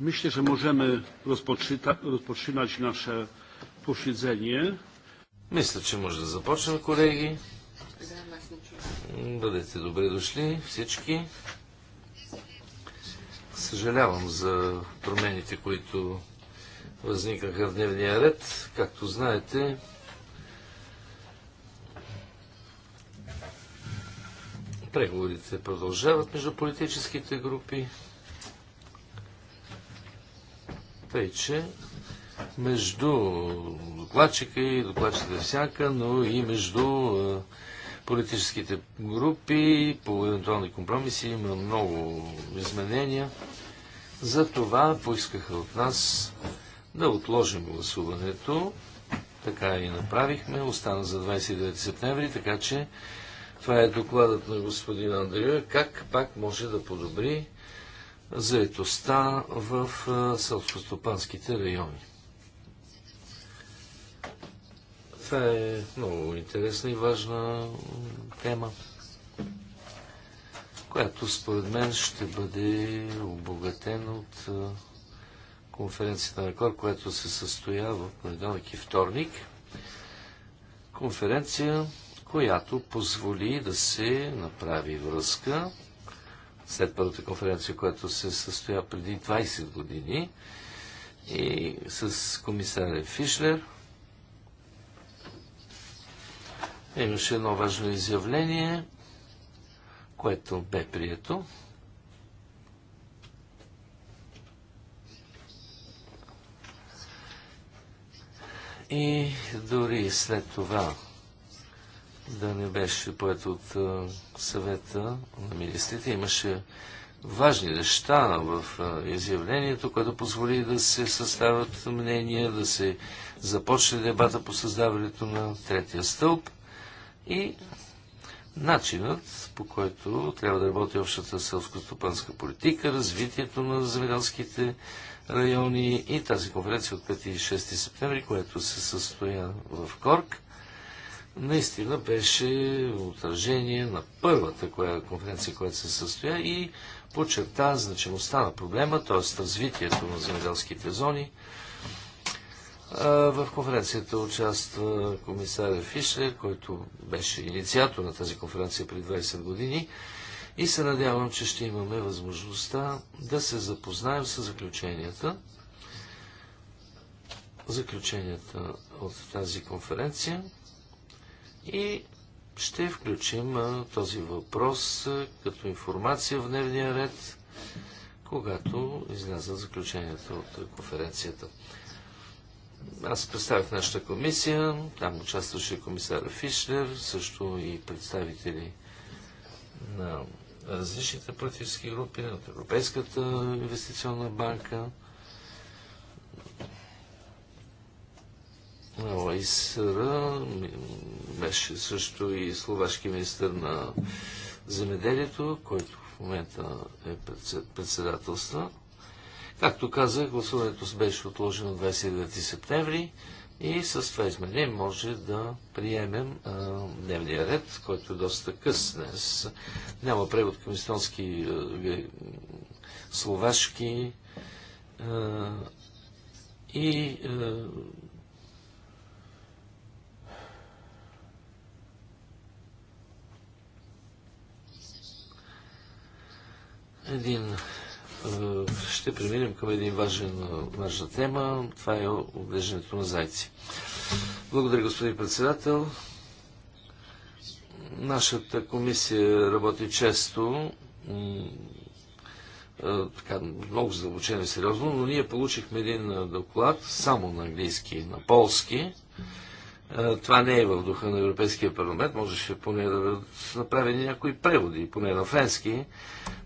Myślę, że możemy rozpoczynać nasze posiedzenie. Мисля, че може да започнем, колеги. Бъдете добре дошли всички. Съжалявам за промените, които възникаха в дневния ред. Както знаете, преговорите продължават между политическите групи. Тъй, е, че между докладчика и докладчика всяка, но и между е, политическите групи по евентуални компромиси има много изменения. Затова поискаха от нас да отложим гласуването. Така и направихме. Остана за 29 септември, така че това е докладът на господин Андрея. Как пак може да подобри заетостта в селскостопанските райони. Това е много интересна и важна тема, която според мен ще бъде обогатена от конференцията на КОР, която се състоя в понеделник и вторник. Конференция, която позволи да се направи връзка след първата конференция, която се състоя преди 20 години и с комисаря Фишлер. Имаше едно важно изявление, което бе прието. И дори след това да не беше поет от съвета на министрите. Имаше важни неща в изявлението, което позволи да се съставят мнения, да се започне дебата по създаването на третия стълб и начинът, по който трябва да работи общата селско-стопанска политика, развитието на земеделските райони и тази конференция от 5 и 6 септември, която се състоя в Корк наистина беше отражение на първата коя, конференция, която се състоя и подчерта значимостта на проблема, т.е. развитието на земеделските зони. В конференцията участва комисаря Фишер, който беше инициатор на тази конференция при 20 години и се надявам, че ще имаме възможността да се запознаем с заключенията. Заключенията от тази конференция. И ще включим този въпрос като информация в дневния ред, когато изляза заключенията от конференцията. Аз представих нашата комисия, там участваше комисар Фишлер, също и представители на различните политически групи, от Европейската инвестиционна банка, ОИСР, беше също и словашки министр на земеделието, който в момента е председателства. Както казах, гласуването беше отложено 29 септември и с това изменение може да приемем а, дневния ред, който е доста къс днес. Няма превод към естонски, словашки а, и а, Един, е, ще преминем към един важен, е, важна тема. Това е отглеждането на зайци. Благодаря, господин председател. Нашата комисия работи често, е, така, много задълбочено и сериозно, но ние получихме един доклад само на английски и на полски това не е в духа на Европейския парламент. Можеше поне да бъдат направени някои преводи, поне на френски.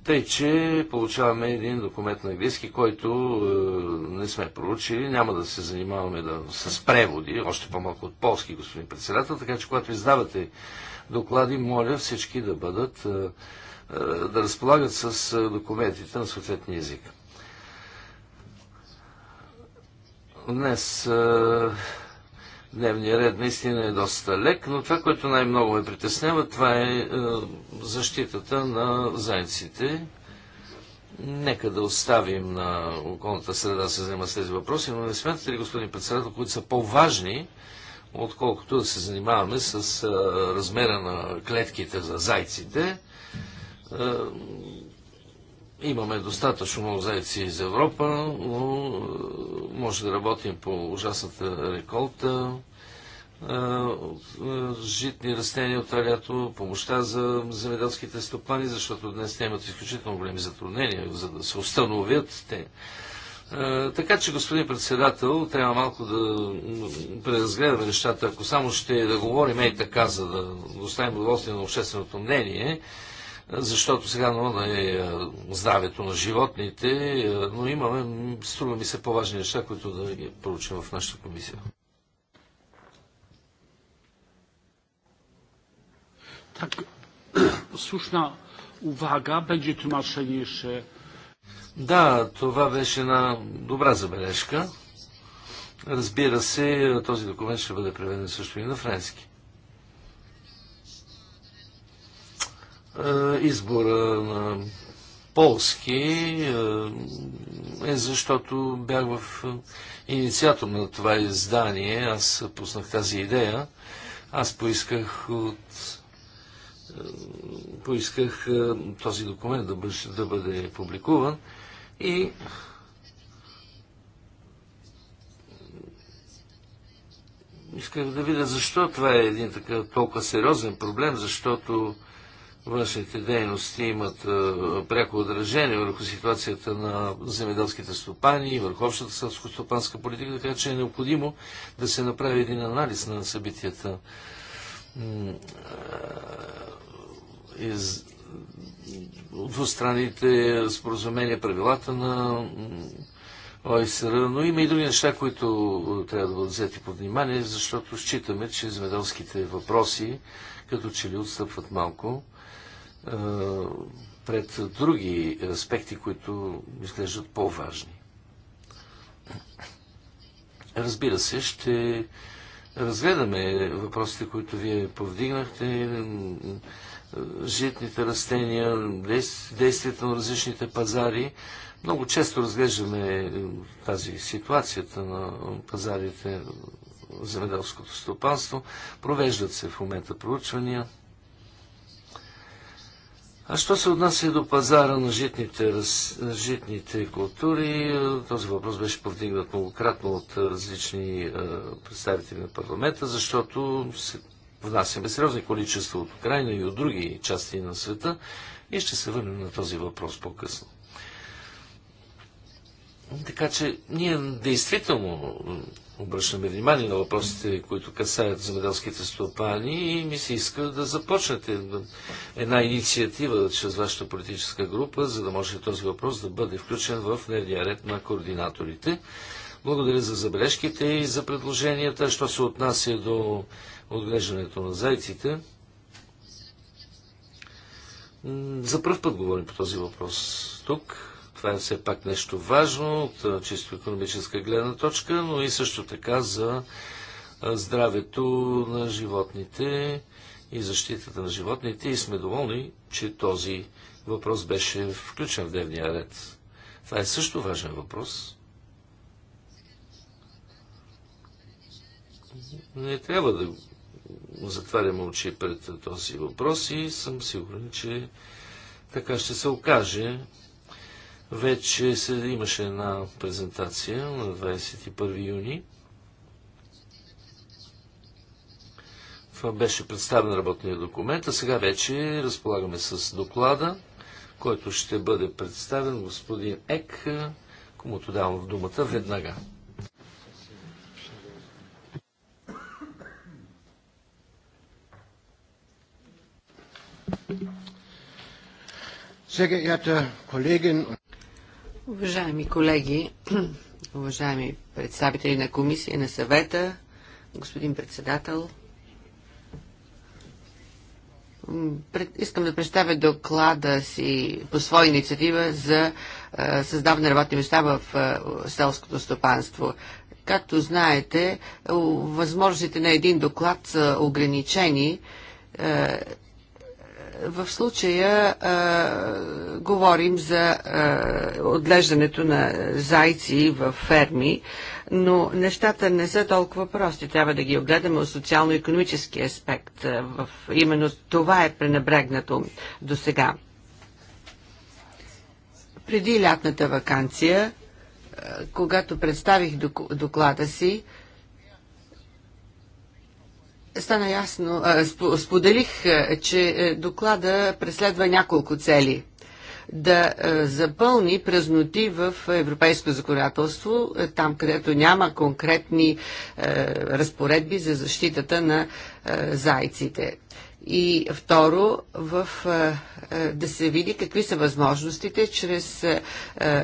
Тъй, че получаваме един документ на английски, който е, не сме проучили. Няма да се занимаваме да, с преводи, още по-малко от полски, господин председател. Така че, когато издавате доклади, моля всички да бъдат, е, е, да разполагат с е, документите на съответния език. Днес е, дневния ред наистина е доста лек, но това, което най-много ме притеснява, това е, е защитата на зайците. Нека да оставим на околната среда да се занима с тези въпроси, но не смятате ли, господин председател, които са по-важни, отколкото да се занимаваме с е, размера на клетките за зайците? Е, Имаме достатъчно много зайци из Европа, но е, може да работим по ужасната реколта, е, е, житни растения от лято, помощта за земеделските стопани, защото днес те имат изключително големи затруднения, за да се установят те. Така че, господин председател, трябва малко да преразгледаме нещата. Ако само ще да говорим и така, за да доставим удоволствие на общественото мнение, защото сега на е, е здравето на животните, е, но имаме, струва ми се, по-важни неща, които да ги проучим в нашата комисия. Tak, słuszna uwaga, będzie tłumaczenie jeszcze. Да, това беше една добра забележка. Разбира се, този документ ще бъде prowadzony също i na francuski. Е, избора на полски е, е защото бях в е, инициатор на това издание. Аз пуснах тази идея. Аз поисках от поисках този документ да бъде, да бъде публикуван и исках да видя защо това е един такъв толкова сериозен проблем, защото външните дейности имат е, пряко отражение върху ситуацията на земеделските стопани и върху общата селско-стопанска политика, така че е необходимо да се направи един анализ на събитията. Е, из... Двустранните споразумения, правилата на ОСР, но има и други неща, които е, трябва да бъдат взети под внимание, защото считаме, че земеделските въпроси като че ли отстъпват малко пред други аспекти, които изглеждат по-важни. Разбира се, ще разгледаме въпросите, които вие повдигнахте, житните растения, действията на различните пазари. Много често разглеждаме тази ситуацията на пазарите в земеделското стопанство. Провеждат се в момента проучвания. А що се отнася до пазара на житните, раз... на житните култури, този въпрос беше повдигнат многократно от различни е, представители на парламента, защото се... внасяме сериозни количества от Украина и от други части на света и ще се върнем на този въпрос по-късно. Така че ние действително обръщаме внимание на въпросите, които касаят земеделските стопани и ми се иска да започнете една инициатива чрез вашата политическа група, за да може този въпрос да бъде включен в дневния ред на координаторите. Благодаря за забележките и за предложенията. Що се отнася до отглеждането на зайците, за първ път говорим по този въпрос тук. Това е все пак нещо важно от чисто економическа гледна точка, но и също така за здравето на животните и защитата на животните и сме доволни, че този въпрос беше включен в дневния ред. Това е също важен въпрос. Не трябва да затваряме очи пред този въпрос и съм сигурен, че така ще се окаже вече се, имаше една презентация на 21 юни. Това беше представен работния документ, а сега вече разполагаме с доклада, който ще бъде представен господин Ек, комуто давам в думата веднага. Sehr geehrte Kolleginnen und Уважаеми колеги, уважаеми представители на комисия, на съвета, господин председател, искам да представя доклада си по своя инициатива за създаване на работни места в селското стопанство. Както знаете, възможностите на един доклад са ограничени в случая а, говорим за а, отглеждането на зайци в ферми, но нещата не са толкова прости. Трябва да ги огледаме от социално-економически аспект. В, именно това е пренебрегнато до сега. Преди лятната вакансия, когато представих доклада си, стана ясно, споделих, че е, доклада преследва няколко цели – да е, запълни празноти в европейско законодателство, е, там където няма конкретни разпоредби за защитата на зайците. И второ, в, е, е, да се види какви са възможностите, чрез, е,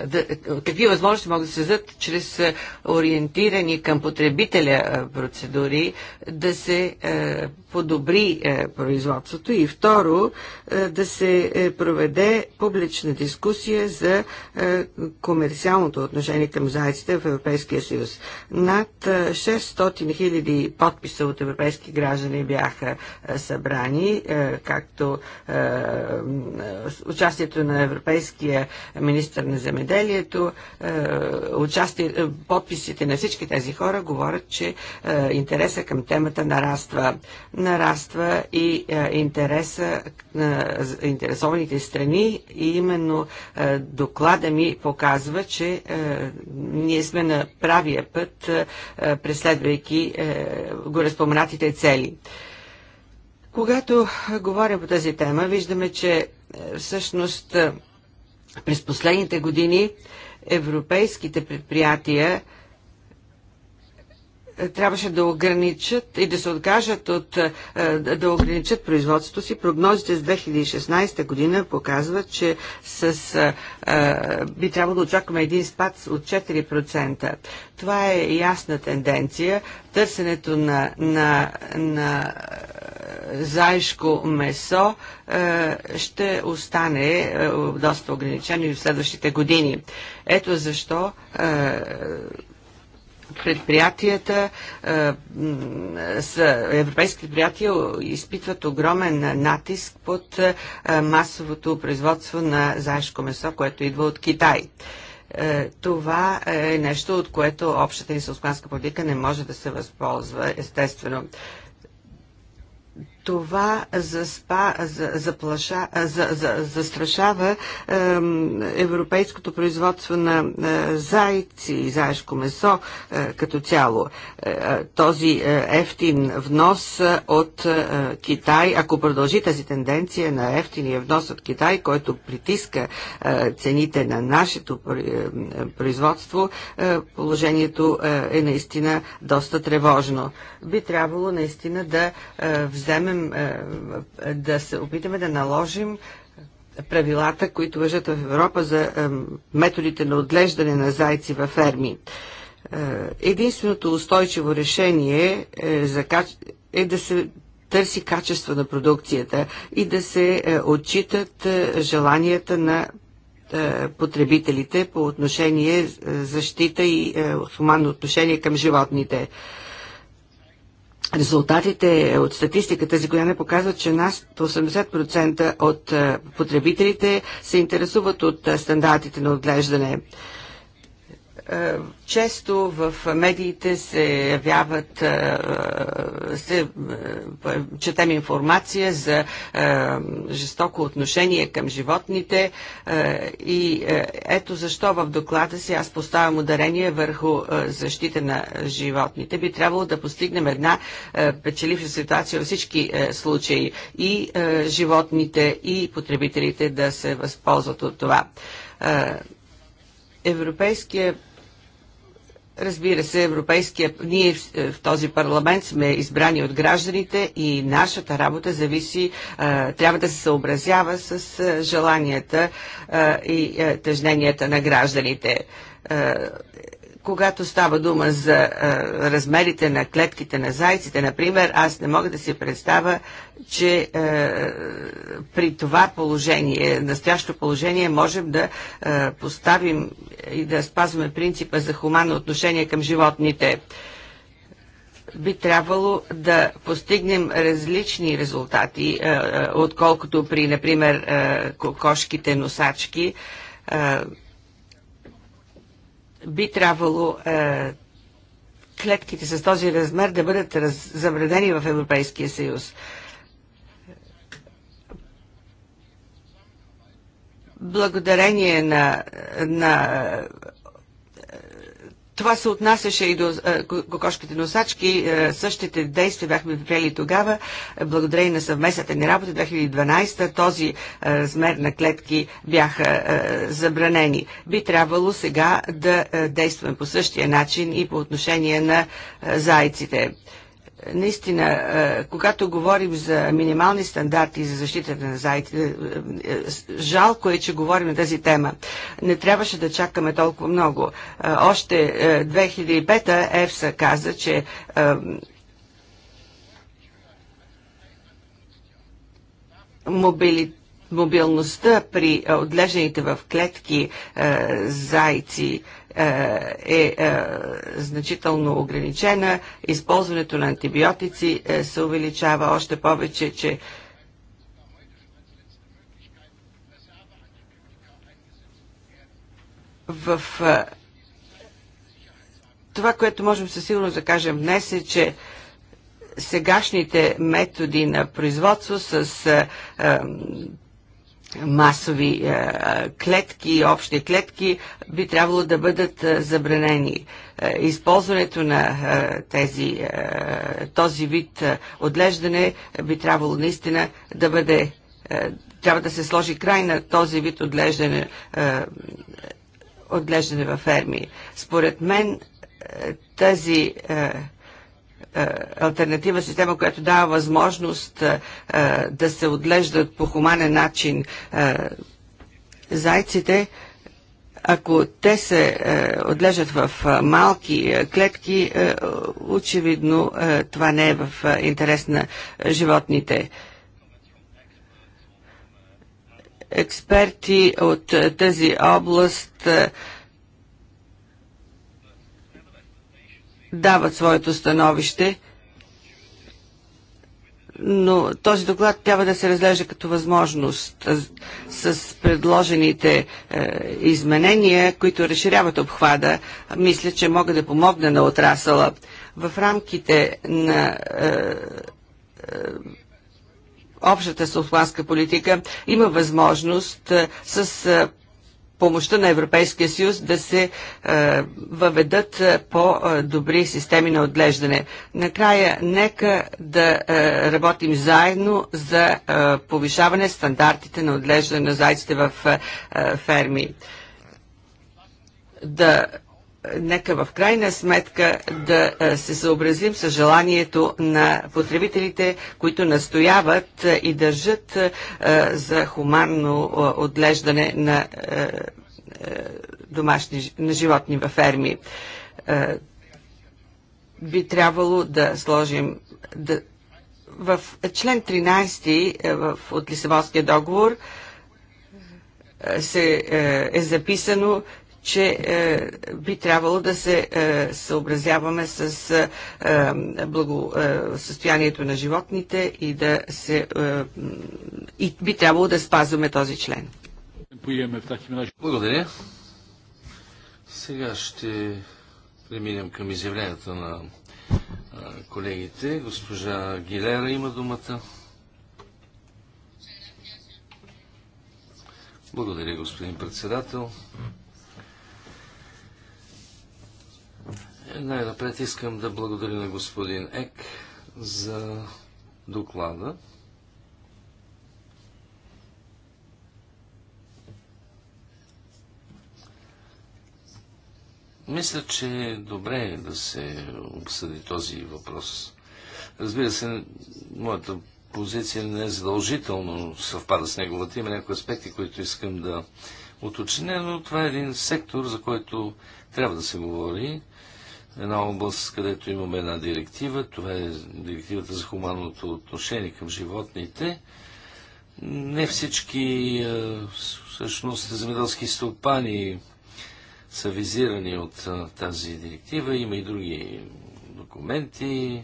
да, какви възможности могат да се създадат чрез ориентирани към потребителя процедури, да се подобри производството. И второ, да се проведе публична дискусия за комерциалното отношение към зайците в Европейския съюз. Над 600 000 подписа от европейски граждани бяха събрани страни, е, както е, участието на Европейския министр на земеделието, е, подписите на всички тези хора говорят, че интереса към темата нараства. Нараства и интереса на заинтересованите страни и именно доклада ми показва, че ние сме на правия път, преследвайки гореспоменатите цели цели. Когато говоря по тази тема, виждаме, че е, всъщност е, през последните години европейските предприятия трябваше да ограничат и да се откажат от е, да ограничат производството си. Прогнозите с 2016 година показват, че с, е, е, би трябвало да очакваме един спад от 4%. Това е ясна тенденция. Търсенето на, на, на заешко месо ще остане доста ограничено и в следващите години. Ето защо предприятията, е, европейски предприятия изпитват огромен натиск под е, масовото производство на заешко месо, което идва от Китай е, това е нещо, от което общата ни селскостопанска политика не може да се възползва, естествено това заспа, за, заплаша, за, за, застрашава е, европейското производство на е, зайци и заешко месо е, като цяло. Е, е този е, ефтин внос от е, Китай, ако продължи тази тенденция на ефтиния внос от Китай, който притиска е, цените на нашето е, производство, е, положението е, е наистина доста тревожно. Би трябвало наистина да е, вземем можем е, да се опитаме да наложим правилата, които въжат в Европа за е, методите на отглеждане на зайци във ферми. Е, единственото устойчиво решение е, за, е да се търси качество на продукцията и да се отчитат желанията на потребителите по отношение защита и хуманно отношение към животните. Резултатите от статистиката за Гояне показват, че нас 80% от е, потребителите се интересуват от е, стандартите на отглеждане често в медиите се явяват, е, се, е, четем информация за е, жестоко отношение към животните и ето защо в доклада си аз поставям ударение върху защита на животните. Би трябвало да постигнем една печеливша ситуация във всички случаи и животните и потребителите да се възползват от това. Европейския Разбира се, европейския... ние е, в този парламент сме избрани от гражданите и нашата работа зависи, е, трябва да се съобразява с е, желанията и тъжненията на гражданите когато става дума за а, е, размерите на клетките на зайците, например, аз не мога да си представя, че а, е, при това положение, настоящо положение, можем да а, е, поставим и да спазваме принципа за хуманно отношение към животните. Би трябвало да постигнем различни резултати, а, а, отколкото при, например, а, кошките носачки. А, би трябвало е, клетките с този размер да бъдат раз, в Европейския съюз. Благодарение на, на това се отнасяше и до е, кокошките носачки. Е, същите действия бяхме приели тогава. Е, благодарение на съвместната ни работа 2012 този размер на клетки бяха забранени. Би трябвало сега да действаме по същия начин и по отношение на зайците наистина, когато говорим за минимални стандарти за защита на зайци, жалко е, че говорим на тази тема. Не трябваше да чакаме толкова много. Още 2005-та ЕФСА каза, че мобилитет мобилността при отлежените в клетки зайци е, е, е значително ограничена, използването на антибиотици е, се увеличава още повече, че в това, което можем със сигурност да кажем днес е, че сегашните методи на производство с масови е, е, клетки, общи клетки, би трябвало да бъдат е, забранени. Използването на тези, този вид отглеждане би трябвало наистина да бъде трябва да се сложи край на този вид отглеждане, отлеждане във ферми. Според мен тази е, альтернатива система, която дава възможност е, е, да се отглеждат по хуманен начин зайците, ако те се отлежат в малки клетки, очевидно това не е в интерес на животните. Експерти от тази област казват, дават своето становище, но този доклад трябва да се разлежа като възможност с предложените е, изменения, които разширяват обхвада, мисля, че мога да помогна на отрасъла. В рамките на е, е, общата селскланска политика има възможност с помощта на Европейския съюз да се е, въведат е, по-добри системи на отглеждане. Накрая, нека да е, работим заедно за е, повишаване стандартите на отглеждане на зайците в е, е ферми. Да нека в крайна сметка да се съобразим с желанието на потребителите, които настояват и държат за хуманно отглеждане на домашни на животни във ферми. Би трябвало да сложим да, в член 13 в, от Лисабонския договор се е, е записано, че е, би трябвало да се е, съобразяваме с е, е, благо, е, състоянието на животните и да се е, и би трябвало да спазваме този член. Благодаря. Сега ще преминем към изявленията на е, колегите. Госпожа Гилера има думата. Благодаря, господин председател. Най-напред искам да благодаря на господин Ек за доклада. Мисля, че е добре да се обсъди този въпрос. Разбира се, моята позиция не е задължително съвпада с неговата. Има някои аспекти, които искам да уточня, но това е един сектор, за който трябва да се говори една област, където имаме една директива. Това е директивата за хуманното отношение към животните. Не всички всъщност земеделски стопани са визирани от тази директива. Има и други документи.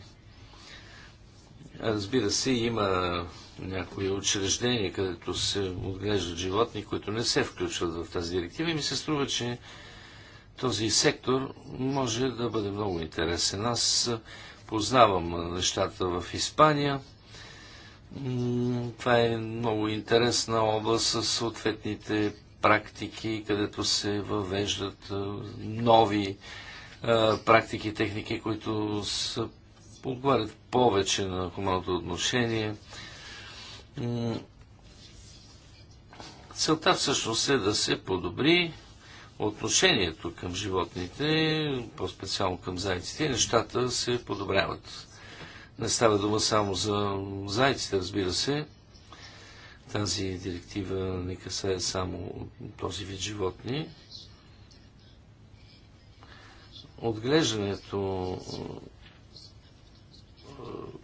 Разбира се, има някои учреждения, където се отглеждат животни, които не се включват в тази директива и ми се струва, че този сектор може да бъде много интересен. Аз познавам нещата в Испания. Това е много интересна област с съответните практики, където се въвеждат нови практики, техники, които са, отговарят повече на хуманното отношение. Целта всъщност е да се подобри отношението към животните, по-специално към зайците, нещата се подобряват. Не става дума само за зайците, разбира се. Тази директива не касае само този вид животни. Отглеждането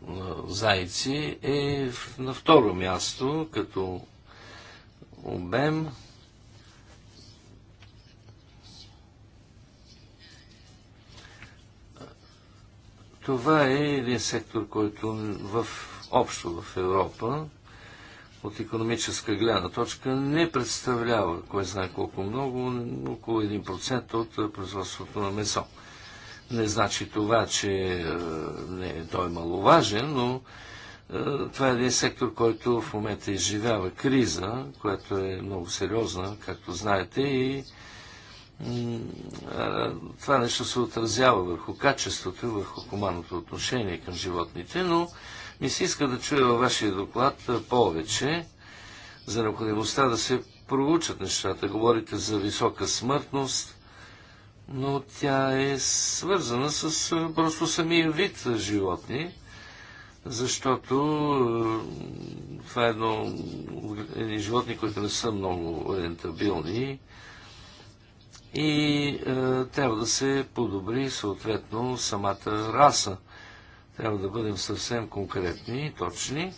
на зайци е на второ място като обем Това е един сектор, който в, общо в Европа от економическа гледна точка не представлява, кой знае колко много, около 1% от производството на месо. Не значи това, че не, е той е маловажен, но това е един сектор, който в момента изживява криза, която е много сериозна, както знаете, и това нещо се отразява върху качеството и върху хуманното отношение към животните, но ми се иска да чуя във вашия доклад повече за необходимостта да се проучат нещата. Говорите за висока смъртност, но тя е свързана с просто самия вид животни, защото това е едно, едни животни, които не са много рентабилни и е, трябва да се подобри съответно самата раса. Трябва да бъдем съвсем конкретни и точни.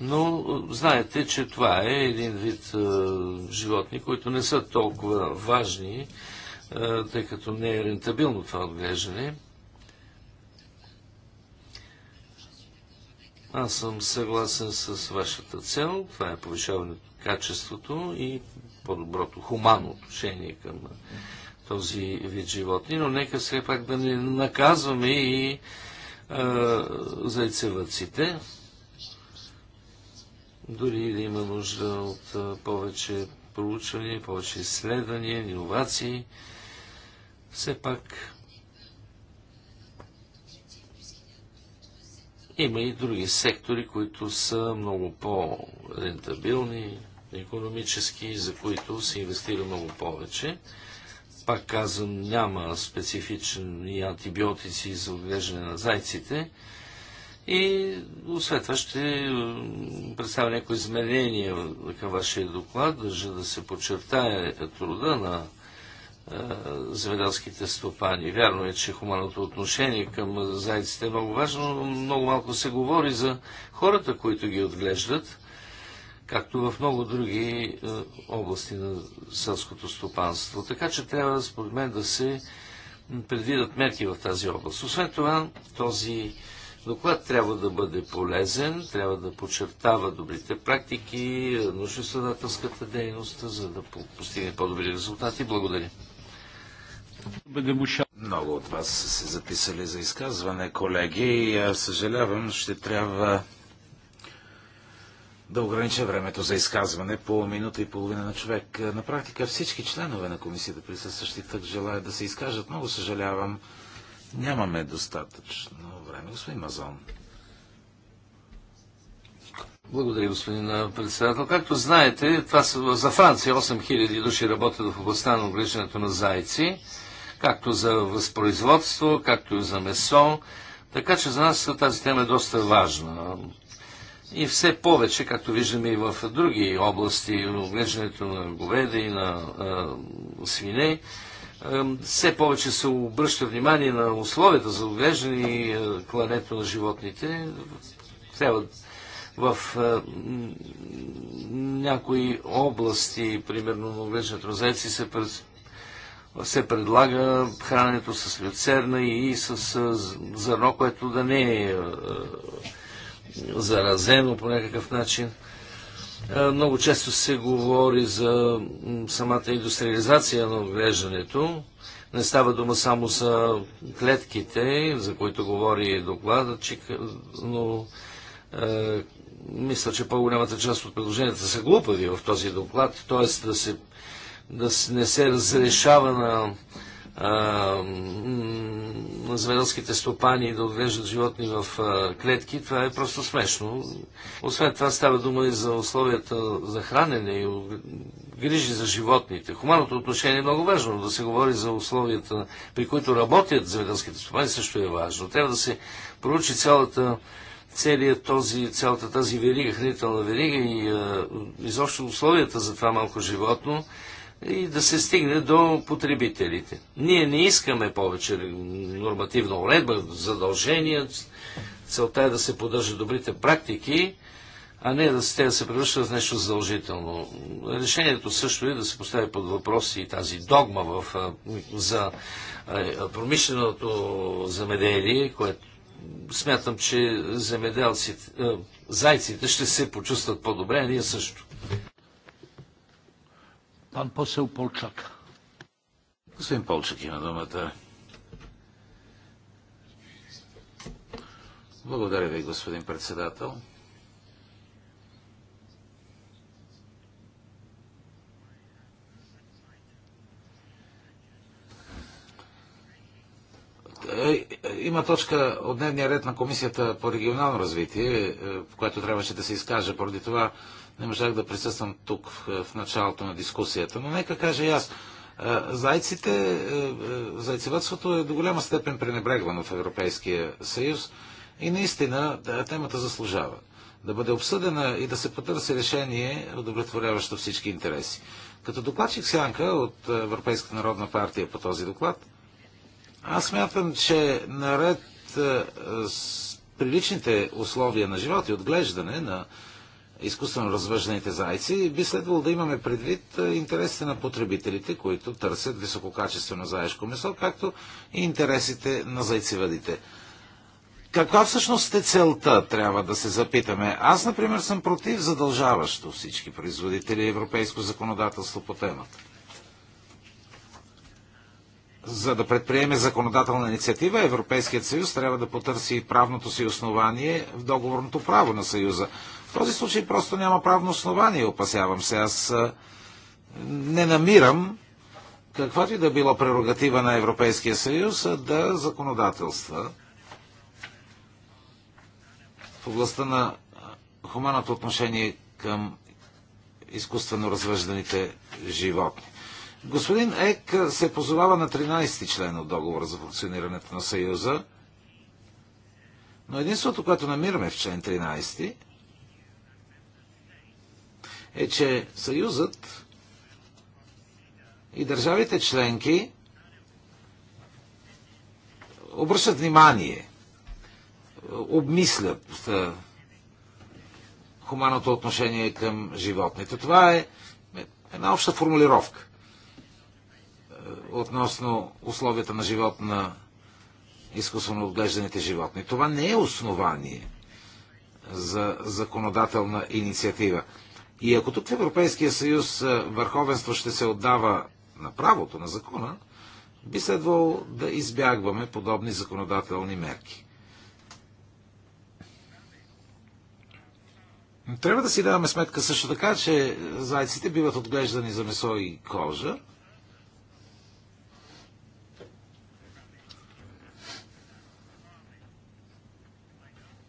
Но е, знаете, че това е един вид е, животни, които не са толкова важни, е, тъй като не е рентабилно това отглеждане. Аз съм съгласен с вашата цел. Това е повишаване качеството и по-доброто хуманно отношение към този вид животни, но нека все пак да не наказваме и зайцевъците. Дори да има нужда от повече проучвания, повече изследвания, иновации, все пак има и други сектори, които са много по-рентабилни, економически, за които се инвестира много повече. Пак казвам, няма специфични антибиотици за отглеждане на зайците. И освен това ще е, представя някои изменения към вашия доклад, държа да се подчертае труда на е, земеделските стопани. Вярно е, че хуманното отношение към зайците е много важно, но много малко се говори за хората, които ги отглеждат както в много други е, области на селското стопанство. Така че трябва, според мен, да се предвидат мерки в тази област. Освен това, този доклад трябва да бъде полезен, трябва да подчертава добрите практики, научно-следателската дейност, за да постигне по-добри резултати. Благодаря. Много от вас са се записали за изказване, колеги. и Съжалявам, ще трябва да огранича времето за изказване по минута и половина на човек. На практика всички членове на комисията присъстващи так желаят да се изкажат. Много съжалявам, нямаме достатъчно време. Господин Мазон. Благодаря, господин председател. Както знаете, това са, за Франция 8000 души работят в областта на отглеждането на зайци, както за възпроизводство, както и за месо. Така че за нас тази тема е доста важна. И все повече, както виждаме и в други области, отглеждането на говеда и на е, свине, все повече се обръща внимание на условията за отглеждане и клането на животните. Трябва в някои области, примерно на отглеждането на зайци, се, пред... се предлага храненето с люцерна и с зърно, което да не е заразено по някакъв начин. Много често се говори за самата индустриализация на отглеждането. Не става дума само за клетките, за които говори докладът, но е, мисля, че по-голямата част от предложенията са глупави в този доклад, т.е. да, да не се разрешава на на земеделските стопани да отглеждат животни в а, клетки, това е просто смешно. Освен това става дума и за условията за хранене и грижи за животните. Хуманното отношение е много важно. Да се говори за условията, при които работят земеделските стопани, също е важно. Трябва да се проучи цялата целият този, цялата тази верига, хранителна верига и а, изобщо условията за това малко животно и да се стигне до потребителите. Ние не искаме повече нормативна уредба, задължения. Целта е да се поддържат добрите практики, а не да се, да се превръщат в нещо задължително. Решението също е да се постави под въпрос и тази догма в, за промишленото замеделие, което смятам, че замеделците, зайците ще се почувстват по-добре, а ние също. Пан посел Полчак. Господин Полчак има думата. Благодаря ви, господин председател. Е, има точка от дневния ред на Комисията по регионално развитие, е, в която трябваше да се изкаже. Поради това не можах да присъствам тук в, началото на дискусията, но нека кажа и аз. Е, зайците, е, е, зайцевътството е до голяма степен пренебрегвано в Европейския съюз и наистина темата заслужава да бъде обсъдена и да се потърси решение, удовлетворяващо всички интереси. Като докладчик Сянка от Европейската народна партия по този доклад, аз смятам, че наред с приличните условия на живот и отглеждане на изкуствено развържените зайци, би следвало да имаме предвид интересите на потребителите, които търсят висококачествено заешко месо, както и интересите на зайцевъдите. Каква всъщност е целта, трябва да се запитаме. Аз, например, съм против задължаващо всички производители европейско законодателство по темата. За да предприеме законодателна инициатива, Европейският съюз трябва да потърси правното си основание в договорното право на съюза. В този случай просто няма правно основание, опасявам се. Аз не намирам каквато и да било прерогатива на Европейския съюз да законодателства в областта на хуманото отношение към изкуствено развъжданите животни. Господин Ек се позовава на 13-ти член от договора за функционирането на Съюза, но единството, което намираме в член 13 е, че Съюзът и държавите членки обръщат внимание, обмислят хуманното отношение към животните. Това е една обща формулировка относно условията на живот на изкуствено отглежданите животни. Това не е основание за законодателна инициатива. И ако тук в Европейския съюз е, върховенство ще се отдава на правото, на закона, би следвало да избягваме подобни законодателни мерки. Трябва да си даваме сметка също така, че зайците биват отглеждани за месо и кожа.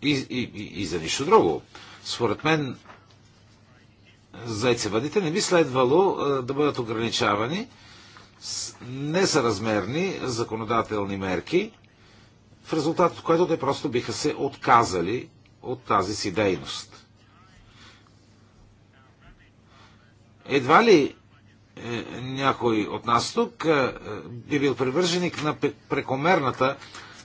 И, и, и, и за нищо друго. Според мен зайцевъдите не би следвало е, да бъдат ограничавани с несъразмерни законодателни мерки, в резултат от което те просто биха се отказали от тази си дейност. Едва ли е, някой от нас тук е, би бил привърженик на прекомерната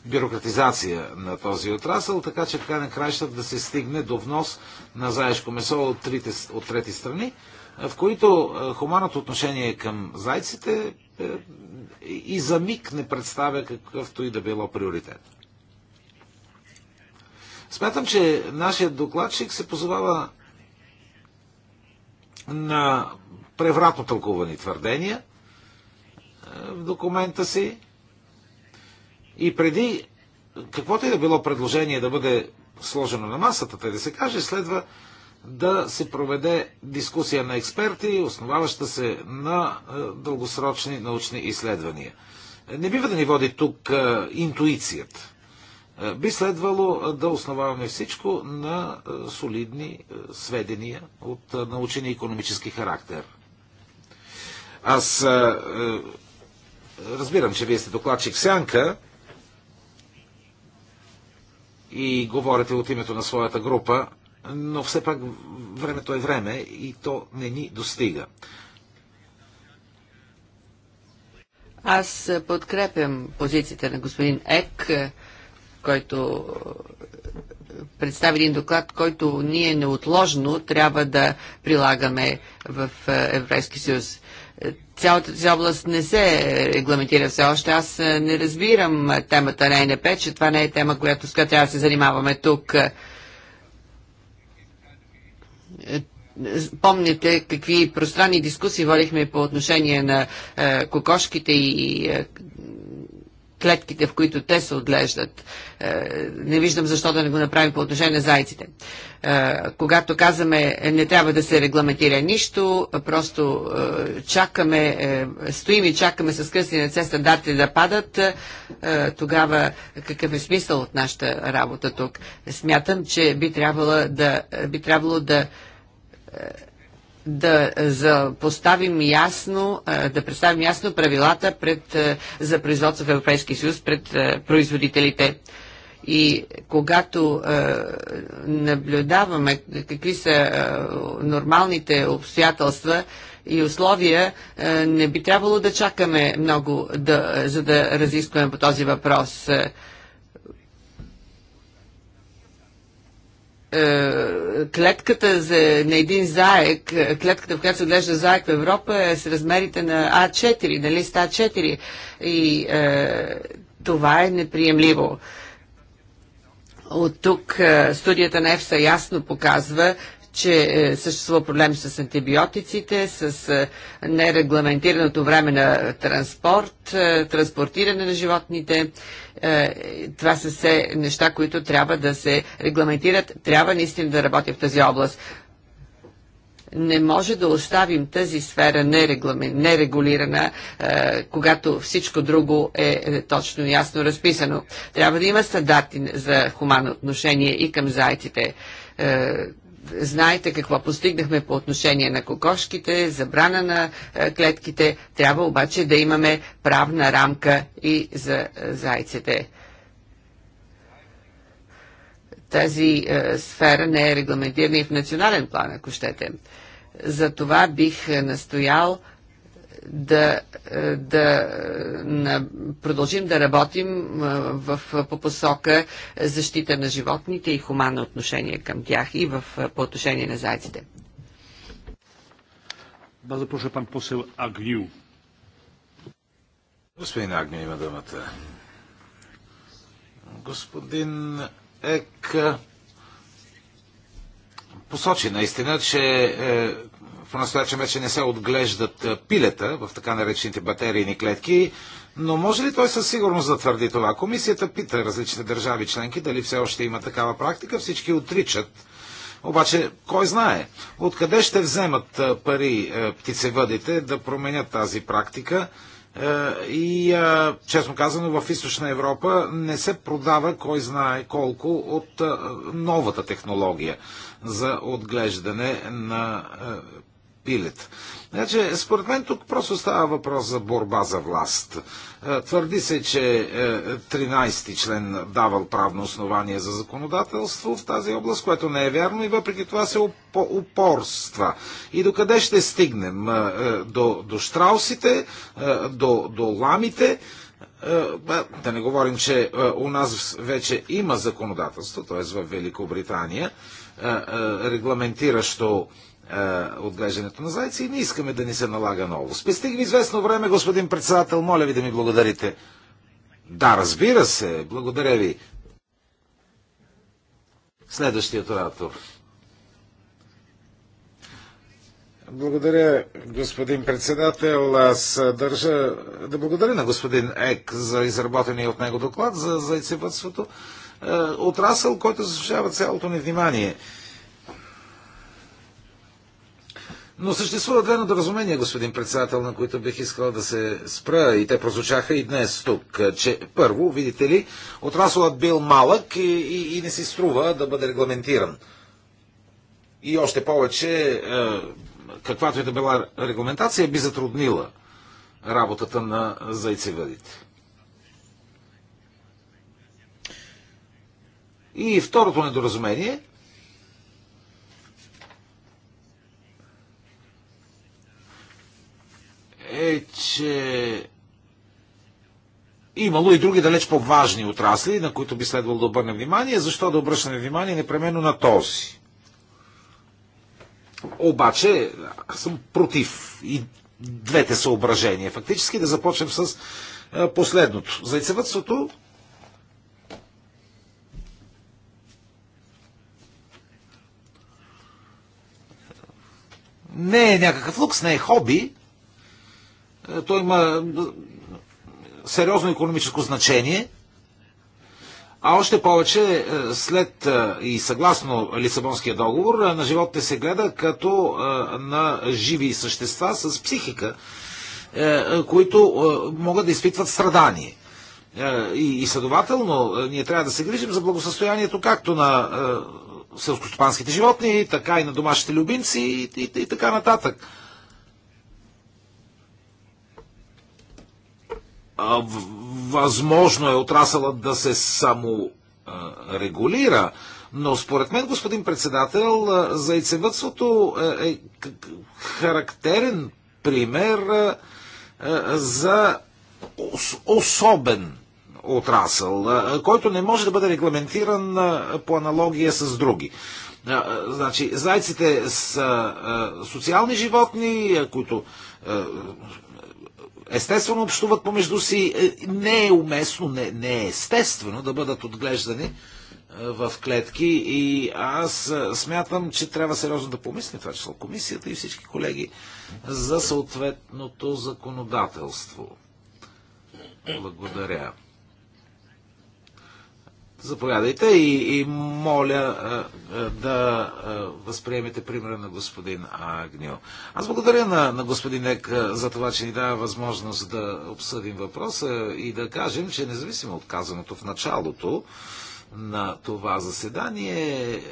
бюрократизация на този отрасъл, така че така на да се стигне до внос на заешко месо от, трите, от трети страни, в които хуманното отношение към зайците е, и за миг не представя какъвто и да било приоритет. Смятам, че нашият докладчик се позовава на превратно тълкувани твърдения е, в документа си, и преди каквото и е да било предложение да бъде сложено на масата, тъй да се каже, следва да се проведе дискусия на експерти, основаваща се на е, дългосрочни научни изследвания. Не бива да ни води тук е, интуицията. Е, би следвало да основаваме всичко на солидни сведения от научен и економически характер. Аз разбирам, че вие сте докладчик Сянка, и говорите от името на своята група, но все пак времето е време и то не ни достига. Аз подкрепям позицията на господин Ек, който представи един доклад, който ние неотложно трябва да прилагаме в Еврейски съюз цялата тази област не се регламентира все още. Аз е, не разбирам е, темата на НП, че това не е тема, която с която трябва да се занимаваме тук. Е, помните какви пространни дискусии водихме по отношение на кокошките и клетките, в които те се отглеждат. Е, не виждам защо да не го направим по отношение на зайците. Е, когато казваме е, не трябва да се регламентира нищо, просто чакаме, стоим и чакаме с кръстни ръце стандарти да падат, тогава какъв е смисъл от нашата работа тук? Смятам, че би трябвало да, би трябвало да да за поставим ясно, да представим ясно правилата пред, за производство в Европейския съюз пред производителите. И когато е, наблюдаваме какви са е, нормалните обстоятелства и условия, е, не би трябвало да чакаме много, да, за да разискваме по този въпрос. Е, Е, клетката за, на един заек, е, клетката, в която се отглежда заек в Европа е с размерите на А4, на лист А4. И е, това е неприемливо. От тук е, студията на ЕФСА ясно показва, че е, съществува проблем с антибиотиците, с е, нерегламентираното време на транспорт, е, транспортиране на животните. Това са все неща, които трябва да се регламентират. Трябва наистина да работя в тази област не може да оставим тази сфера нерегулирана, когато всичко друго е, точно и ясно разписано. Трябва да има стандарти за хуманно отношение и към зайците знаете какво постигнахме по отношение на кокошките, забрана на е, клетките. Трябва обаче да имаме правна рамка и за е, зайците. Тази е, сфера не е регламентирана и в национален план, ако щете. За това бих е, настоял да, е, да на, продължим да работим в, е, в, по посока защита на животните и хуманно отношение към тях и в, по отношение на зайците. Да proszę пан посел Агню. Господин Агню има думата. Господин Ек е, посочи наистина, че в настоящем вече не се отглеждат е, пилета в така наречените батерийни клетки, но може ли той със сигурност да твърди това? Комисията пита различните държави членки дали все още има такава практика, всички отричат. Обаче, кой знае, откъде ще вземат е, пари е, птицевъдите да променят тази практика? И, честно казано, в източна Европа не се продава кой знае колко от новата технология за отглеждане на пилета. Значи, според мен тук просто става въпрос за борба за власт. Е, твърди се, че 13-ти е, член давал правно основание за законодателство в тази област, което не е вярно и въпреки това се упорства. И докъде ще стигнем? Е, до, до штраусите, до, до ламите, да не говорим, че у нас вече има законодателство, т.е. в Великобритания, регламентиращо е, отглеждането на зайци и не искаме да ни се налага ново. Спестих ви известно време, господин председател. Моля ви да ми благодарите. Да, разбира се. Благодаря ви. Следващият оратор. Благодаря, господин председател. Аз държа да благодаря на господин Ек за изработения от него доклад за зайцевътството. Е, отрасъл, който заслужава цялото ни внимание. Но съществува две недоразумения, господин председател, на които бих искал да се спра и те прозвучаха и днес тук. Че първо, видите ли, отрасълът бил малък и, и, и не си струва да бъде регламентиран. И още повече, е, каквато и е да била регламентация, би затруднила работата на зайцевъдите. И второто недоразумение – е, че имало и други далеч по-важни отрасли, на които би следвало да обърнем внимание. Защо да обръщаме внимание непременно на този? Обаче, аз съм против и двете съображения. Фактически да започнем с последното. Зайцевътството не е някакъв лукс, не е хоби, той има сериозно економическо значение, а още повече е, след е, и съгласно Лисабонския договор е, на животите се гледа като на живи същества с психика, които могат да изпитват страдание. И, следователно, ние трябва да се грижим за благосъстоянието както на селскостопанските животни, така и на домашните любимци и така нататък. Възможно е отрасълът да се само регулира, но според мен, господин председател, зайцевътството е характерен пример за особен отрасъл, който не може да бъде регламентиран по аналогия с други. Значи, зайците са социални животни, които естествено общуват помежду си. Е, не е уместно, не, не е естествено да бъдат отглеждани е, в клетки и аз е, смятам, че трябва сериозно да помислим, това число комисията и всички колеги, за съответното законодателство. Благодаря. Заповядайте и, и моля е, е, да е, възприемете примера на господин Агнил. Аз благодаря на, на господин Ек за това, че ни дава възможност да обсъдим въпроса и да кажем, че независимо от казаното в началото на това заседание,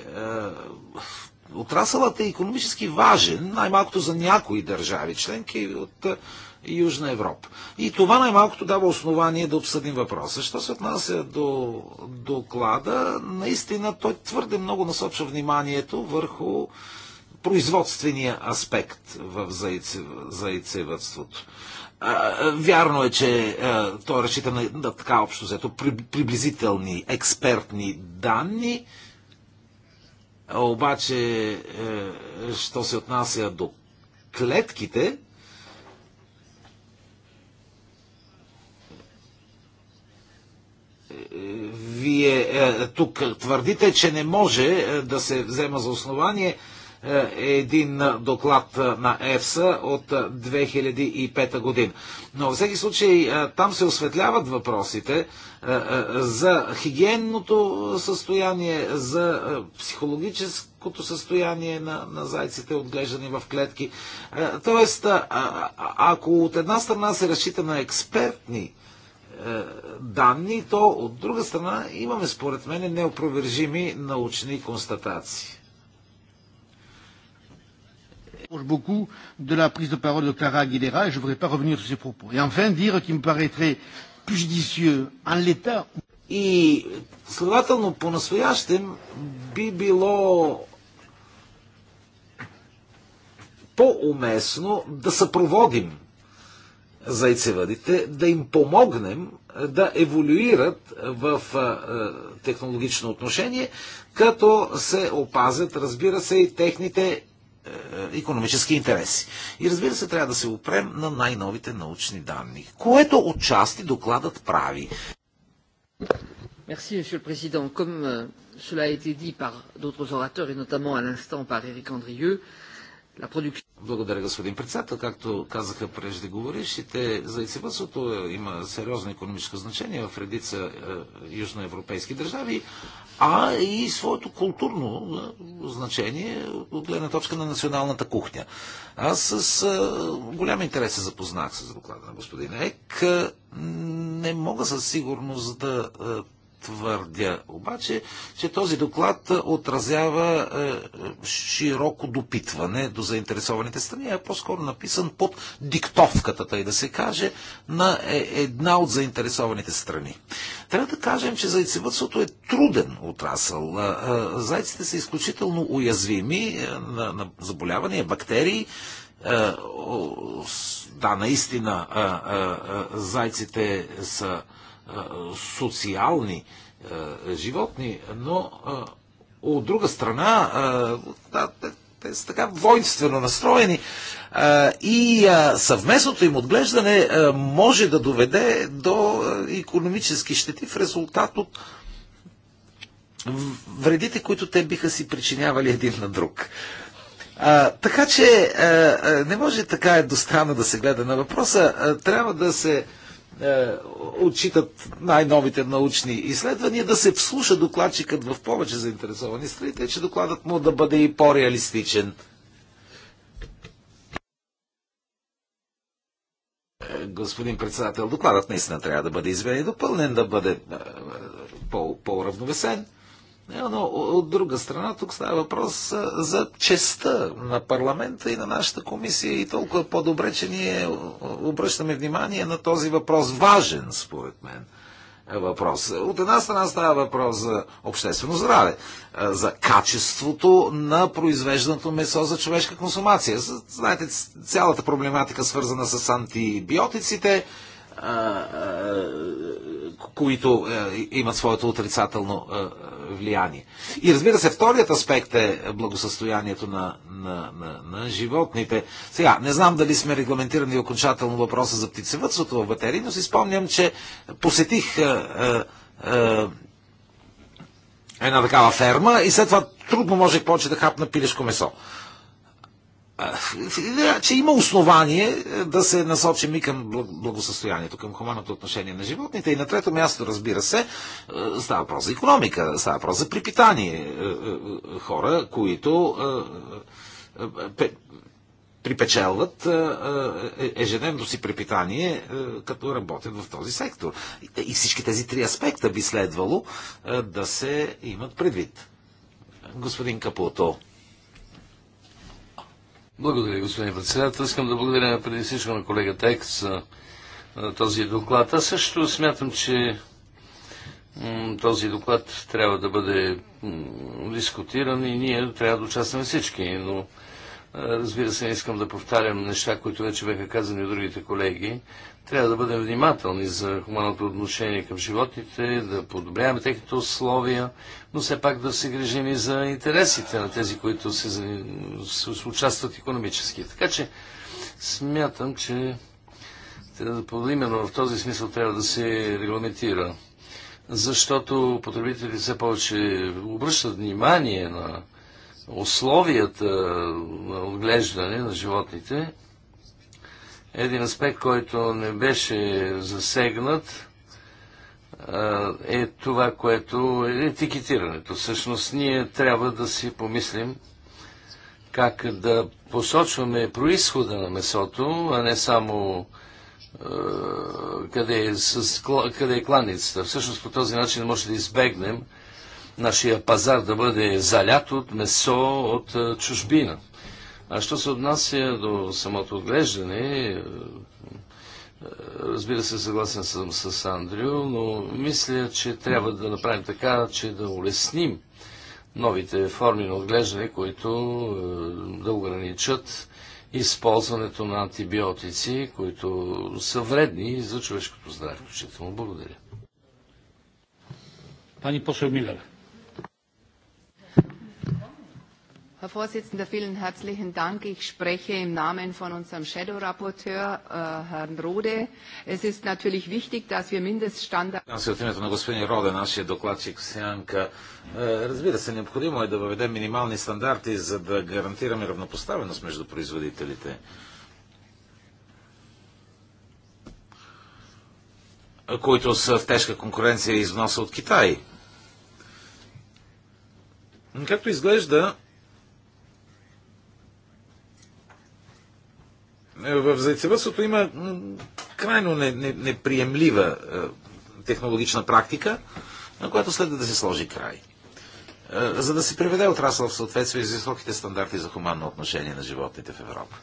отрасълът е економически важен, най-малкото за някои държави членки от Южна Европа. И това най-малкото дава основание да обсъдим въпроса. Що се отнася до доклада, наистина той твърде много насочва вниманието върху производствения аспект в заицевътството. Вярно е, че той разчита на, на така общо взето приблизителни експертни данни, обаче, е, що се отнася до клетките, Вие е, тук твърдите, че не може е, да се взема за основание е, един доклад на ЕФСА от 2005 година. Но във всеки случай там се осветляват въпросите за хигиенното състояние, за психологическото състояние на, на зайците, отглеждани в клетки. Тоест, ако от една страна се разчита на експертни данни, то от друга страна имаме според мен неопровержими научни констатации. beaucoup de la prise de parole de Clara Aguilera et je ne voudrais pas revenir sur ses propos. Et enfin, dire qu'il me paraîtrait plus judicieux en l'état. И, следователно, по-настоящем би било по-уместно да съпроводим зайцевъдите, да им помогнем да еволюират в технологично отношение, като се опазят, разбира се, и техните економически интереси. И разбира се, трябва да се опрем на най-новите научни данни, което отчасти докладът прави. Merci, Monsieur le Président. Comme euh, cela a été dit par d'autres orateurs, et notamment à l'instant par Éric Andrieux, euh, благодаря, господин председател. Както казаха преждеговорившите, заецевътството е, има сериозно економическо значение в редица е, южноевропейски държави, а и своето културно е, значение от гледна точка на националната кухня. Аз с е, голям интерес се запознах с доклада на господин Ек. Е, не мога със сигурност да е, твърдя обаче, че този доклад отразява е, е широко допитване до заинтересованите страни, а е по-скоро написан под диктовката, тъй да се каже, на е, една от заинтересованите страни. Трябва да кажем, че зайцевътството е труден отрасъл. Е, зайците са изключително уязвими на, на заболявания, бактерии, да, наистина зайците са социални животни, но от друга страна, да, те са така воинствено настроени и съвместното им отглеждане може да доведе до економически щети в резултат от вредите, които те биха си причинявали един на друг. А, така че а, не може така едностранно да се гледа на въпроса. А, трябва да се е, отчитат най-новите научни изследвания, да се вслуша докладчикът в повече заинтересовани страни, тъй че докладът му да бъде и по-реалистичен. Господин председател, докладът наистина трябва да бъде изведен и допълнен, да бъде е, е, по по но от друга страна, тук става въпрос за честа на парламента и на нашата комисия и толкова по-добре, че ние обръщаме внимание на този въпрос. Важен, според мен, е въпрос. От една страна става въпрос за обществено здраве, за качеството на произвежданото месо за човешка консумация. Знаете, цялата проблематика свързана с антибиотиците, които е, имат своето отрицателно е, влияние. И разбира се, вторият аспект е благосъстоянието на, на, на, на животните. Сега, не знам дали сме регламентирани окончателно въпроса за птицевътството в батерии, но си спомням, че посетих а, е, а, една такава ферма и след това трудно можех повече да хапна пилешко месо че значи има основание е, да се насочим и към благосъстоянието, към хуманното отношение на животните. И на трето място, разбира се, е, става въпрос за економика, става въпрос за припитание. Е, хора, които припечелват ежедневно си препитание, като работят в този сектор. И всички тези три аспекта би следвало да се имат предвид. Господин Капуто, благодаря, господин председател. Искам да благодаря преди всичко на колегата Екс за този доклад. Аз също смятам, че този доклад трябва да бъде дискутиран и ние трябва да участваме всички. Но разбира се, не искам да повтарям неща, които вече бяха казани от другите колеги. Трябва да бъдем внимателни за хуманното отношение към животните, да подобряваме техните условия, но все пак да се грижим и за интересите на тези, които се, се участват економически. Така че смятам, че именно в този смисъл трябва да се регламентира. Защото потребителите все повече обръщат внимание на условията на отглеждане на животните един аспект, който не беше засегнат, е това, което е етикетирането. Всъщност ние трябва да си помислим как да посочваме происхода на месото, а не само къде, е с, къде е кланицата. Всъщност по този начин може да избегнем нашия пазар да бъде залят от месо от чужбина. А що се отнася до самото отглеждане, е, е, разбира се, съгласен съм с Андрю, но мисля, че трябва да направим така, че да улесним новите форми на отглеждане, които е, да ограничат използването на антибиотици, които са вредни за човешкото здраве, Благодаря. Пани посол Милера. Herr Vorsitzender, vielen herzlichen Dank. Ich spreche im Namen von unserem Shadow-Rapporteur, äh, Herrn Rode. Es ist natürlich wichtig, dass wir Mindeststandards... Аз от името на господин Рода, нашия докладчик в Сянка, е, разбира се, необходимо е да въведем минимални стандарти, за да гарантираме равнопоставеност между производителите. които са в тежка конкуренция износа от Китай. Както изглежда, в зайцевъдството има крайно неприемлива е, технологична практика, на която следва да се сложи край. Е, за да се приведе отрасъл в съответствие с високите стандарти за хуманно отношение на животните в Европа.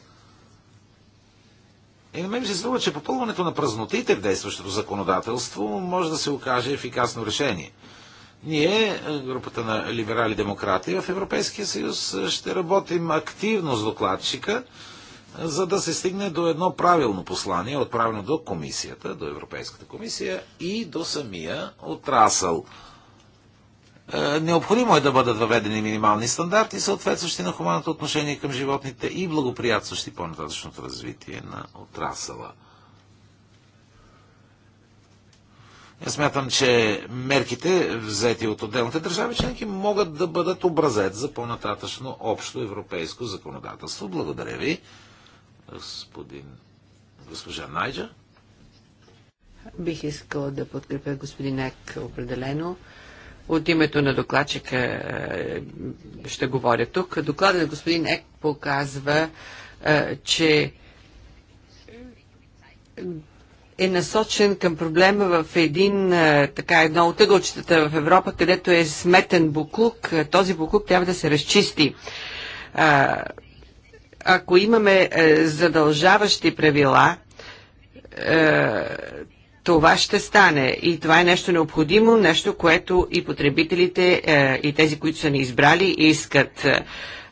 И на мен ми се струва, че попълването на празнотите в действащото законодателство може да се окаже ефикасно решение. Ние, е, групата на либерали демократи в Европейския съюз, ще работим активно с докладчика, за да се стигне до едно правилно послание, отправено до комисията, до Европейската комисия и до самия отрасъл. Е, необходимо е да бъдат въведени минимални стандарти, съответстващи на хуманното отношение към животните и благоприятстващи по-нататъчното развитие на отрасъла. Я смятам, че мерките, взети от отделните държави членки, могат да бъдат образец за по-нататъчно общо европейско законодателство. Благодаря ви господин, госпожа Найджа. Бих искала да подкрепя господин Ек определено. От името на докладчика е, ще говоря тук. Докладът на господин Ек показва, е, че е насочен към проблема в един, е, така, едно от ъгълчетата в Европа, където е сметен буклук. Този буклук трябва да се разчисти. Ако имаме е, задължаващи правила, е, това ще стане и това е нещо необходимо, нещо, което и потребителите, е, и тези, които са ни избрали, искат.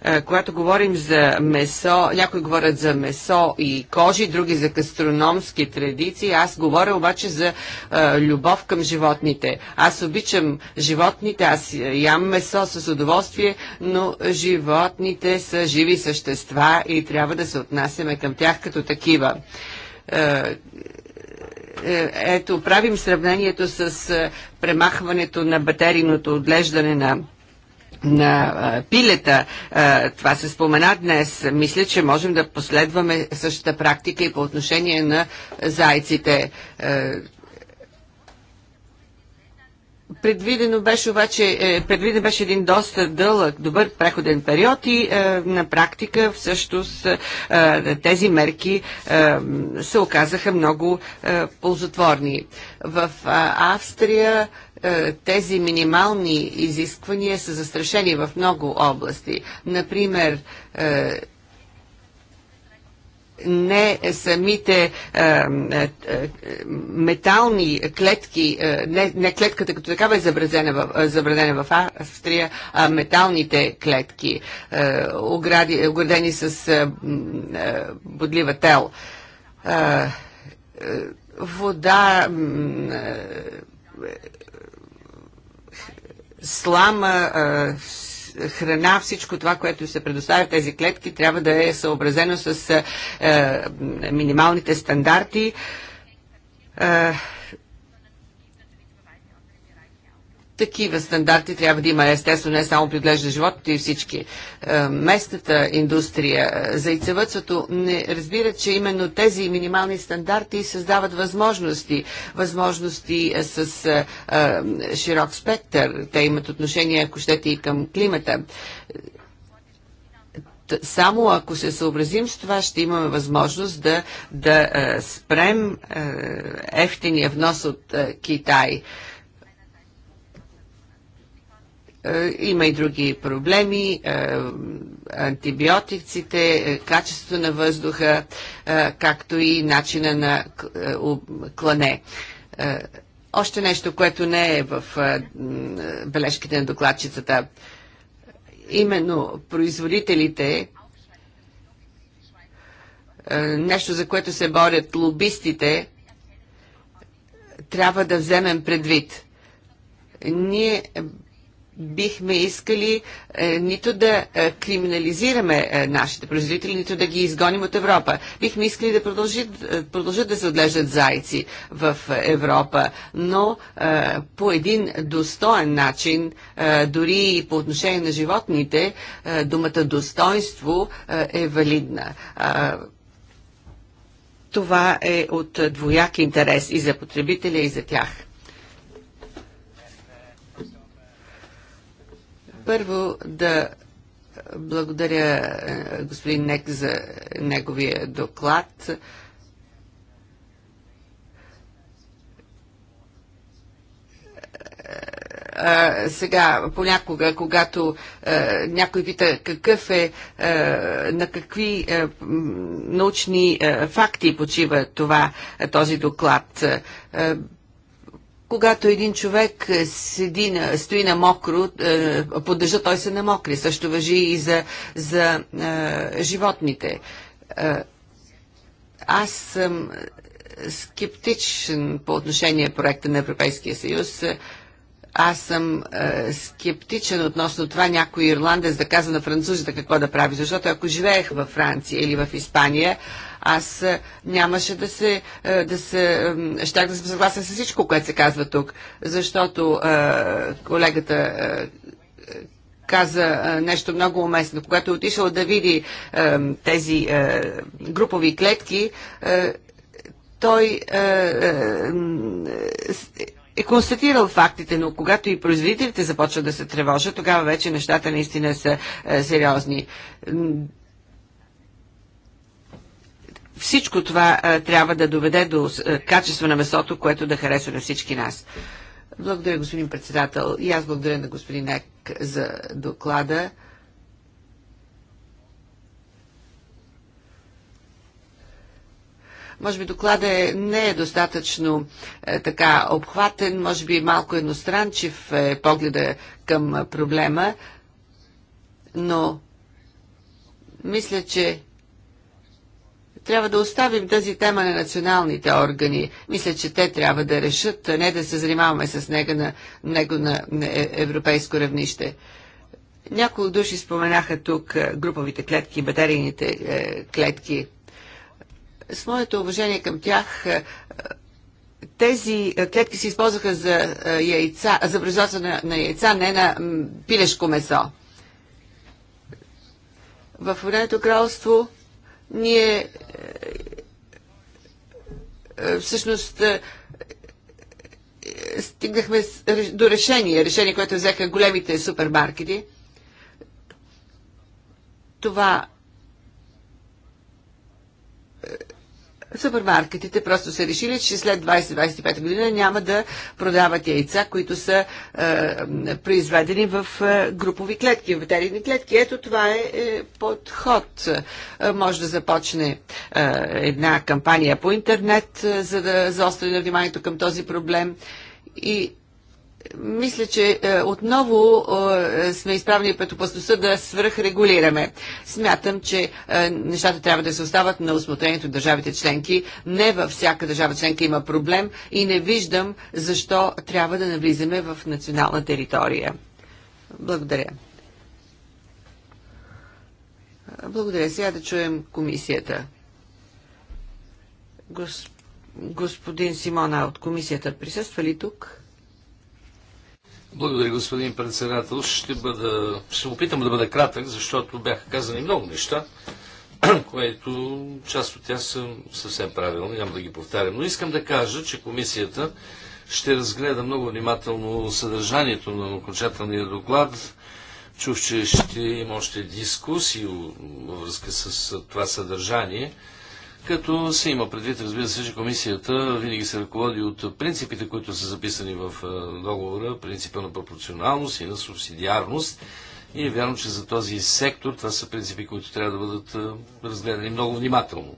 Е, когато говорим за месо, някои говорят за месо и кожи, други за кастрономски традиции. Аз говоря обаче за е, любов към животните. Аз обичам животните, аз ям месо с удоволствие, но животните са живи същества и трябва да се отнасяме към тях като такива е, ето, правим сравнението с премахването на батерийното отглеждане на на пилета, това се спомена днес, мисля, че можем да последваме същата практика и по отношение на зайците. Предвидено беше обаче, е, предвиден беше един доста дълъг, добър преходен период и е, на практика всъщност е, тези мерки е, се оказаха много е, ползотворни. В Австрия е, тези минимални изисквания са застрашени в много области. Например, е, не самите а, е, а, метални клетки, а, не, не клетката като такава е забразена в, забразена в Австрия, а металните клетки, огради, оградени с а, а, бодлива тел. А, а, вода слама, храна, всичко това, което се предоставя тези клетки, трябва да е съобразено с минималните стандарти такива стандарти трябва да има естествено не само приглежда животното и всички. Е, местната индустрия, е, зайцевътството не разбира, че именно тези минимални стандарти създават възможности. Възможности е, с а, широк спектър. Те имат отношение, ако щете, и към климата само ако се съобразим с това, ще имаме възможност да, да спрем ефтиния внос от Китай. Е, има и други проблеми, е, антибиотиците, е, качеството на въздуха, както и начина на клане. Още нещо, което не е в бележките на докладчицата. Именно производителите, нещо за което се борят лобистите, трябва да вземем предвид. Ние бихме искали е, нито да е, криминализираме е, нашите производители, нито да ги изгоним от Европа. Бихме искали да продължат, е, продължат да се отглеждат зайци в е, Европа, но е, по един достоен начин, е, дори и по отношение на животните, е, думата достоинство е, е валидна. Е, това е от двояк интерес и за потребителя, и за тях. Първо да благодаря е, господин Нек за неговия доклад. а, е, е, сега, понякога, когато а, някой пита какъв е, а, на какви а, научни а, факти почива това, а, този доклад. А, когато един човек седи на, стои на мокро, е, поддържа той се на мокри. Също въжи и за, за е, животните. Е, аз съм скептичен по отношение проекта на Европейския съюз. Аз съм е, скептичен относно това някой ирландец да каза на французите какво да прави, защото ако живеех във Франция или в Испания, аз нямаше да се... Да се щях да съм съгласен с всичко, което се казва тук, защото колегата каза нещо много уместно. Когато е отишъл да види тези групови клетки, той е, констатирал фактите, но когато и производителите започват да се тревожат, тогава вече нещата наистина са сериозни. Всичко това а, трябва да доведе до а, качество на месото, което да харесва на всички нас. Благодаря, господин председател. И аз благодаря на господин Ек за доклада. Може би доклада е, не е достатъчно е, така обхватен, може би е малко едностранчив е погледа към проблема, но мисля, че трябва да оставим тази тема на националните органи. Мисля, че те трябва да решат, а не да се занимаваме с него на, него на, на е, европейско равнище. Няколко души споменаха тук груповите клетки, батерийните е, клетки. С моето уважение към тях, тези клетки се използваха за, яйца, за производство на, на яйца, не на пилешко месо. В Обединеното кралство ние е, е, всъщност е, стигнахме до решение, решение, което взеха големите супермаркети. Това супермаркетите просто са решили, че след 20-25 година няма да продават яйца, които са е, произведени в е, групови клетки, в ветерини клетки. Ето това е, е подход. Е, може да започне е, една кампания по интернет, е, за да заостря вниманието към този проблем. И мисля, че е, отново е, сме изправени пред опасността да свръхрегулираме. Смятам, че е, нещата трябва да се остават на осмотрението на държавите членки. Не във всяка държава членка има проблем и не виждам защо трябва да навлизаме в национална територия. Благодаря. Благодаря. Сега да чуем комисията. Гос... Господин Симона от комисията присъства ли тук? Благодаря, господин председател. Ще, бъда, ще опитам да бъда кратък, защото бяха казани много неща, което част от тях са съвсем правилни, няма да ги повтарям. Но искам да кажа, че комисията ще разгледа много внимателно съдържанието на окончателния доклад. Чух, че ще има още дискусии във връзка с това съдържание като се има предвид, разбира се, че комисията винаги се ръководи от принципите, които са записани в е, договора, принципа на пропорционалност и на субсидиарност. И е вярно, че за този сектор това са принципи, които трябва да бъдат е, разгледани много внимателно.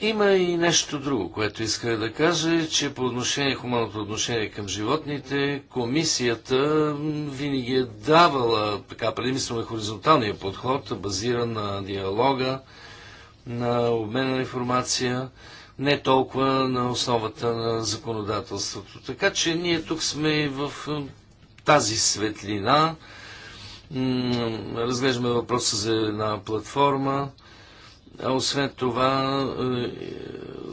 Има и нещо друго, което иска да кажа, е, че по отношение, хуманното отношение към животните, комисията винаги е давала така предимствено на хоризонталния подход, базиран на диалога, на обмена на информация, не толкова на основата на законодателството. Така че ние тук сме в е, тази светлина. Разглеждаме въпроса за една платформа. А освен това, е,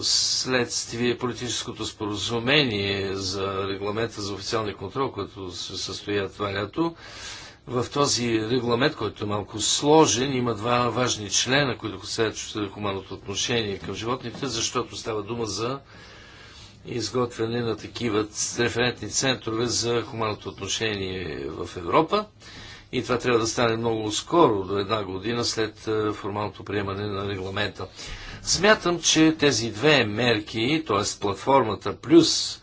следствие политическото споразумение за регламента за официалния контрол, което се състоя това лято, в този регламент, който е малко сложен, има два важни члена, които касаят хуманното отношение към животните, защото става дума за изготвяне на такива референтни центрове за хуманното отношение в Европа. И това трябва да стане много скоро, до една година след е, формалното приемане на регламента. Смятам, че тези две мерки, т.е. платформата плюс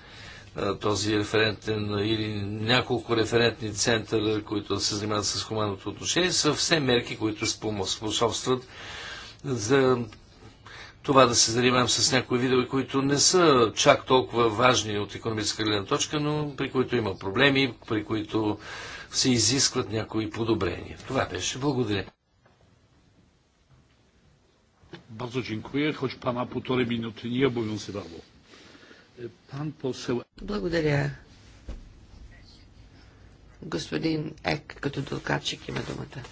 този референтен или няколко референтни центъра, които се занимават с хуманното отношение, са все мерки, които способстват за това да се занимавам с някои видове, които не са чак толкова важни от економическа гледна точка, но при които има проблеми, при които се изискват някои подобрения. Това беше. Благодаря. Bardzo dziękuję, choć pana półtorej minuty nie obowiązywało. Благодаря. Господин Ек, като докладчик има думата.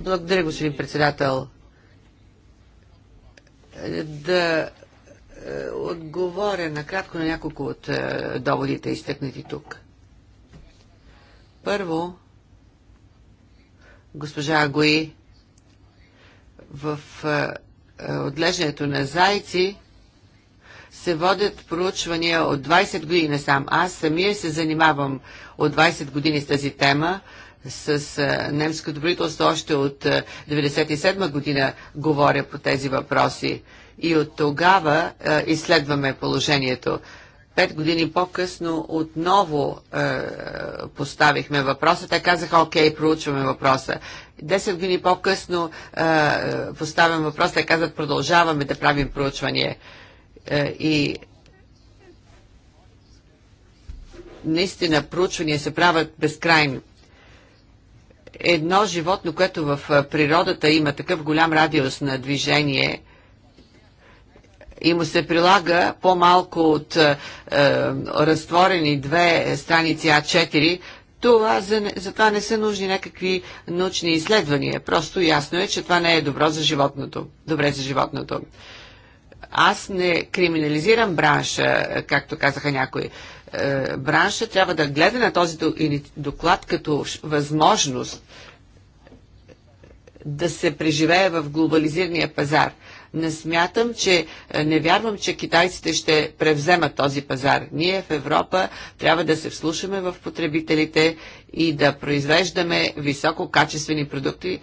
Благодаря, господин председател. Да е, отговоря накратко на няколко от е, доводите, изтъкнати тук. Първо, госпожа Агои в е, е, отглеждането на зайци се водят проучвания от 20 години сам. Аз самия се занимавам от 20 години с тази тема. С е, немското правителство още от 1997 година говоря по тези въпроси. И от тогава а, изследваме положението. Пет години по-късно отново е, поставихме въпроса. Те казаха, окей, проучваме въпроса. Десет години по-късно е, поставям въпроса. Те казват, продължаваме да правим проучване. Е, и наистина проучвания се правят безкрайно едно животно, което в е, природата има такъв голям радиус на движение, и му се прилага по-малко от е, е разтворени две страници А4, това, за, за това не са нужни някакви научни изследвания. Просто ясно е, че това не е добро за животното. Добре за животното. Аз не криминализирам бранша, е, както казаха някои. Е, бранша трябва да гледа на този доклад като възможност да се преживее в глобализирания пазар – не смятам, че е, не вярвам, че китайците ще превземат този пазар. Ние в Европа трябва да се вслушаме в потребителите и да произвеждаме висококачествени продукти,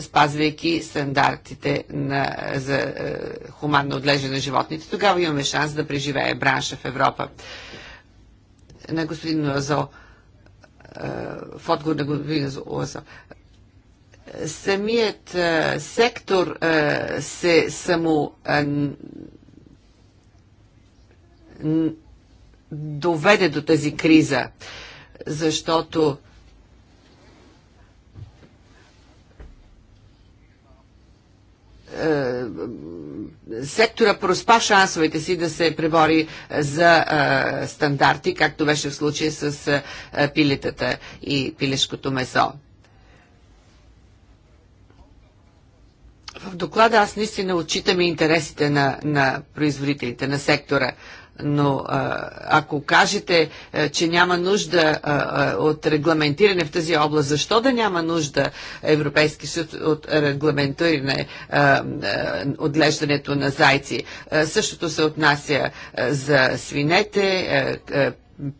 спазвайки стандартите на, за е, хуманно отглеждане на животните. Тогава имаме шанс да преживее бранша в Европа. На господин Лазо, е, в отговор на господин Лазо, самият а, сектор а, се само а, доведе до тази криза, защото сектора проспа шансовете си да се пребори за стандарти, както беше в случая с пилетата и пилешкото месо. В доклада аз наистина отчитам и интересите на, на производителите, на сектора но ако кажете, че няма нужда от регламентиране в тази област, защо да няма нужда Европейски съд от регламентиране отглеждането на зайци? Същото се отнася за свинете,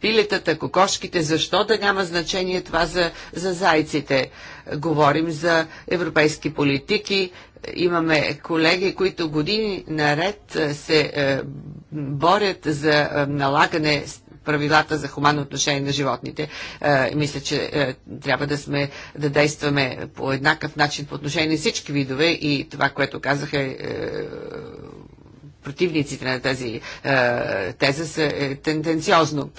пилетата, кокошките, защо да няма значение това за, за зайците? Говорим за европейски политики, имаме колеги, които години наред е, се е, борят за е, налагане правилата за хуманно отношение на животните. Мисля, че трябва да сме да действаме по еднакъв начин по отношение на всички видове и това, което казаха противниците на тази теза са е, тенденциозно.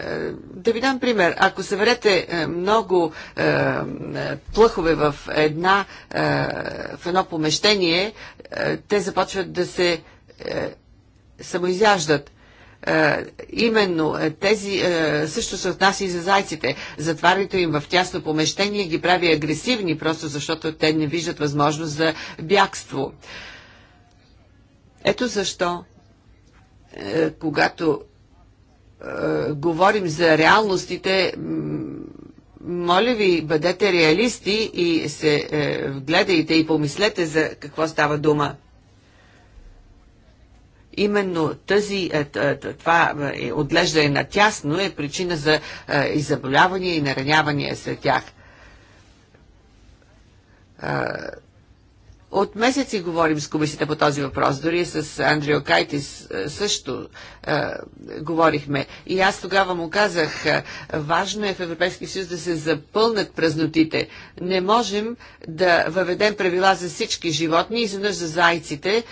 Е, да ви дам пример. Ако съберете е, много е, плъхове в, една, в едно помещение, те започват да се самоизяждат. Именно тези също се отнася и за зайците. Затварянето им в тясно помещение ги прави агресивни, просто защото те не виждат възможност за бягство. Ето защо, когато е, говорим за реалностите, моля ви, бъдете реалисти и се е, гледайте и помислете за какво става дума. Именно тази, е, е, това отглеждане на тясно е причина за е, и заболявания и наранявания сред тях. От месеци говорим с комисията по този въпрос, дори с Андрио Кайтис е, също е, говорихме. И аз тогава му казах, е, важно е в Европейския съюз да се запълнат празнотите. Не можем да въведем правила за всички животни, изведнъж за зайците,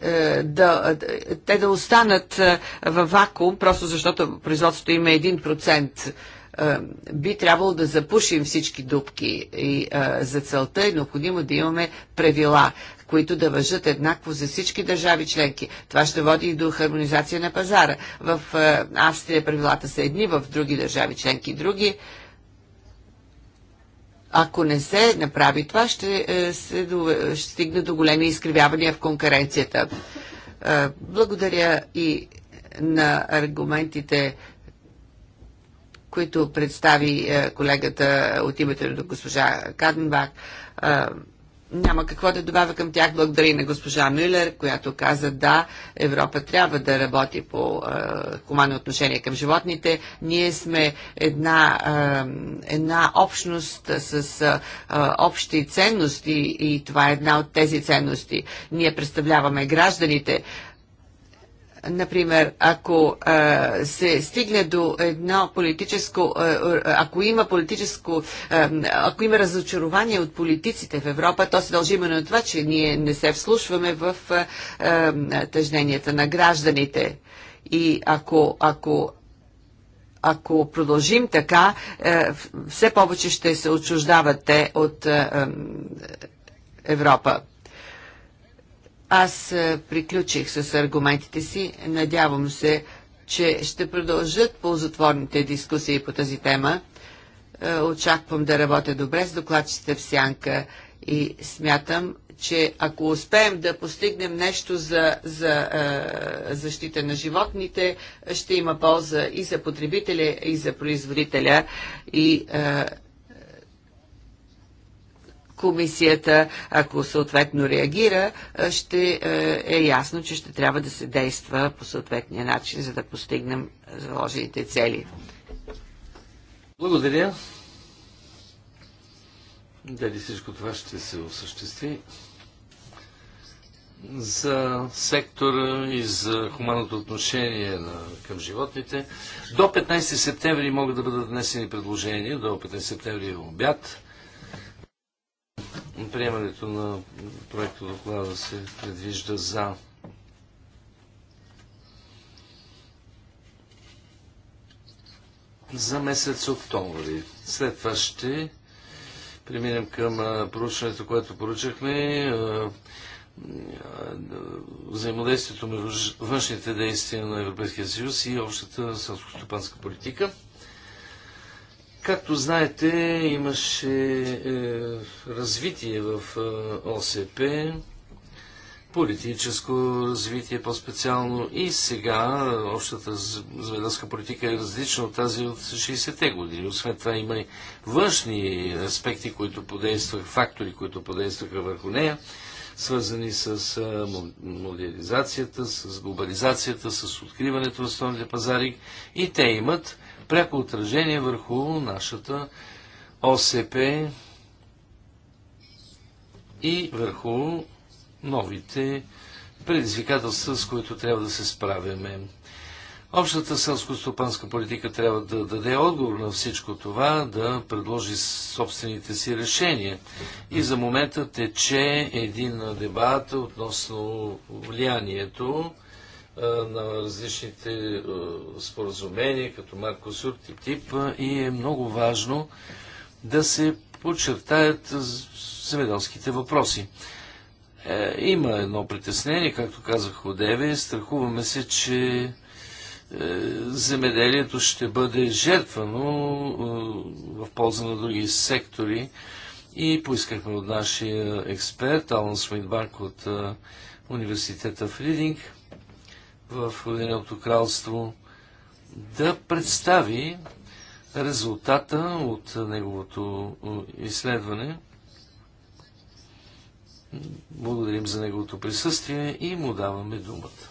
е, да, е, те да останат във вакуум, просто защото производството има 1%. Е, би трябвало да запушим всички дупки и е, за целта е необходимо да имаме правила, които да въжат еднакво за всички държави членки. Това ще води и до хармонизация на пазара. В е, Австрия правилата са едни, в други държави членки други. Ако не се направи това, ще, се, ще стигне до големи изкривявания в конкуренцията. Благодаря и на аргументите които представи е, колегата от името на госпожа Каденбак. Е, няма какво да добавя към тях. Благодаря и на госпожа Мюлер, която каза да, Европа трябва да работи по е, хуманно отношение към животните. Ние сме една, е, една общност с е, общи ценности и това е една от тези ценности. Ние представляваме гражданите. Например, ако а, се стигне до едно политическо, а, ако има политическо, а, ако има разочарование от политиците в Европа, то се дължи именно на това, че ние не се вслушваме в а, а, тъжненията на гражданите. И ако, ако, ако продължим така, а, все повече ще се отчуждавате от а, а, Европа. Аз е, приключих с аргументите си. Надявам се, че ще продължат ползотворните дискусии по тази тема. Е, очаквам да работя добре с докладчите в сянка и смятам, че ако успеем да постигнем нещо за, за е, защита на животните, ще има полза и за потребителя, и за производителя. И е, комисията, ако съответно реагира, ще е ясно, че ще трябва да се действа по съответния начин, за да постигнем заложените цели. Благодаря. Дали всичко това ще се осъществи? за сектора и за хуманното отношение на, към животните. До 15 септември могат да бъдат внесени предложения, до 15 септември е обяд. Приемането на проекта доклада се предвижда за за месец октомври. След това ще преминем към проучването, което поручахме. Взаимодействието между външните действия на Европейския съюз и общата селскостопанска политика. Както знаете, имаше е, развитие в е, ОСП, политическо развитие по-специално и сега е, общата земеделска политика е различна от тази от 60-те години. Освен това има и външни аспекти, които подействаха, фактори, които подействаха върху нея, свързани с е, модернизацията, с глобализацията, с откриването на основните пазари и те имат пряко отражение върху нашата ОСП и върху новите предизвикателства, с които трябва да се справяме. Общата селско-стопанска политика трябва да даде отговор на всичко това, да предложи собствените си решения. И за момента тече един дебат относно влиянието на различните споразумения, като Маркосур, ТИТИП и е много важно да се подчертаят земеделските въпроси. Е, има едно притеснение, както казах одеве, страхуваме се, че е, земеделието ще бъде жертвано е, в полза на други сектори и поискахме от нашия експерт Алан Суинбанк от е, университета в Ридинг в Обединеното кралство да представи резултата от неговото изследване. Благодарим за неговото присъствие и му даваме думата.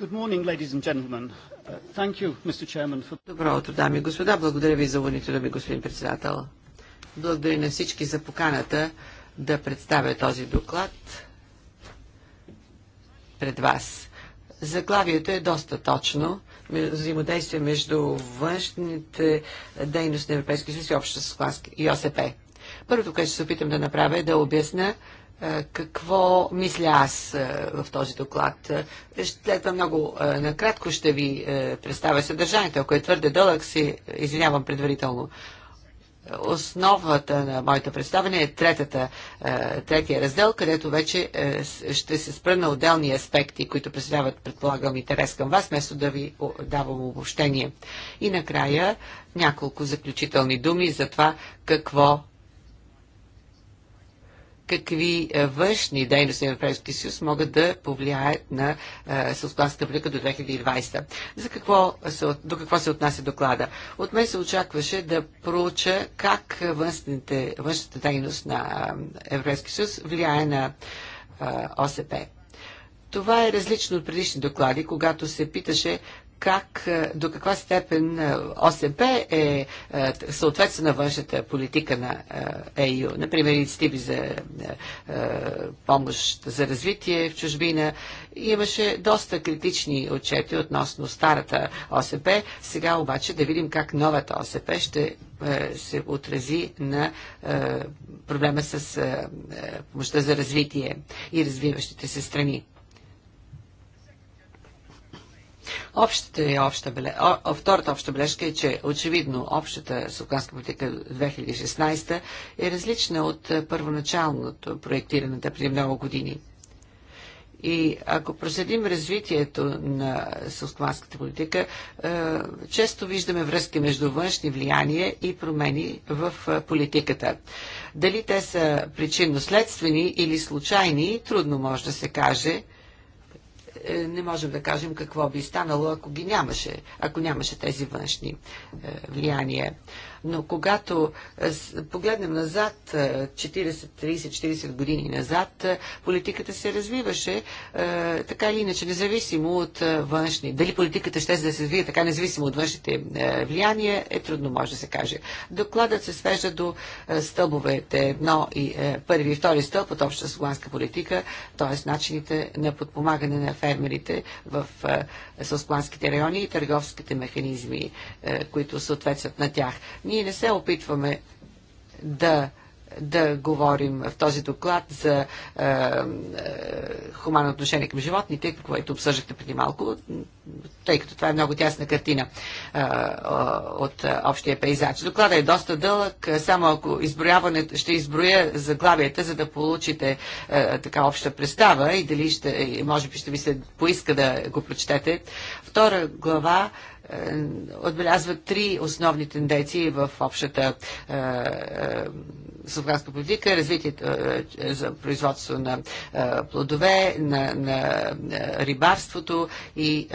Uh, Добро утро, дами и господа. Благодаря ви за уните, дами господин председател. Благодаря на всички за поканата да представя този доклад пред вас. Заглавието е доста точно. Взаимодействие между външните дейности на Европейския съюз и общата и ОСП. Първото, което ще се опитам да направя е да обясня е, какво мисля аз е, в този доклад. Е, След това много накратко ще ви представя съдържанието. Ако е твърде дълъг, си извинявам предварително. Основата на моето представяне е третата, третия раздел, където вече ще се спра на отделни аспекти, които представляват, предполагам, интерес към вас, вместо да ви давам обобщение. И накрая няколко заключителни думи за това какво какви е, външни дейности на Европейския съюз могат да повлияят на е, селскостопанската политика до 2020. За какво се, до какво се отнася доклада? От мен се очакваше да проуча как външната дейност на е, Европейския съюз влияе на ОСП. Това е различно от предишни доклади, когато се питаше как, е, до каква степен е, ОСП е, е съответства на външната политика на ЕЮ. Например, инициативи за помощ за развитие в чужбина. Имаше доста критични отчети относно старата ОСП. Сега обаче да видим как новата ОСП ще се отрази на проблема с помощта за развитие и развиващите се страни. Общата, обща бележка, втората обща бележка е, че очевидно общата суканска политика 2016 е различна от е, първоначалното проектираната преди много години. И ако проследим развитието на селскоманската политика, е, често виждаме връзки между външни влияния и промени в е, политиката. Дали те са причинно-следствени или случайни, трудно може да се каже – е, не можем да кажем какво би станало, ако ги нямаше, ако нямаше тези външни е, влияния но когато е, погледнем назад, 40, 30, 40 години назад, е, политиката се развиваше е, така или иначе, независимо от външни. Дали политиката ще да се развие така, независимо от външните влияния, е трудно, може да се каже. Докладът се свежда до стълбовете едно и първи и втори стълб от обща слуганска политика, т.е. начините на подпомагане на фермерите в селспланските райони и търговските механизми, които съответстват на тях. Ние не се опитваме да да говорим в този доклад за е, е, хуманно отношение към животните, което обсъждахте преди малко, тъй като това е много тясна картина е, от е, общия пейзаж. Доклада е доста дълъг, само ако изброяването ще изброя заглавията, за да получите е, така обща представа и дали ще, може би ще ви се поиска да го прочетете. Втора глава е, отбелязват три основни тенденции в общата е, е политика. развитие е, за производство на плодове, на, на рибарството и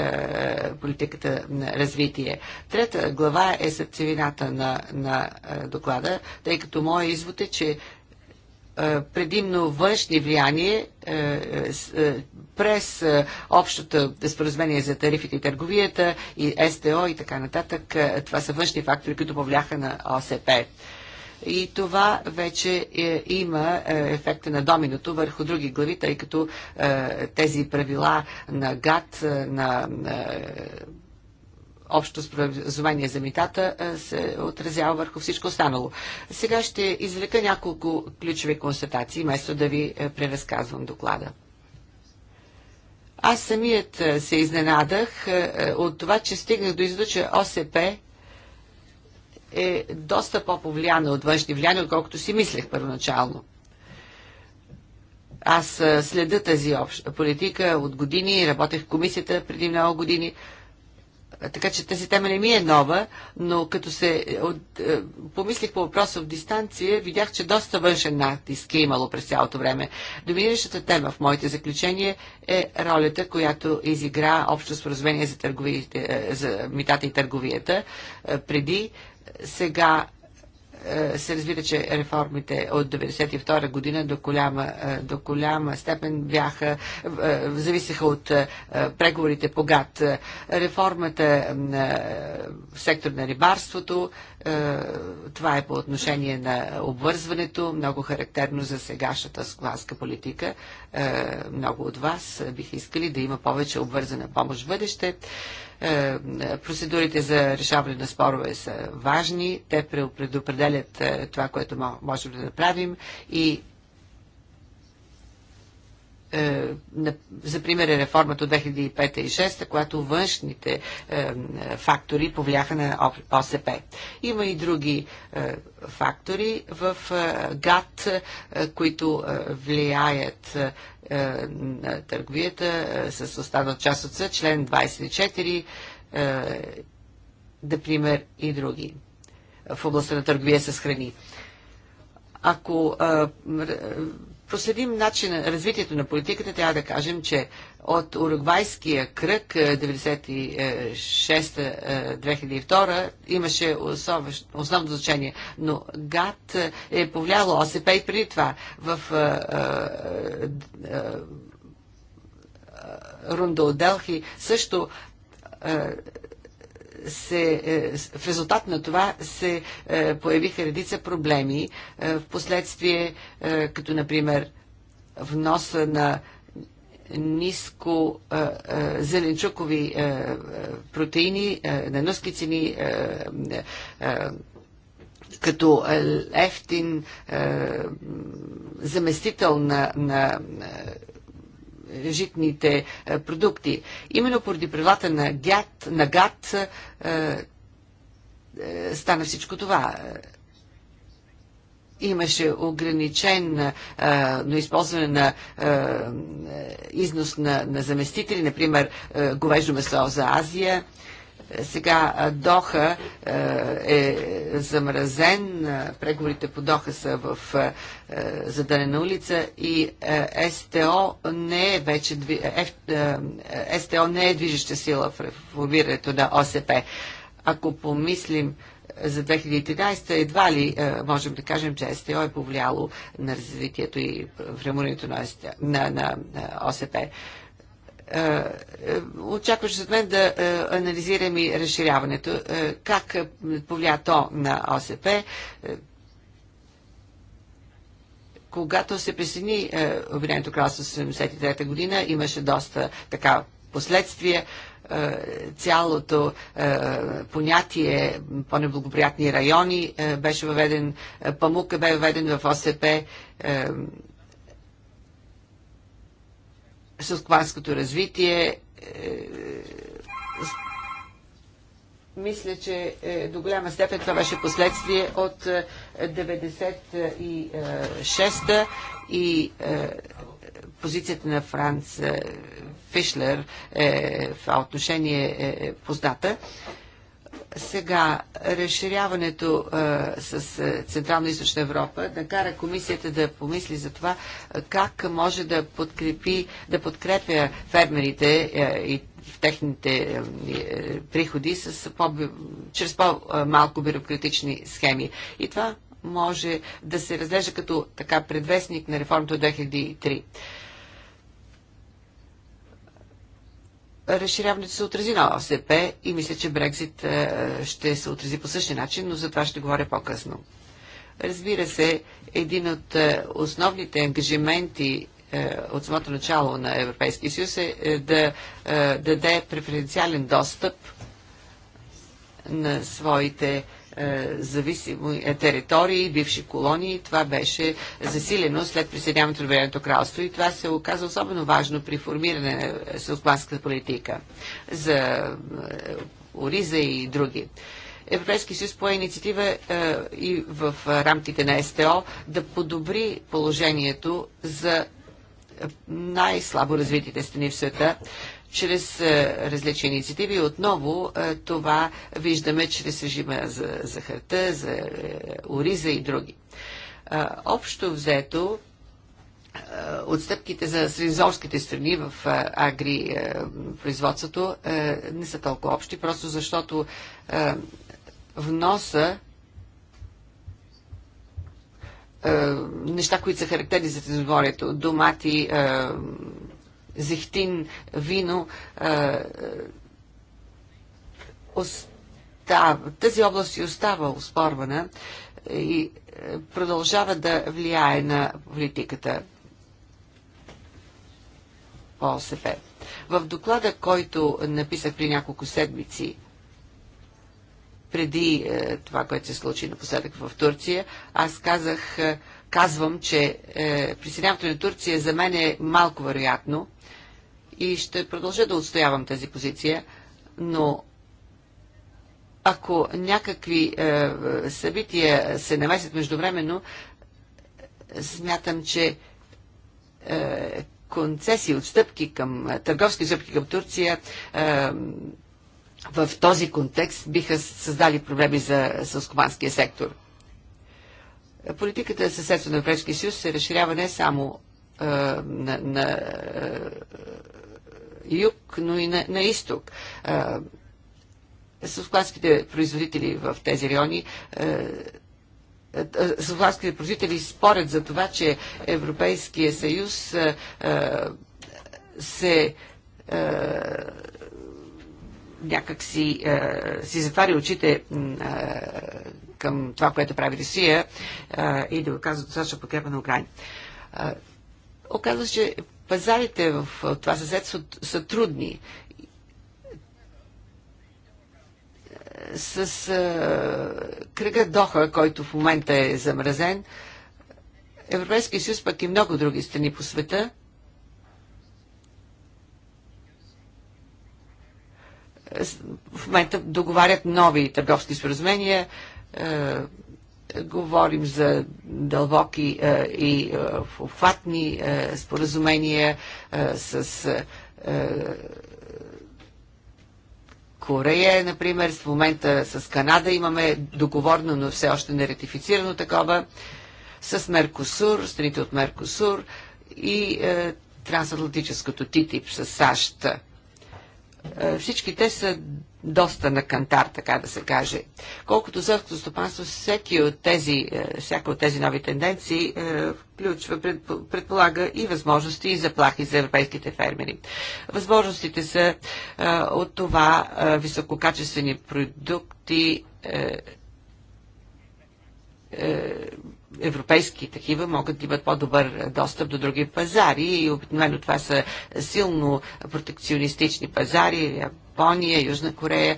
политиката на развитие. Трета глава е сърцевината на, на доклада, тъй като моят извод е, че е, предимно външни влияние е, е, през общото споразумение за тарифите и търговията и СТО и така нататък. Това са външни фактори, които повляха на ОСП. И това вече е, има е, ефекта на доминото върху други глави, тъй като е, тези правила на ГАТ, на, на общо споразумение за митата се отразява върху всичко останало. Сега ще извлека няколко ключови констатации, вместо да ви преразказвам доклада. Аз самият се изненадах от това, че стигнах до изда, че ОСП е доста по-повлияна от външни влияния, отколкото си мислех първоначално. Аз следа тази политика от години, работех в комисията преди много години. Така че тази тема не ми е нова, но като се е, от, е, помислих по въпроса в дистанция, видях, че доста външен натиск е имало през цялото време. Доминиращата тема в моите заключения е ролята, която изигра общо споразумение за, е, за митата и търговията преди. Сега е, се разбира, че реформите от 1992 година до голяма, е, до голяма степен бяха, е, зависеха от преговорите по ГАТ. Реформата в сектор на рибарството, е, това е по отношение на обвързването, много характерно за сегашната скланска политика. Е, много от вас бих искали да има повече обвързана помощ в бъдеще. Е, процедурите за решаване на спорове са важни. Те предопределят това, което можем да направим и е, за пример е реформата от 2005 и 2006, която външните е, фактори повлияха на ОСП. Има и други е, фактори в ГАТ, които влияят на търговията с останал част от съд, член 24, например, и други в областта на търговия с храни. Ако проследим начин на развитието на политиката, трябва да кажем, че от Уругвайския кръг 96-2002 е, е, имаше основно значение, но ГАТ е, е повлияло ОСП и преди това в а, а, а, Делхи също се, е, в резултат на това се е, появиха редица проблеми. Е, в последствие, като например вноса на ниско зеленчукови протеини на ниски цени, като ефтин заместител на, на житните е, продукти. Именно поради правилата на, ГЯТ, на ГАТ е, е, стана всичко това имаше ограничен но използване на износ на, на заместители, например говеждо месо за Азия. Сега Доха е замразен, преговорите по Доха са в задънена улица и СТО не е вече СТО не е движеща сила в реформирането на ОСП. Ако помислим за 2013 едва ли можем да кажем, че СТО е повлияло на развитието и времето на, на, на, на ОСП. Е, е, очакваше от мен да е, анализирам и разширяването. Как повлия то на ОСП? Когато се присъедини Обединеното кралство 73-та година, имаше доста така последствия цялото понятие по-неблагоприятни райони беше въведен, памук бе въведен в ОСП селскванското развитие. Е, мисля, че е, до голяма степен това беше последствие от 96-та е, и позицията на Франц Фишлер е, в отношение е позната. Е, сега, разширяването с централно Централна и Източна Европа накара комисията да помисли за това как може да подкрепи, да подкрепя фермерите и в техните приходи с по, чрез по-малко бюрократични схеми. И това може да се разглежда като така предвестник на реформата от 2003. разширяването се отрази на ОСП и мисля, че Брекзит е, ще се отрази по същия начин, но за това ще говоря по-късно. Разбира се, един от е, основните ангажименти е, от самото начало на Европейския съюз е да даде преференциален достъп на своите е, зависими е, територии, бивши колонии. Това беше засилено след присъединяването на Обединеното кралство и това се оказа особено важно при формиране на селскостопанската политика за е, Ориза и други. Европейски съюз пое инициатива е, и в рамките на СТО да подобри положението за най-слабо развитите страни в света, чрез е, различни инициативи. Отново е, това виждаме чрез режима за захарта, за е, ориза и други. Общо взето, отстъпките за средизорските страни в агри производството не са толкова общи, просто защото вноса неща, които са характерни за Средиземноморието, домати, зехтин, вино. Тази област и остава успорвана и продължава да влияе на политиката по ОСП. В доклада, който написах при няколко седмици, преди това, което се случи напоследък в Турция, аз казах, казвам, че е, присъединяването на Турция за мен е малко вероятно и ще продължа да отстоявам тази позиция, но ако някакви е, събития се намесят междувременно, смятам, че е, концесии, отстъпки към търговски отстъпки към Турция е, в този контекст биха създали проблеми за сълскоманския сектор. Политиката за съседство на Европейския съюз се разширява не само а, е, на, на а, е, юг, но и на, на изток. Е, Съвкладските производители в тези райони Съвкладските производители спорят за това, че Европейския съюз а, се а, някак си, си затваря очите към това, което прави Русия и да оказва достатъчно е подкрепа на Украина. Оказва се, че пазарите в това съседство са трудни. С кръга Доха, който в момента е замразен, Европейския съюз, пък и много други страни по света, в момента договарят нови търговски споразумения е, говорим за дълбоки е, и е, обхватни споразумения с Корея, например, в момента с Канада имаме договорно, но все още не ратифицирано такова, с Меркосур, страните от Меркосур и е, трансатлантическото ТИТИП с САЩ. Е, всички те са доста на кантар, така да се каже. Колкото селското стопанство, всеки от тези, е, всяка от тези нови тенденции е, включва, предполага и възможности и заплахи за европейските фермери. Възможностите са от това висококачествени продукти, европейски такива могат да имат по-добър достъп до други пазари и обикновено това са силно протекционистични пазари, Япония, Южна Корея,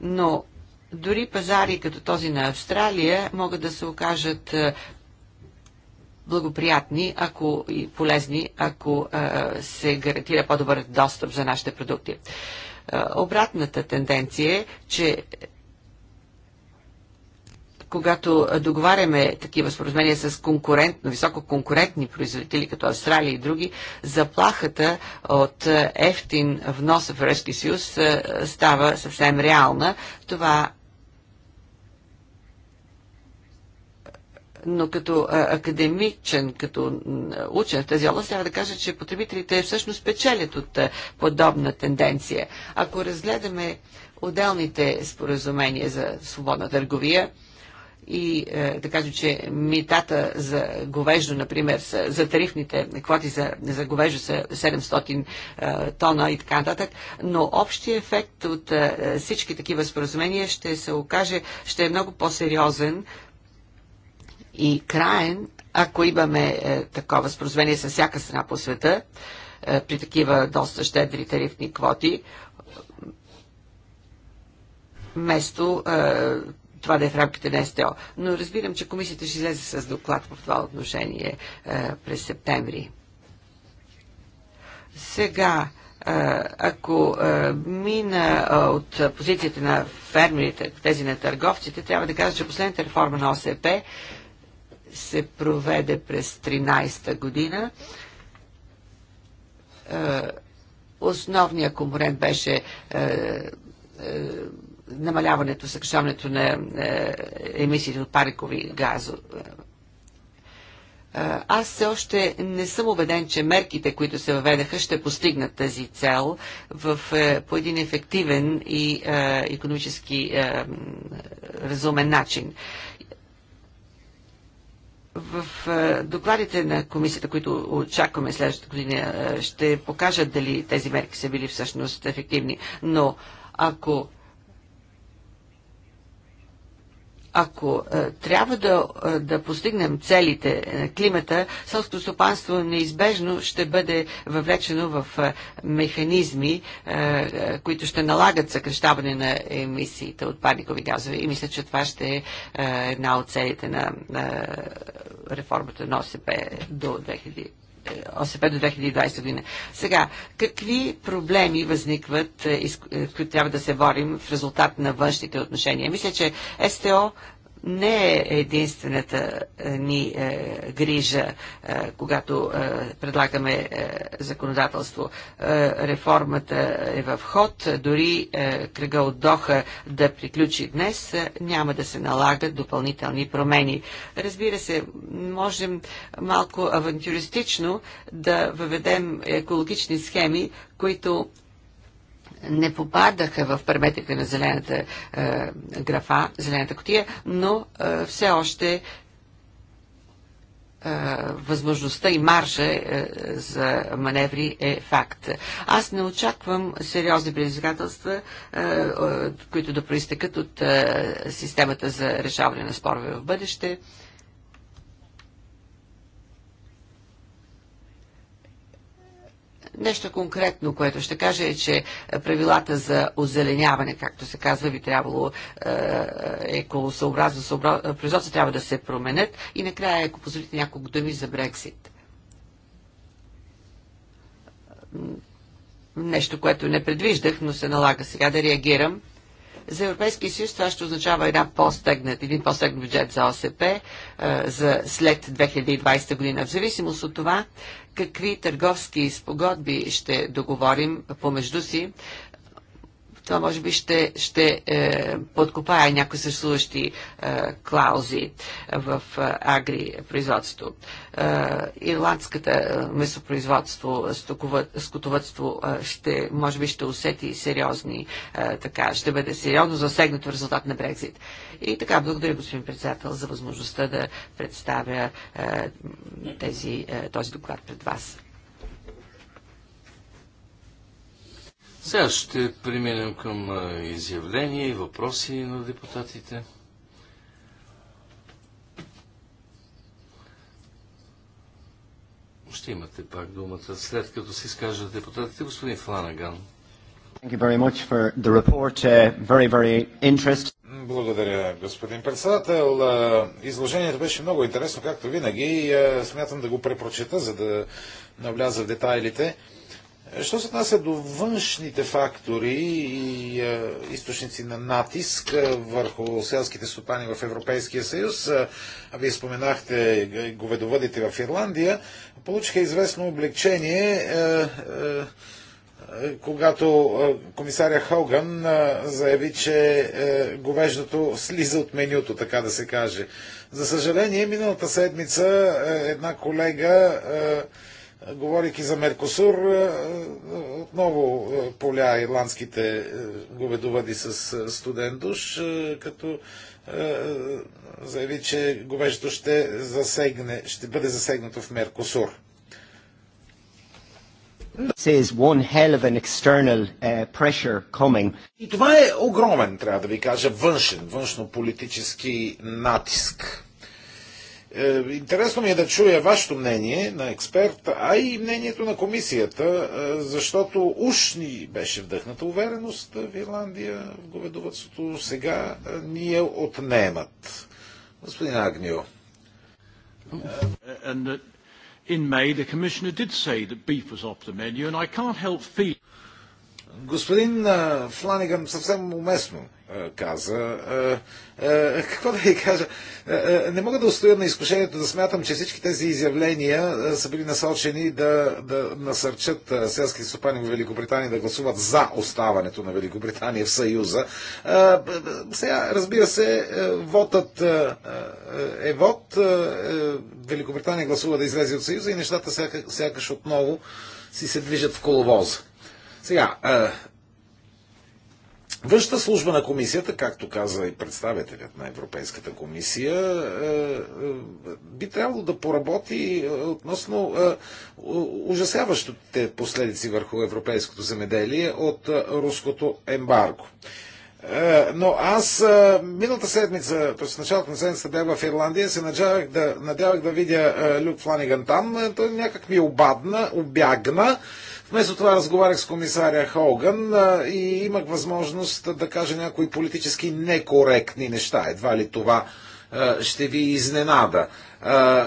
но дори пазари като този на Австралия могат да се окажат благоприятни ако и полезни, ако се гарантира по-добър достъп за нашите продукти. Обратната тенденция е, че когато договаряме такива споразумения с конкурентно, високо конкурентни производители, като Австралия и други, заплахата от е, ефтин внос в Ръжки съюз е, става съвсем реална. Това но като е, академичен, като учен в тази област, трябва да кажа, че потребителите всъщност печелят от подобна тенденция. Ако разгледаме отделните споразумения за свободна търговия, и е, да кажем, че митата за говеждо, например, са, за тарифните квоти за, за говеждо са 700 е, тона и така нататък, но общия ефект от е, всички такива споразумения ще се окаже, ще е много по-сериозен и краен, ако имаме е, такова споразумение с всяка страна по света, е, при такива доста щедри тарифни квоти, вместо това да е в рамките на СТО. Но разбирам, че комисията ще излезе с доклад в това отношение е, през септември. Сега, е, ако е, мина от позицията на фермерите, тези на търговците, трябва да кажа, че последната реформа на ОСП се проведе през 13-та година. Основният компонент беше намаляването, съкръщаването на е, емисиите от парикови газове. Е, аз все още не съм убеден, че мерките, които се въведаха, ще постигнат тази цел в, е, по един ефективен и е, економически е, разумен начин. В е, докладите на комисията, които очакваме следващата година, ще покажат дали тези мерки са били всъщност ефективни. Но ако ако е, трябва да, е, да постигнем целите на климата, селското стопанство неизбежно ще бъде въвлечено в е, механизми, е, е които ще налагат съкрещаване на емисиите от парникови газове. И мисля, че това ще е, е една от целите на, на реформата на ОСП до 2000. ОСП до 2020 година. Сега, какви проблеми възникват, с е, е, които трябва да се борим в резултат на външните отношения? Мисля, че СТО не е единствената е, ни е, грижа, е, когато е, предлагаме е, законодателство. Е, реформата е в ход, дори е, кръга от Доха да приключи днес, е, няма да се налагат допълнителни промени. Разбира се, можем малко авантюристично да въведем екологични схеми, които не попадаха в параметрите на зелената е, графа, зелената котия, но е, все още е, възможността и маржа е, за маневри е факт. Аз не очаквам сериозни предизвикателства, е, е, които да проистекат от е, системата за решаване на спорове в бъдеще. Е, Нещо конкретно, което ще кажа е, че правилата за озеленяване, както се казва, би трябвало е, е, е съобра... Е, производство трябва да се променят. И накрая, ако позволите няколко думи за Брексит нещо, което не предвиждах, но се налага сега да реагирам. За Европейския съюз това ще означава една по-стегнат, един по-стегнат бюджет за ОСП е, за след 2020 година. В зависимост от това какви търговски спогодби ще договорим помежду си, това може би ще, ще е, подкопае някои съществуващи е, клаузи в е, агри Е, ирландската е, месопроизводство, скотовътство е, ще, може би ще усети сериозни, е, така, ще бъде сериозно засегнато в резултат на Брекзит. И така, благодаря господин председател за възможността да представя е, тези, е, този доклад пред вас. Сега ще преминем към изявления и въпроси на депутатите. Ще имате пак думата след като се изкажат депутатите. Господин Фланаган. Uh, Благодаря, господин председател. Изложението беше много интересно, както винаги. Смятам да го препрочета, за да навляза в детайлите. Е, що се отнася до външните фактори и е, източници на натиск е, върху селските стопани в Европейския съюз, вие споменахте говедоводите в Ирландия, получиха известно облегчение, когато комисаря Хоган заяви, че говеждото слиза от менюто, така да се каже. За съжаление, миналата седмица една колега Говорейки за Меркосур, е, е, отново е, поля ирландските говедовъди с студен душ, като заяви, че говеждо ще, засегне, ще бъде засегнато в Меркосур. И това е огромен, трябва да ви кажа, външен, външно-политически натиск. Е, интересно ми е да чуя вашето мнение на експерт, а и мнението на комисията, е, защото уж ни беше вдъхната увереност в е, Ирландия, в говедовътството сега ни я отнемат. Господин Агнио. Господин Фланиган съвсем уместно каза. Какво да ви кажа? Не мога да устоя на изкушението да смятам, че всички тези изявления са били насочени да, да насърчат селски стопани в Великобритания да гласуват за оставането на Великобритания в Съюза. Сега, разбира се, вотът е вод. Е, Великобритания гласува да излезе от Съюза и нещата сякаш отново си се движат в коловоза. Сега, Външната служба на комисията, както каза и представителят на Европейската комисия, е, е, би трябвало да поработи е, относно ужасяващите последици върху европейското земеделие от руското ембарго. Но аз миналата седмица, т.е. началото на седмица бях в Ирландия, се надявах да, надявах да видя Люк Фланиган там. Той някак ми обадна, обягна. Вместо това разговарях с комисаря Холган и имах възможност да кажа някои политически некоректни неща. Едва ли това ще ви изненада.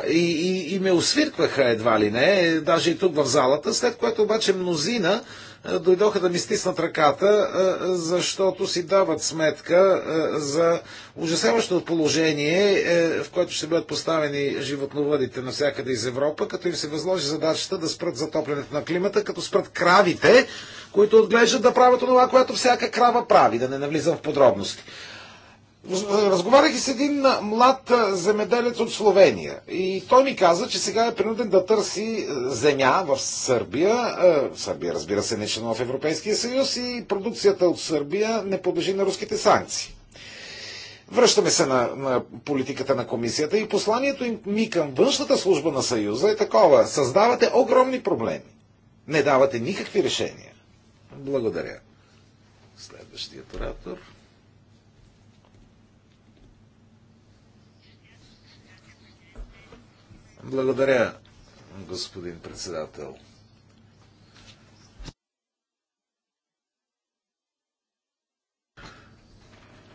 И, и, и ме освиркваха едва ли не, даже и тук в залата, след което обаче мнозина е, дойдоха да ми стиснат ръката, е, защото си дават сметка е, за ужасяващото положение, в което ще бъдат поставени животновъдите навсякъде из Европа, като им се възложи задачата да спрат затоплянето на климата, като спрат кравите, които отглеждат да правят това, което всяка крава прави, да не навлизам в подробности. Разговарях и с един млад земеделец от Словения и той ми каза, че сега е принуден да търси земя в Сърбия. Сърбия, разбира се, не е в Европейския съюз и продукцията от Сърбия не подлежи на руските санкции. Връщаме се на, на политиката на комисията и посланието им ми към външната служба на Съюза е такова. Създавате огромни проблеми. Не давате никакви решения. Благодаря. Следващият оратор. Благодаря, господин председател.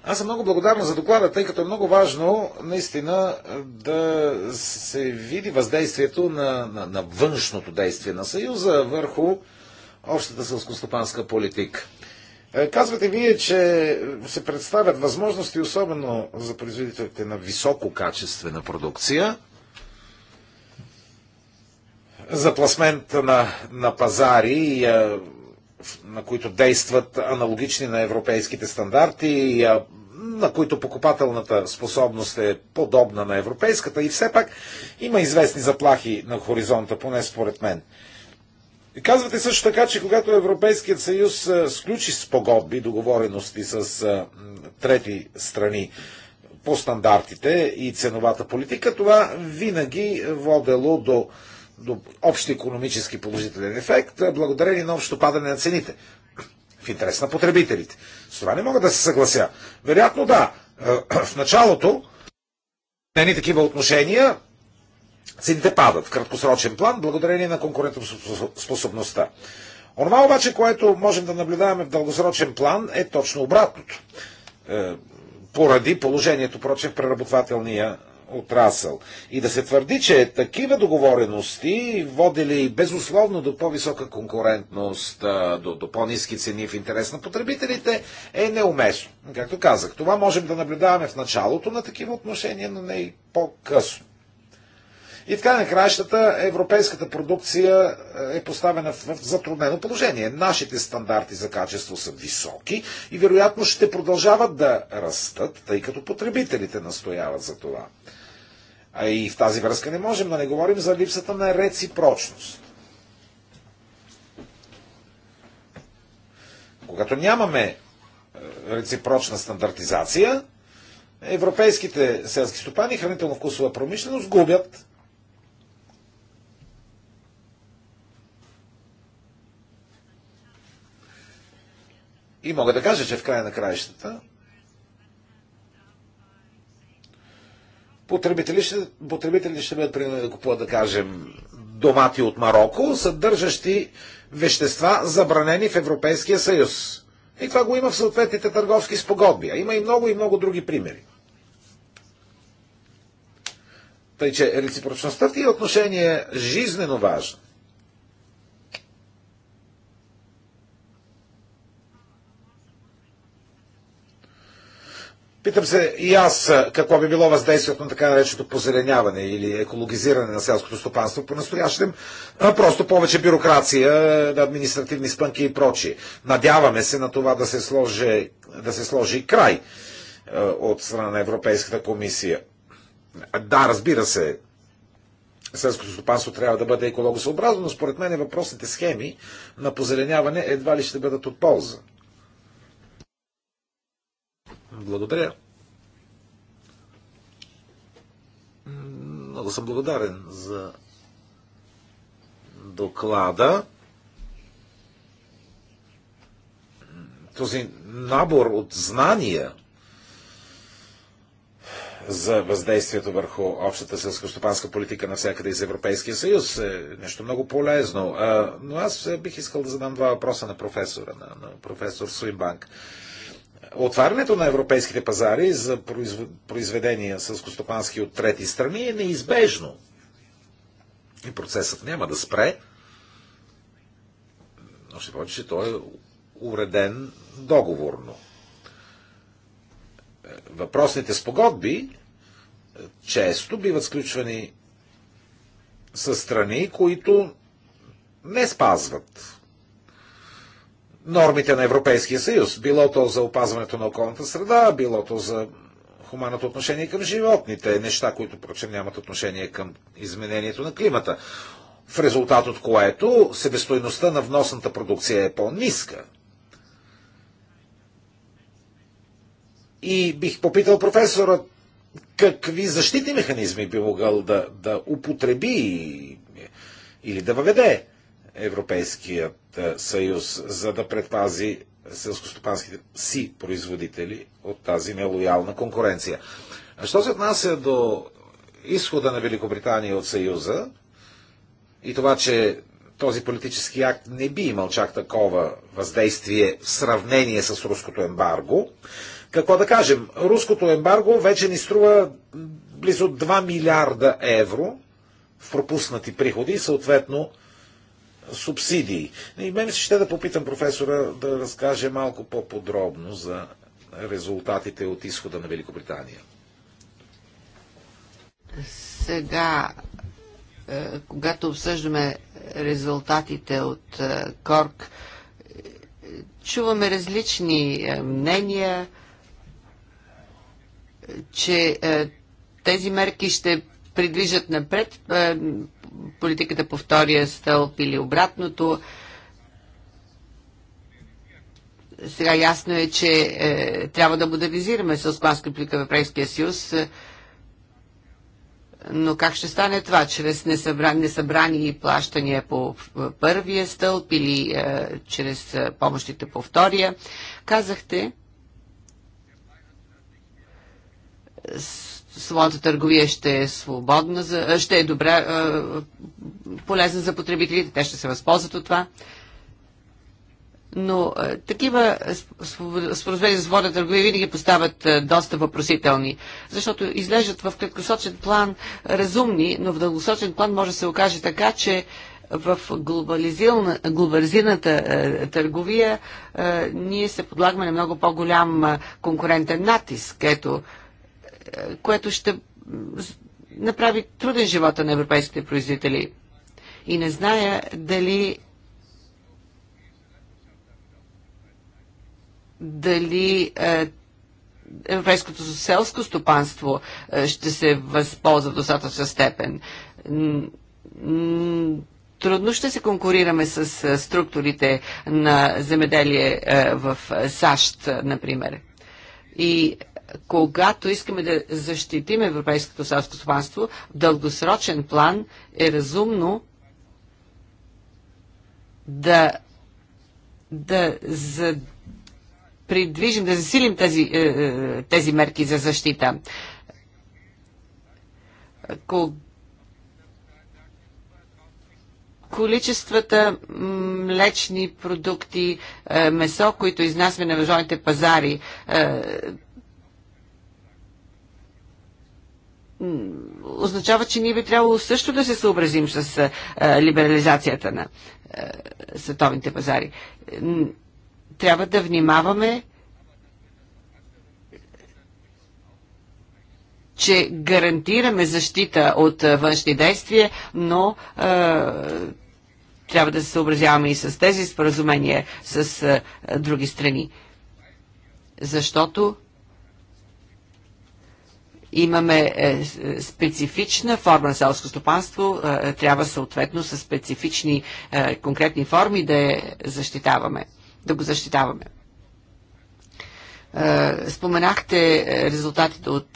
Аз съм много благодарна за доклада, тъй като е много важно наистина да се види въздействието на, на, на външното действие на Съюза върху общата сълскостопанска политика. Е, казвате вие, че се представят възможности, особено за производителите на високо качествена продукция, за пласмента на, на пазари, на които действат аналогични на европейските стандарти, на които покупателната способност е подобна на европейската и все пак има известни заплахи на хоризонта, поне според мен. И казвате също така, че когато Европейският съюз сключи спогодби, договорености с трети страни по стандартите и ценовата политика, това винаги водело до до общ економически положителен ефект, благодарение на общо падане на цените в интерес на потребителите. С това не мога да се съглася. Вероятно да, в началото на такива отношения цените падат в краткосрочен план, благодарение на конкурентоспособността. Онова обаче, което можем да наблюдаваме в дългосрочен план, е точно обратното. Е, поради положението, прочев, в преработвателния отрасъл. И да се твърди, че такива договорености водили безусловно до по-висока конкурентност, до, до по-низки цени в интерес на потребителите, е неуместно. Както казах, това можем да наблюдаваме в началото на такива отношения, но не и по-късно. И така на краищата европейската продукция е поставена в затруднено положение. Нашите стандарти за качество са високи и вероятно ще продължават да растат, тъй като потребителите настояват за това. А и в тази връзка не можем да не говорим за липсата на реципрочност. Когато нямаме е, реципрочна стандартизация, европейските селски стопани, хранително-вкусова промишленост губят. И мога да кажа, че в края на краищата потребители ще, потребители ще бъдат принудени да купуват, да кажем, домати от Марокко, съдържащи вещества, забранени в Европейския съюз. И това го има в съответните търговски спогодби. А има и много и много други примери. Тъй, че реципрочността в тия отношение е жизнено важна. Питам се и аз какво би било въздействието на така нареченото позеленяване или екологизиране на селското стопанство по-настоящем. Просто повече бюрокрация, административни спънки и прочи. Надяваме се на това да се сложи, да се сложи край от страна на Европейската комисия. Да, разбира се, селското стопанство трябва да бъде екологосъобразно, но според мен въпросните схеми на позеленяване едва ли ще бъдат от полза. Благодаря. Много съм благодарен за доклада. Този набор от знания за въздействието върху общата селскостопанска политика навсякъде из Европейския съюз е нещо много полезно. Но аз бих искал да задам два въпроса на професора, на професор Суинбанк отварянето на европейските пазари за произведения с костопански от трети страни е неизбежно. И процесът няма да спре. ще повече, че той е уреден договорно. Въпросните спогодби е, често биват сключвани с страни, които не спазват нормите на Европейския съюз, било то за опазването на околната среда, било то за хуманното отношение към животните, неща, които, впрочем, нямат отношение към изменението на климата. В резултат от което себестойността на вносната продукция е по-ниска. И бих попитал професора, какви защитни механизми би могъл да, да употреби или да въведе Европейският е, съюз, за да предпази селскостопанските си производители от тази нелоялна конкуренция. А що се отнася до изхода на Великобритания от Съюза и това, че този политически акт не би имал чак такова въздействие в сравнение с руското ембарго, какво да кажем? Руското ембарго вече ни струва близо 2 милиарда евро в пропуснати приходи и съответно субсидии. И мен се ще да попитам професора да разкаже малко по-подробно за резултатите от изхода на Великобритания. Сега, е, когато обсъждаме резултатите от е, Корк, е, чуваме различни мнения, че тези мерки ще придвижат напред политиката по втория стълб или обратното. Сега ясно е, че е, трябва да модернизираме Селскоманска република в Европейския съюз, е, но как ще стане това? Чрез несъбрани, несъбрани плащания по първия стълб или е, чрез е, помощите по втория? Казахте, свободната търговия ще е свободна, ще е добра, полезна за потребителите, те ще се възползват от това. Но такива споразумения за свободна търговия винаги поставят доста въпросителни, защото излежат в краткосрочен план разумни, но в дългосрочен план може да се окаже така, че в глобализираната е, търговия е, ние се подлагаме на много по-голям конкурентен натиск. Ето, което ще направи труден живота на европейските производители. И не зная дали дали е, европейското селско стопанство е, ще се възползва в достатъчна степен. Трудно ще се конкурираме с е, структурите на земеделие в САЩ, например. И когато искаме да защитим европейското селско стопанство, в дългосрочен план е разумно да, да за, придвижим, да засилим тези, е, е, тези мерки за защита. количествата млечни продукти, е, месо, които изнасяме на международните пазари. означава, че ние би трябвало също да се съобразим с либерализацията на световните пазари. Трябва да внимаваме че гарантираме защита от външни действия, но а, трябва да се съобразяваме и с тези споразумения с а, други страни. Защото Имаме е, специфична форма на селско стопанство, е, трябва съответно с специфични е, конкретни форми да я защитаваме, да го защитаваме. Споменахте резултатите от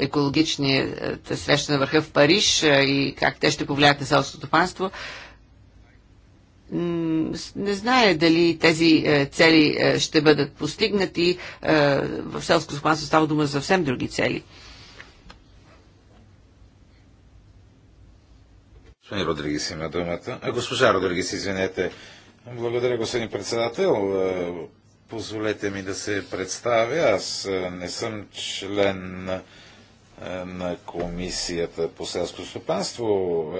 екологичния среща на върха в Париж и как те ще повлияят на селското стопанство. Не знае дали тези цели ще бъдат постигнати. В селското стопанство става дума за съвсем други цели – Господин Родригес има думата. А, госпожа Родригес, извинете. Благодаря, господин председател. Е, позволете ми да се представя. Аз е, не съм член е, на Комисията по селско стопанство.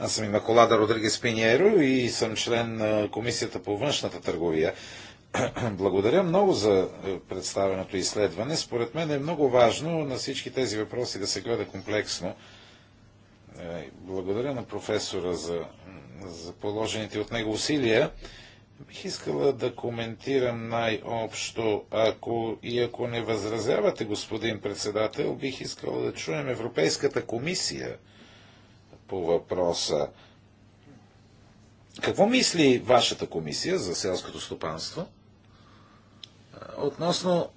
Аз съм Имаколада Родригес Пиньеро и съм член на Комисията по външната търговия. Благодаря много за представеното изследване. Според мен е много важно на всички тези въпроси да се гледа комплексно е, благодаря на професора за, за положените от него усилия. Бих искала да коментирам най-общо, ако и ако не възразявате, господин председател, бих искала да чуем Европейската комисия по въпроса. Какво мисли вашата комисия за селското стопанство е, относно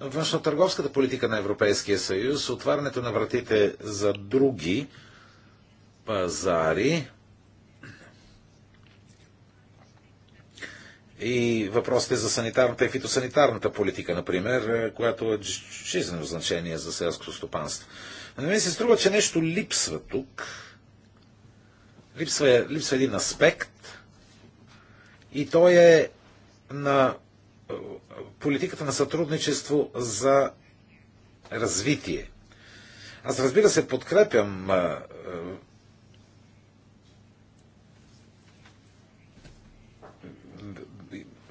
външно-търговската политика на Европейския съюз, отварянето на вратите за други пазари. И въпросите за санитарната и фитосанитарната политика, например, е, която е жизнено значение за селското стопанство. На нали мен се струва, че нещо липсва тук. Липсва, е, липсва един аспект и той е на е, политиката на сътрудничество за развитие. Аз разбира се подкрепям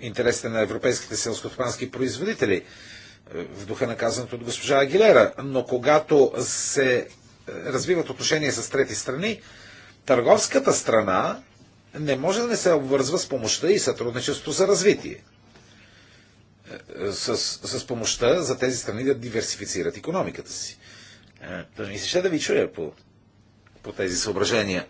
интересите на европейските селскостопански производители, е, в духа на казаното от госпожа Агилера. Но когато се е, развиват отношения с трети страни, търговската страна не може да не се обвързва с помощта и сътрудничество за развитие. Е, с, с помощта за тези страни да диверсифицират економиката си. Да ми се ще да ви чуя по, по тези съображения.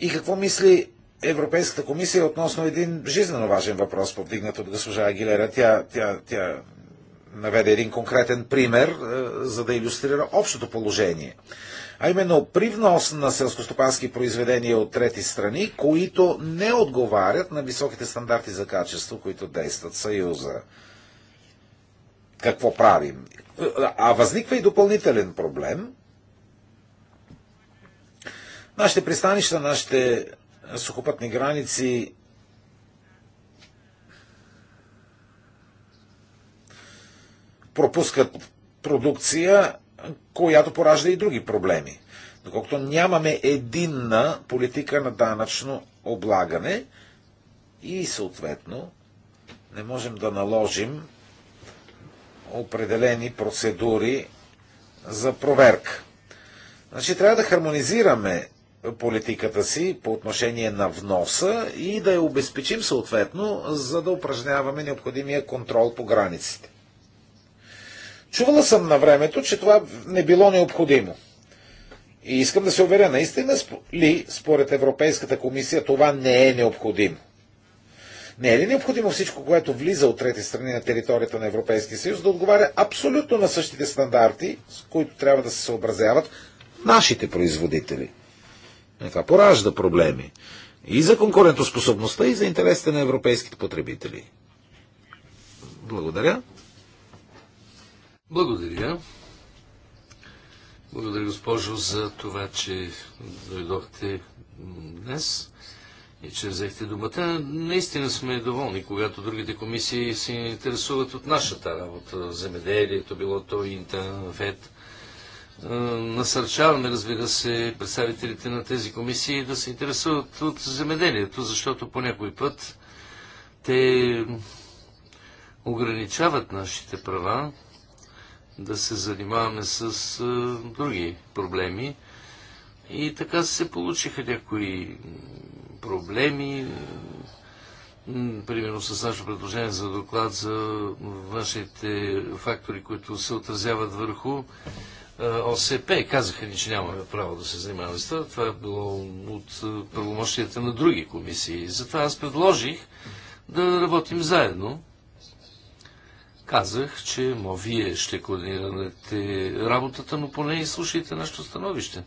И какво мисли Европейската комисия е относно един жизненно важен въпрос, повдигнат от госпожа Агилера. Тя, тя, тя наведе един конкретен пример, е, за да иллюстрира общото положение. А именно при внос на селскостопански произведения от трети страни, които не отговарят на високите стандарти за качество, които действат Съюза. Какво правим? А възниква и допълнителен проблем. Нашите пристанища, нашите сухопътни граници пропускат продукция, която поражда и други проблеми. Доколкото нямаме единна политика на данъчно облагане и съответно не можем да наложим определени процедури за проверка. Значи трябва да хармонизираме политиката си по отношение на вноса и да я обезпечим съответно, за да упражняваме необходимия контрол по границите. Чувала съм на времето, че това не било необходимо. И искам да се уверя, наистина ли според Европейската комисия това не е необходимо? Не е ли необходимо всичко, което влиза от трети страни на територията на Европейския съюз, да отговаря абсолютно на същите стандарти, с които трябва да се съобразяват нашите производители? Е, това поражда проблеми и за конкурентоспособността, и за интересите на европейските потребители. Благодаря. Благодаря. Благодаря, госпожо, за това, че дойдохте днес и че взехте думата. Наистина сме доволни, когато другите комисии се интересуват от нашата работа. Земеделието, било то Инта, ФЕД. Е, насърчаваме, разбира се, представителите на тези комисии да се интересуват от земеделието, защото по някой път те ограничават нашите права да се занимаваме с е, други проблеми. И така се получиха някои проблеми, примерно с нашето предложение за доклад за външните фактори, които се отразяват върху ОСП. Казаха ни, че нямаме право да се занимаваме с това. Това е било от правомощията на други комисии. Затова аз предложих да работим заедно. Казах, че мо вие ще координирате работата, но поне и слушайте нашето становище.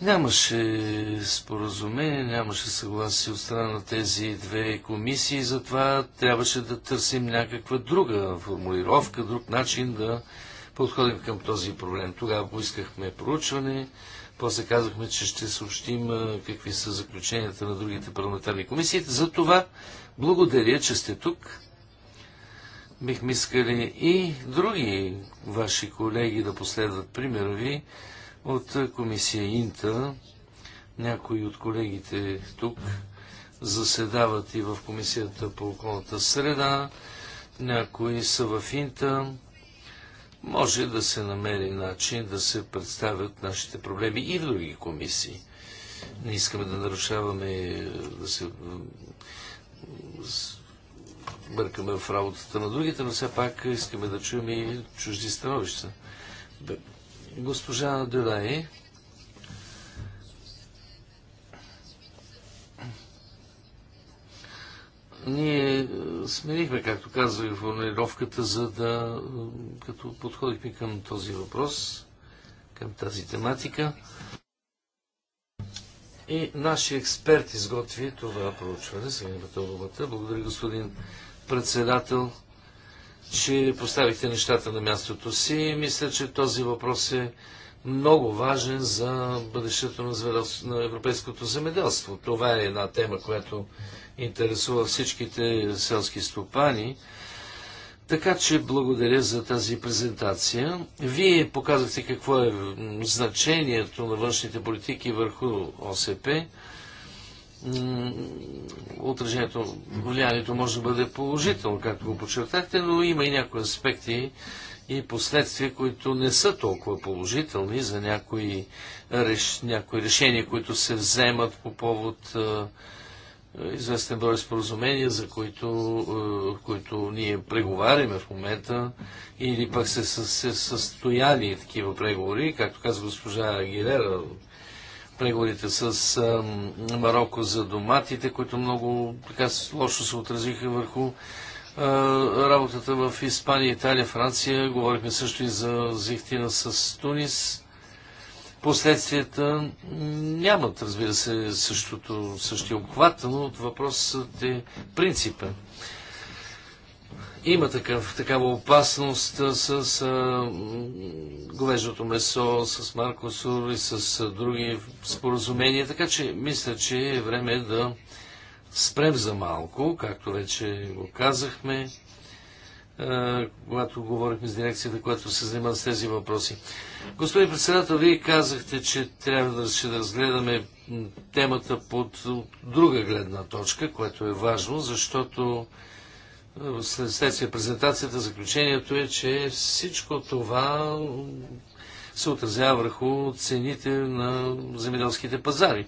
Нямаше споразумение, нямаше съгласие от страна на тези две комисии, затова трябваше да търсим някаква друга формулировка, друг начин да подходим към този проблем. Тогава поискахме проучване, после казахме, че ще съобщим какви са заключенията на другите парламентарни комисии. За това благодаря, че сте тук. Бихме искали и други ваши колеги да последват примера ви. От комисия Инта някои от колегите тук заседават и в комисията по околната среда, някои са в Инта. Може да се намери начин да се представят нашите проблеми и в други комисии. Не искаме да нарушаваме, да се бъркаме в работата на другите, но все пак искаме да чуем и чужди становища. Госпожа Дюлай. Ние е, сменихме, както казах, формулировката, за да, е, като подходихме към този въпрос, към тази тематика. И наши експерт изготви това проучване. Сега имате Благодаря, господин председател че поставихте нещата на мястото си. Мисля, че този въпрос е много важен за бъдещето на, на европейското земеделство. Това е една тема, която интересува всичките селски стопани. Така че благодаря за тази презентация. Вие показахте какво е значението на външните политики върху ОСП отражението, влиянието може да бъде положително, както го подчертахте, но има и някои аспекти и последствия, които не са толкова положителни за някои, реш... някои решения, които се вземат по повод а, известен брой споразумения, за които, които ние преговаряме в момента, или пък се, се, състояли такива преговори, както каза госпожа Агилера преговорите с Марокко за доматите, които много така лошо се отразиха върху работата в Испания, Италия, Франция. Говорихме също и за зехтина с Тунис. Последствията нямат, разбира се, същото, същия обхват, но въпросът е принципен. Има такъв, такава опасност с а, говеждото месо, с Маркосур и с а, други споразумения, така че мисля, че е време да спрем за малко, както вече го казахме, а, когато говорихме с дирекцията, която се занимава с тези въпроси. Господин председател, вие казахте, че трябва да ще да разгледаме темата под друга гледна точка, което е важно, защото следствие презентацията, заключението е, че всичко това се отразява върху цените на земеделските пазари.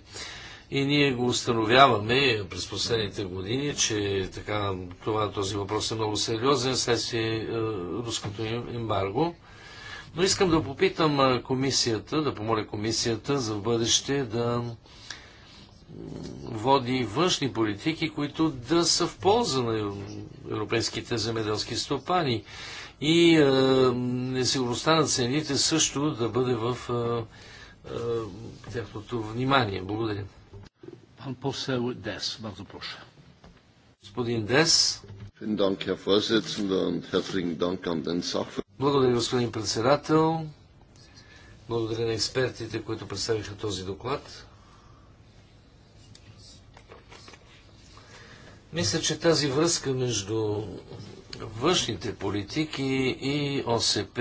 И ние го установяваме през последните години, че така, това, този въпрос е много сериозен следствие е, руското ембарго. Но искам да попитам комисията, да помоля комисията за в бъдеще да води външни политики, които да са в полза на европейските земеделски стопани. И е, несигурността на цените също да бъде в е, е, тяхното внимание. Благодаря. Пан посел Дес, бързо проша. Господин Дес. Благодаря, господин председател. Благодаря на експертите, които представиха този доклад. Мисля, че тази връзка между външните политики и ОСП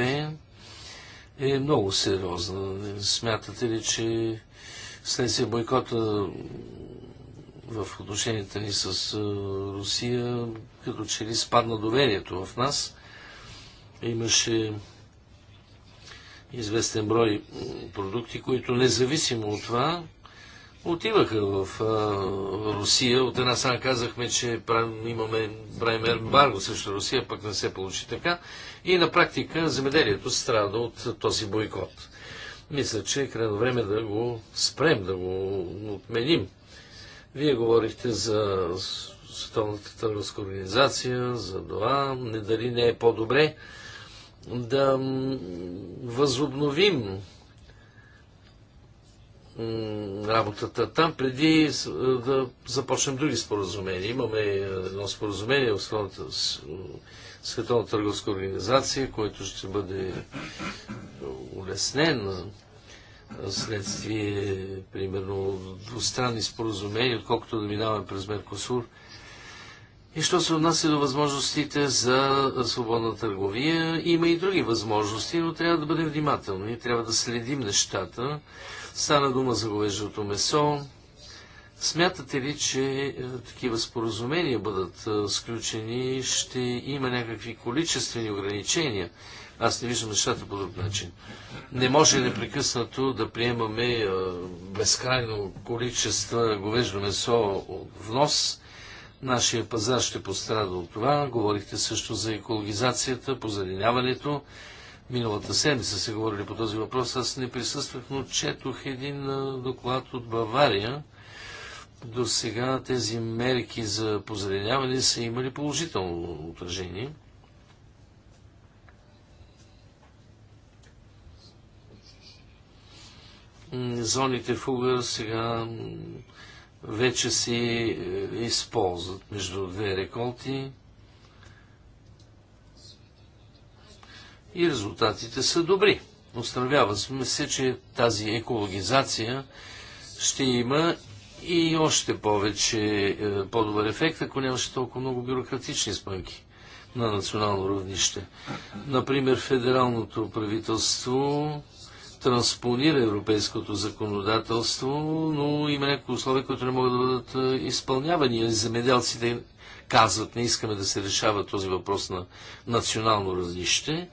е много сериозна. Смятате ли, че си бойкота в отношенията ни с Русия, като че ли спадна доверието в нас? Имаше известен брой продукти, които независимо от това отиваха в Русия. От една страна казахме, че правим, имаме, правим барго срещу Русия, пък не се получи така. И на практика земеделието страда от този бойкот. Мисля, че е крайно време да го спрем, да го отменим. Вие говорихте за Световната търговска организация, за това, не дали не е по-добре да възобновим работата там, преди да започнем други споразумения. Имаме е, едно споразумение в Световната търговска организация, което ще бъде улеснен следствие, примерно, двустранни споразумения, отколкото да минаваме през Меркосур. И що се отнася до възможностите за свободна търговия, има и други възможности, но трябва да бъдем внимателни, трябва да следим нещата Стана дума за говеждото месо. Смятате ли, че е, такива споразумения бъдат е, сключени, ще има някакви количествени ограничения? Аз не виждам нещата по друг начин. Не може непрекъснато да приемаме е, безкрайно количество говеждо месо от внос. Нашия пазар ще пострада от това. Говорихте също за екологизацията, позеленяването. Миналата седмица се говорили по този въпрос. Аз не присъствах, но четох един доклад от Бавария. До сега тези мерки за позеленяване са имали положително отражение. Зоните фугър сега вече се е, използват между две реколти. и резултатите са добри. Остравява сме се, че тази екологизация ще има и още повече е, по-добър ефект, ако нямаше толкова много бюрократични спънки на национално равнище. Например, федералното правителство транспонира европейското законодателство, но има някои условия, които не могат да бъдат е, изпълнявани. Земеделците казват, не искаме да се решава този въпрос на национално равнище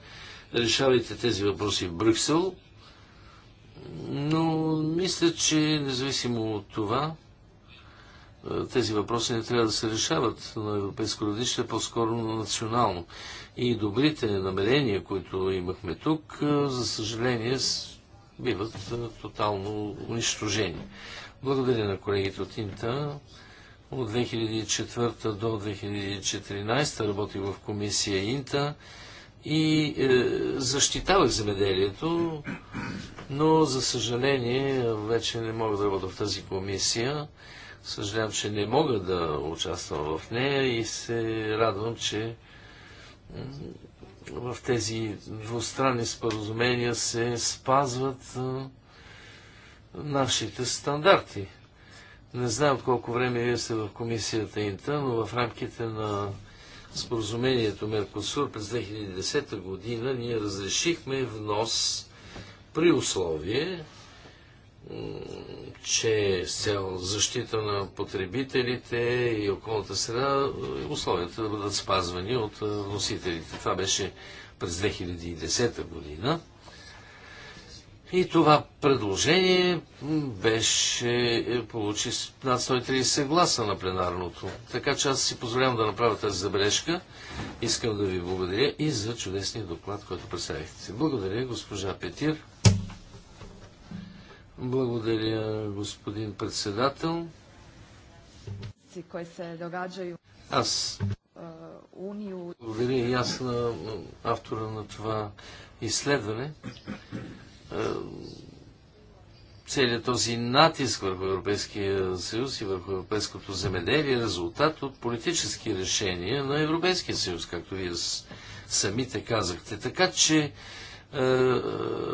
решавайте тези въпроси в Брюксел, но мисля, че независимо от това, е, тези въпроси не трябва да се решават на европейско родище по-скоро на национално. И добрите намерения, които имахме тук, е, за съжаление, биват е, тотално унищожени. Благодаря на колегите от Инта. От 2004 до 2014 работих в комисия Инта и е, защитавах земеделието, но за съжаление вече не мога да работя в тази комисия. Съжалявам, че не мога да участвам в нея и се радвам, че в тези двустранни споразумения се спазват е, нашите стандарти. Не знам колко време вие сте в комисията Инта, но в рамките на споразумението Меркосур през 2010 година ние разрешихме внос при условие, че с цел защита на потребителите и околната среда условията да бъдат спазвани от носителите. Това беше през 2010 година. И това предложение беше, е, получи над 130 гласа на пленарното. Така че аз си позволявам да направя тази забележка. Искам да ви благодаря и за чудесния доклад, който представихте. Благодаря, госпожа Петир. Благодаря, господин председател. Аз благодаря и аз на автора на това изследване. Е, целият този натиск върху Европейския съюз и върху европейското земеделие е резултат от политически решения на Европейския съюз, както вие самите казахте. Така че е,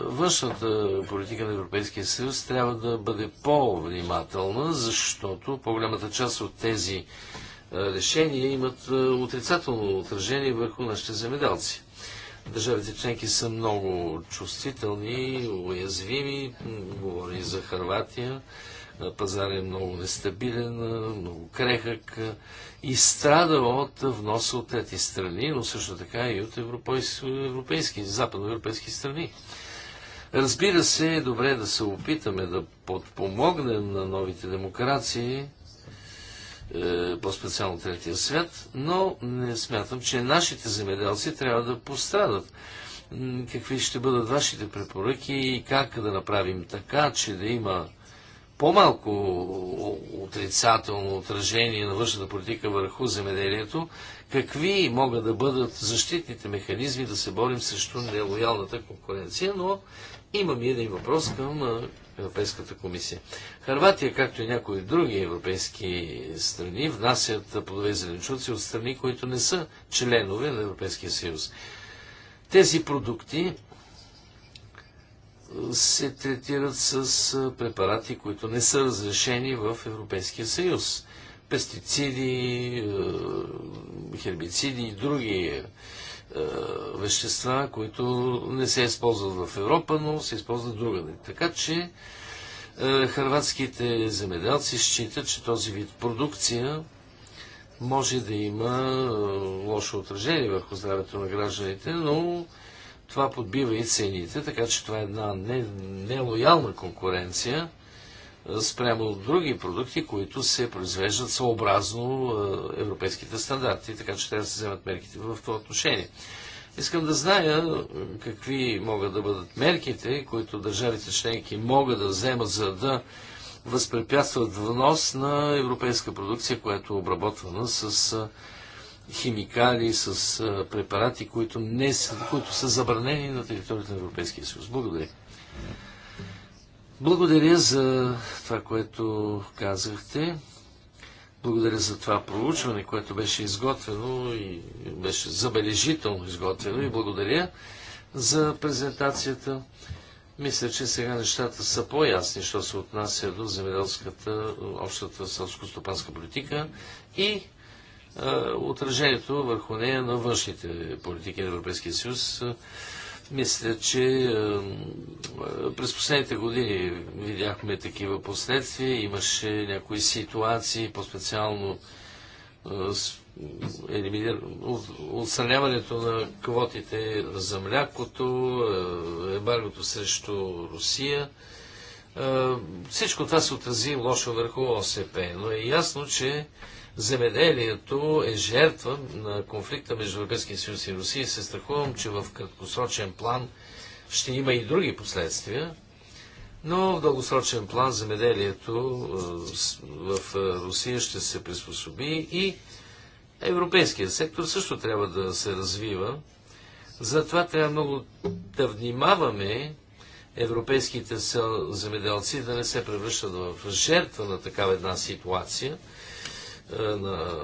външната политика на Европейския съюз трябва да бъде по-внимателна, защото по-голямата част от тези е, решения имат отрицателно отражение върху нашите земеделци. Държавите членки са много чувствителни, уязвими. Говори за Харватия. Пазар е много нестабилен, много крехък и страда от вноса от трети страни, но също така и от европейски, европейски западноевропейски страни. Разбира се, е добре да се опитаме да подпомогнем на новите демокрации, е, по-специално третия свят, но не смятам, че нашите земеделци трябва да пострадат. Какви ще бъдат вашите препоръки и как да направим така, че да има по-малко отрицателно отражение на външната политика върху земеделието, какви могат да бъдат защитните механизми да се борим срещу нелоялната конкуренция, но имам един въпрос към Европейската комисия. Харватия, както и някои други европейски страни, внасят плодове и зеленчуци от страни, които не са членове на Европейския съюз. Тези продукти се третират с препарати, които не са разрешени в Европейския съюз. Пестициди, хербициди и други е, вещества, които не се използват в Европа, но се използват другаде. Така че е, хрватските земеделци считат, че този вид продукция може да има е, лошо отражение върху здравето на гражданите, но това подбива и цените, така че това е една нелоялна не конкуренция спрямо други продукти, които се произвеждат съобразно европейските стандарти, така че трябва да се вземат мерките в това отношение. Искам да зная какви могат да бъдат мерките, които държавите членки могат да вземат, за да възпрепятстват внос на европейска продукция, която е обработвана с химикали, с препарати, които, не са, които са забранени на територията на Европейския съюз. Благодаря. Благодаря за това, което казахте. Благодаря за това проучване, което беше изготвено и беше забележително изготвено и благодаря за презентацията. Мисля, че сега нещата са по-ясни, що се отнася до земеделската, общата селско-стопанска политика и е, отражението върху нея на външните политики на Европейския съюз. Е, мисля, че през последните години видяхме такива последствия. Имаше някои ситуации, по-специално е, отстраняването на квотите за млякото, е, ембаргото срещу Русия. Е, всичко това се отрази лошо върху ОСП, но е ясно, че Земеделието е жертва на конфликта между Европейския съюз и Русия и се страхувам, че в краткосрочен план ще има и други последствия, но в дългосрочен план земеделието в Русия ще се приспособи и европейският сектор също трябва да се развива. Затова трябва много да внимаваме европейските земеделци да не се превръщат в жертва на такава една ситуация – е, на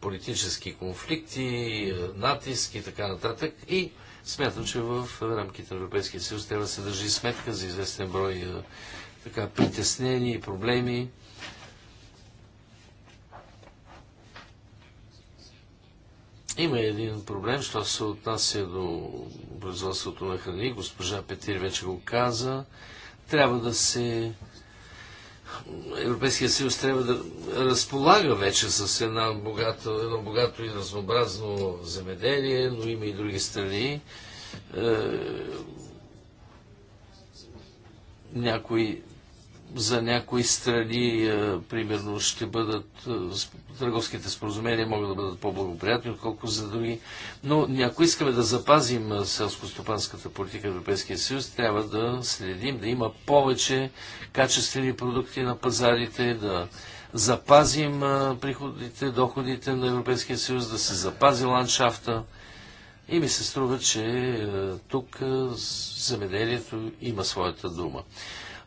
политически конфликти, е, натиск и така нататък. И смятам, че в рамките на Европейския съюз трябва да се държи сметка за известен брой е, така, притеснения и проблеми. Има един проблем, що се отнася до производството на храни. Госпожа Петир вече го каза. Трябва да се Европейския съюз трябва да разполага вече с една богата, едно богато и разнообразно земеделие, но има и други страни. Е, някои за някои страни, е, примерно, ще бъдат, е, търговските споразумения могат да бъдат по-благоприятни, отколкото за други. Но ако искаме да запазим е, селско-стопанската политика в Европейския съюз, трябва да следим да има повече качествени продукти на пазарите, да запазим приходите, доходите на Европейския съюз, да се запази ландшафта. И ми се струва, че тук земеделието има своята дума.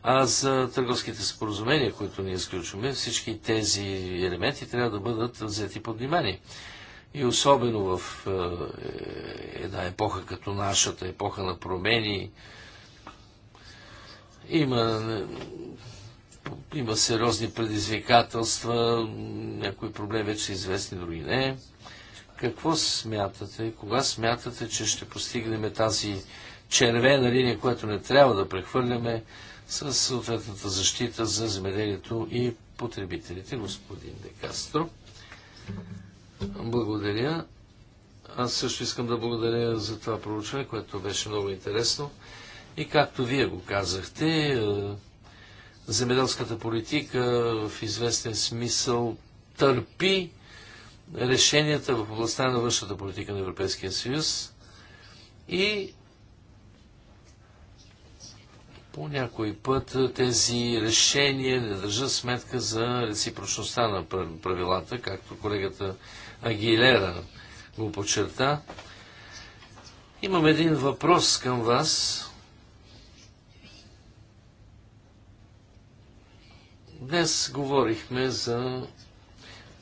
А за търговските споразумения, които ние изключваме, всички тези елементи трябва да бъдат взети под внимание. И особено в е, една епоха като нашата, епоха на промени, има, има сериозни предизвикателства, някои проблеми вече са известни, други не. Какво смятате, кога смятате, че ще постигнем тази червена линия, която не трябва да прехвърляме, с съответната защита за земеделието и потребителите, господин Декастро. Благодаря. Аз също искам да благодаря за това проучване, което беше много интересно. И както вие го казахте, е, земеделската политика в известен смисъл търпи решенията в областта на външната политика на Европейския съюз и по някой път е, тези решения не държат сметка за реципрочността на правилата, както колегата Агилера го подчерта. Имам един въпрос към вас. Днес говорихме за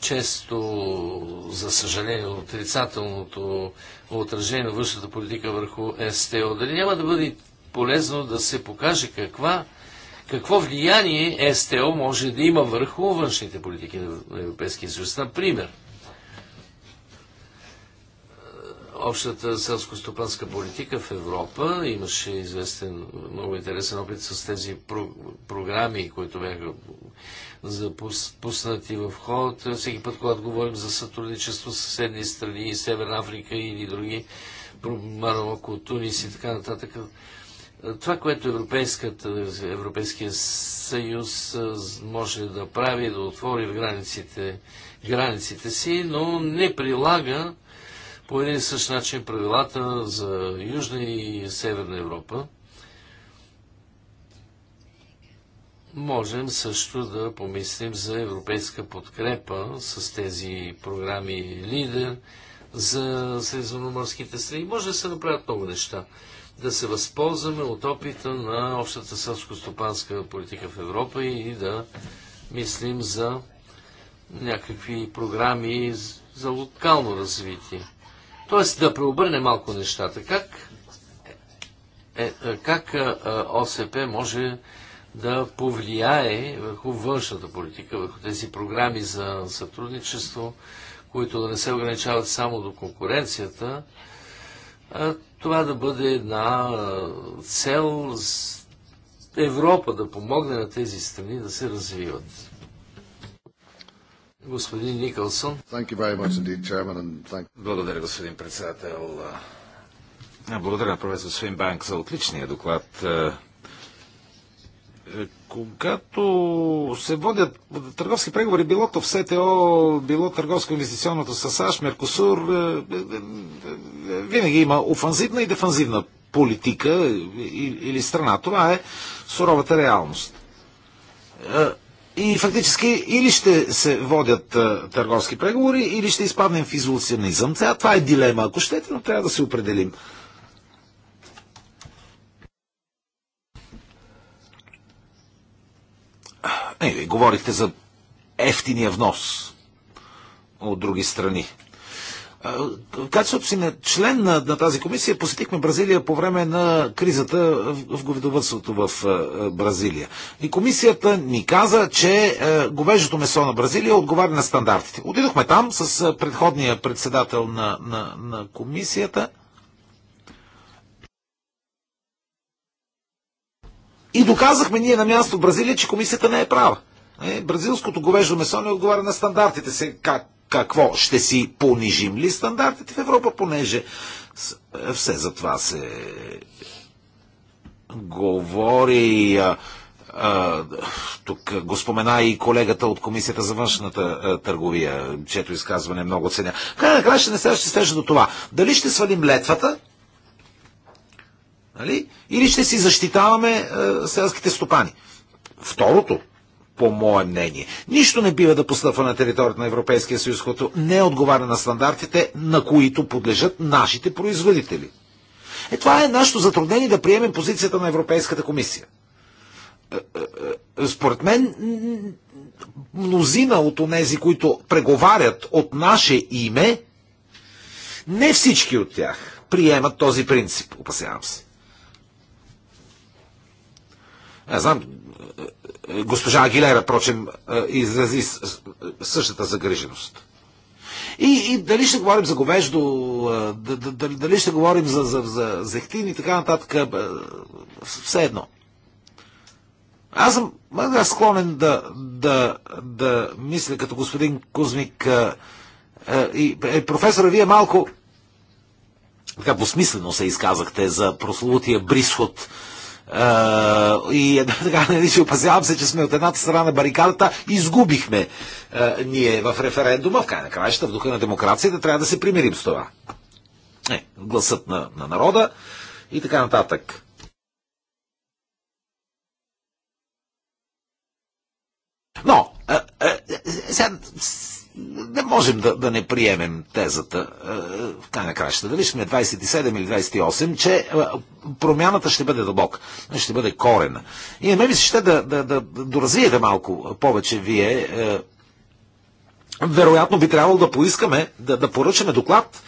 често, за съжаление, отрицателното отражение на външната политика върху СТО. Дали няма да бъде полезно да се покаже каква, какво влияние СТО може да има върху външните политики на Европейския съюз. Например, общата селско-стопанска политика в Европа. Имаше известен, много интересен опит с тези про- програми, които бяха запуснати в ход. Всеки път, когато говорим за сътрудничество с съседни страни, Северна Африка или други, Марокко, Тунис и така нататък, това, което Европейския съюз може да прави, да отвори границите, границите си, но не прилага по един и същ начин правилата за Южна и Северна Европа. Можем също да помислим за европейска подкрепа с тези програми лидер за средиземноморските страни. Може да се направят много неща да се възползваме от опита на общата сърско стопанска политика в Европа и да мислим за някакви програми за локално развитие. Тоест да преобърне малко нещата. Как, е, е как е, ОСП може да повлияе върху външната политика, върху тези програми за сътрудничество, които да не се ограничават само до конкуренцията, това да бъде една цел Европа да помогне на тези страни да се развиват. Господин Никълсън. Благодаря, господин председател. Благодаря професор Свинбанк за отличния доклад. Когато се водят търговски преговори, било то в СТО, било търговско-инвестиционното с САЩ, Меркосур, е, е, е, винаги има офанзивна и дефанзивна политика или страна. Това е суровата реалност. И фактически или ще се водят търговски преговори, или ще изпаднем в изолационизъм. това е дилема, ако щете, но трябва да се определим Не, вие говорихте за ефтиния внос от други страни. качеството си на член на, на тази комисия посетихме Бразилия по време на кризата в, говедовътството в Бразилия. И комисията ни каза, че говежето месо на Бразилия отговаря на стандартите. Отидохме там с предходния председател на, на, на комисията И доказахме ние на място в Бразилия, че комисията не е права. Е, бразилското говеждо месо не отговаря на стандартите. Се, как, какво? Ще си понижим ли стандартите в Европа, понеже е, все за това се говори. А, а, тук го спомена и колегата от Комисията за външната а, търговия, чето изказване много ценя. Край на края ще не сега ще до това. Дали ще свалим летвата Нали? Или ще си защитаваме е, селските стопани. Второто, по мое мнение. Нищо не бива да постъпва на територията на Европейския съюз, което не отговаря на стандартите, на които подлежат нашите производители. Е, това е нашето затруднение да приемем позицията на Европейската комисия. Е, е, е, според мен, мнозина от онези, които преговарят от наше име, не всички от тях приемат този принцип, опасявам се. Аз знам, е, госпожа Агилера, прочим, е, изрази същата загриженост. И, и дали ще говорим за говеждо, е, дали, дали ще говорим за, за, за зехтин и така нататък, все едно. Аз съм аз склонен да, да, да мисля като господин Кузмик а, и е, професора, вие малко така посмислено се изказахте за прословутия брисход е, и така, нали, се опасявам се, че сме от едната страна на барикадата, изгубихме а, е, ние в референдума, в край на краища, в духа на демокрацията, трябва да се примирим с това. Не, гласът на, на народа и така нататък. Но, а, е, а, сега, не можем да, да не приемем тезата, е, в край на краща, дали сме 27 или 28, че е, промяната ще бъде дълбока, ще бъде корена. И ме ми се ще да, да, да доразвиете малко повече вие. Е, вероятно би трябвало да поискаме, да, да поръчаме доклад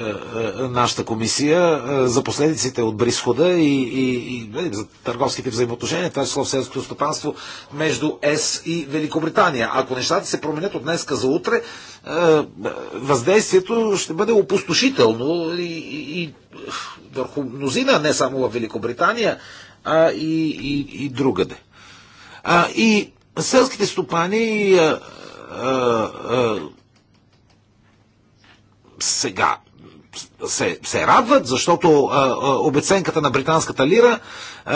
е, е, нашата комисия е, за последиците от брисхода и, и, и нали, за търговските взаимоотношения, това число в селското стопанство между ЕС и Великобритания. Ако нещата се променят от днеска за утре, въздействието ще бъде опустошително и, и върху мнозина, не само в Великобритания, а и, и, и другаде. А, и селските стопани а, а, а, сега се, се радват, защото а, а, обеценката на британската лира а,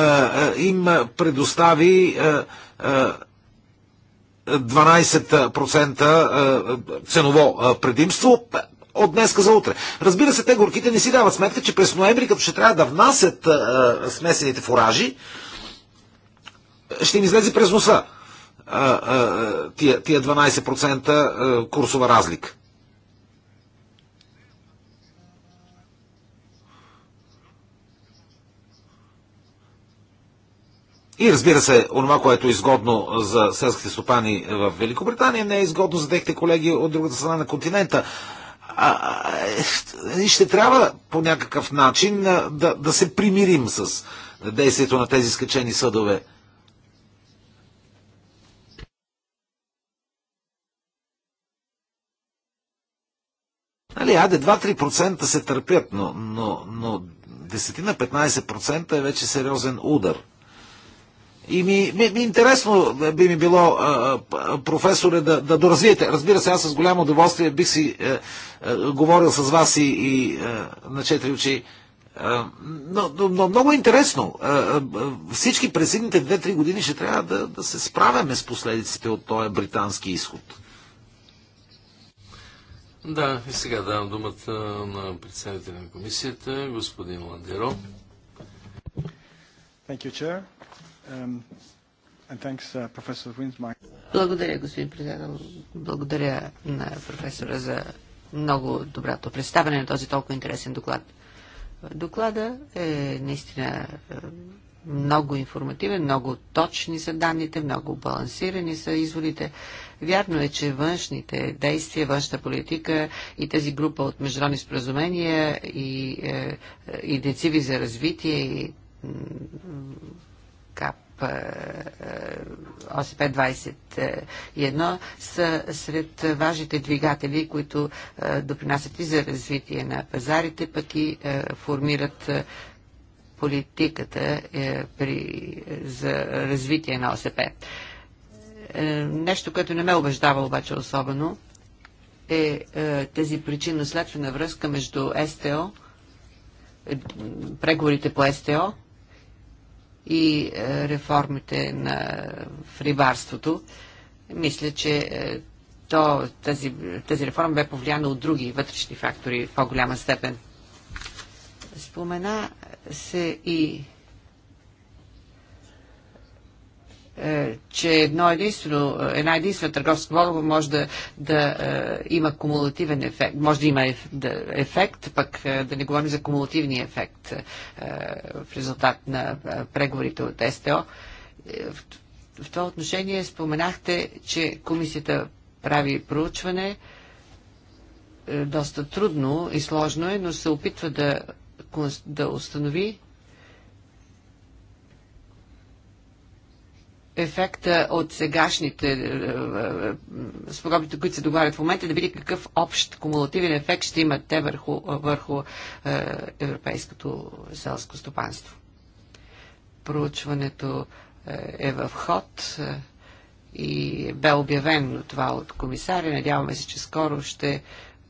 а, им предостави а, а, 12% ценово предимство от днеска за утре. Разбира се, те горките не си дават сметка, че през ноември, като ще трябва да внасят смесените фуражи, ще им излезе през носа тия, тия 12% курсова разлика. И разбира се, онова, което е изгодно за селските стопани в Великобритания, не е изгодно за техните колеги от другата страна на континента. А, а, е, ще трябва по някакъв начин да, да се примирим с действието на тези скачени съдове. Нали, аде 2-3% се търпят, но, но, но 10-15% е вече сериозен удар. И ми, ми, ми интересно би ми било, а, професоре, да, да доразвиете. Разбира се, аз с голямо удоволствие бих си а, е, а, е, говорил с вас и, и а, е, на четири очи. А, но, но, но много интересно. А, а, всички през едните две-три години ще трябва да, да се справяме с последиците от този британски изход. Да, и сега давам думата на председателя на комисията, господин Ландеро. Thank you, Chair. Um, uh, Благодаря, господин президент. Благодаря на професора за много доброто представяне на този толкова интересен доклад. Доклада е наистина е, много информативен, много точни са данните, много балансирани са изводите. Вярно е, че външните действия, външната политика и тази група от международни споразумения и е, е, дециви за развитие и КАП 8521 е, е, са сред важните двигатели, които е, допринасят и за развитие на пазарите, пък и формират политиката при, за развитие на ОСП. Нещо, което не ме убеждава обаче особено, е тази причинно-следствена връзка между СТО, преговорите по СТО и е, реформите на, в рибарството. Мисля, че е, то, тази, тази реформа бе повлияна от други вътрешни фактори в по-голяма степен. Спомена се и Е, че едно единствено, е, една единствена търговска влога може да, да е, има кумулативен ефект, може да има ефект, пък да не говорим за кумулативния ефект в резултат на преговорите от СТО. В това отношение споменахте, че комисията прави проучване. Доста трудно и сложно е, но се опитва да, да установи ефекта от сегашните е, е, спогодбите, които се договарят в момента, да види какъв общ кумулативен ефект ще имат те върху, върху е, европейското селско стопанство. Проучването е в ход и бе обявено това от комисаря. Надяваме се, че скоро ще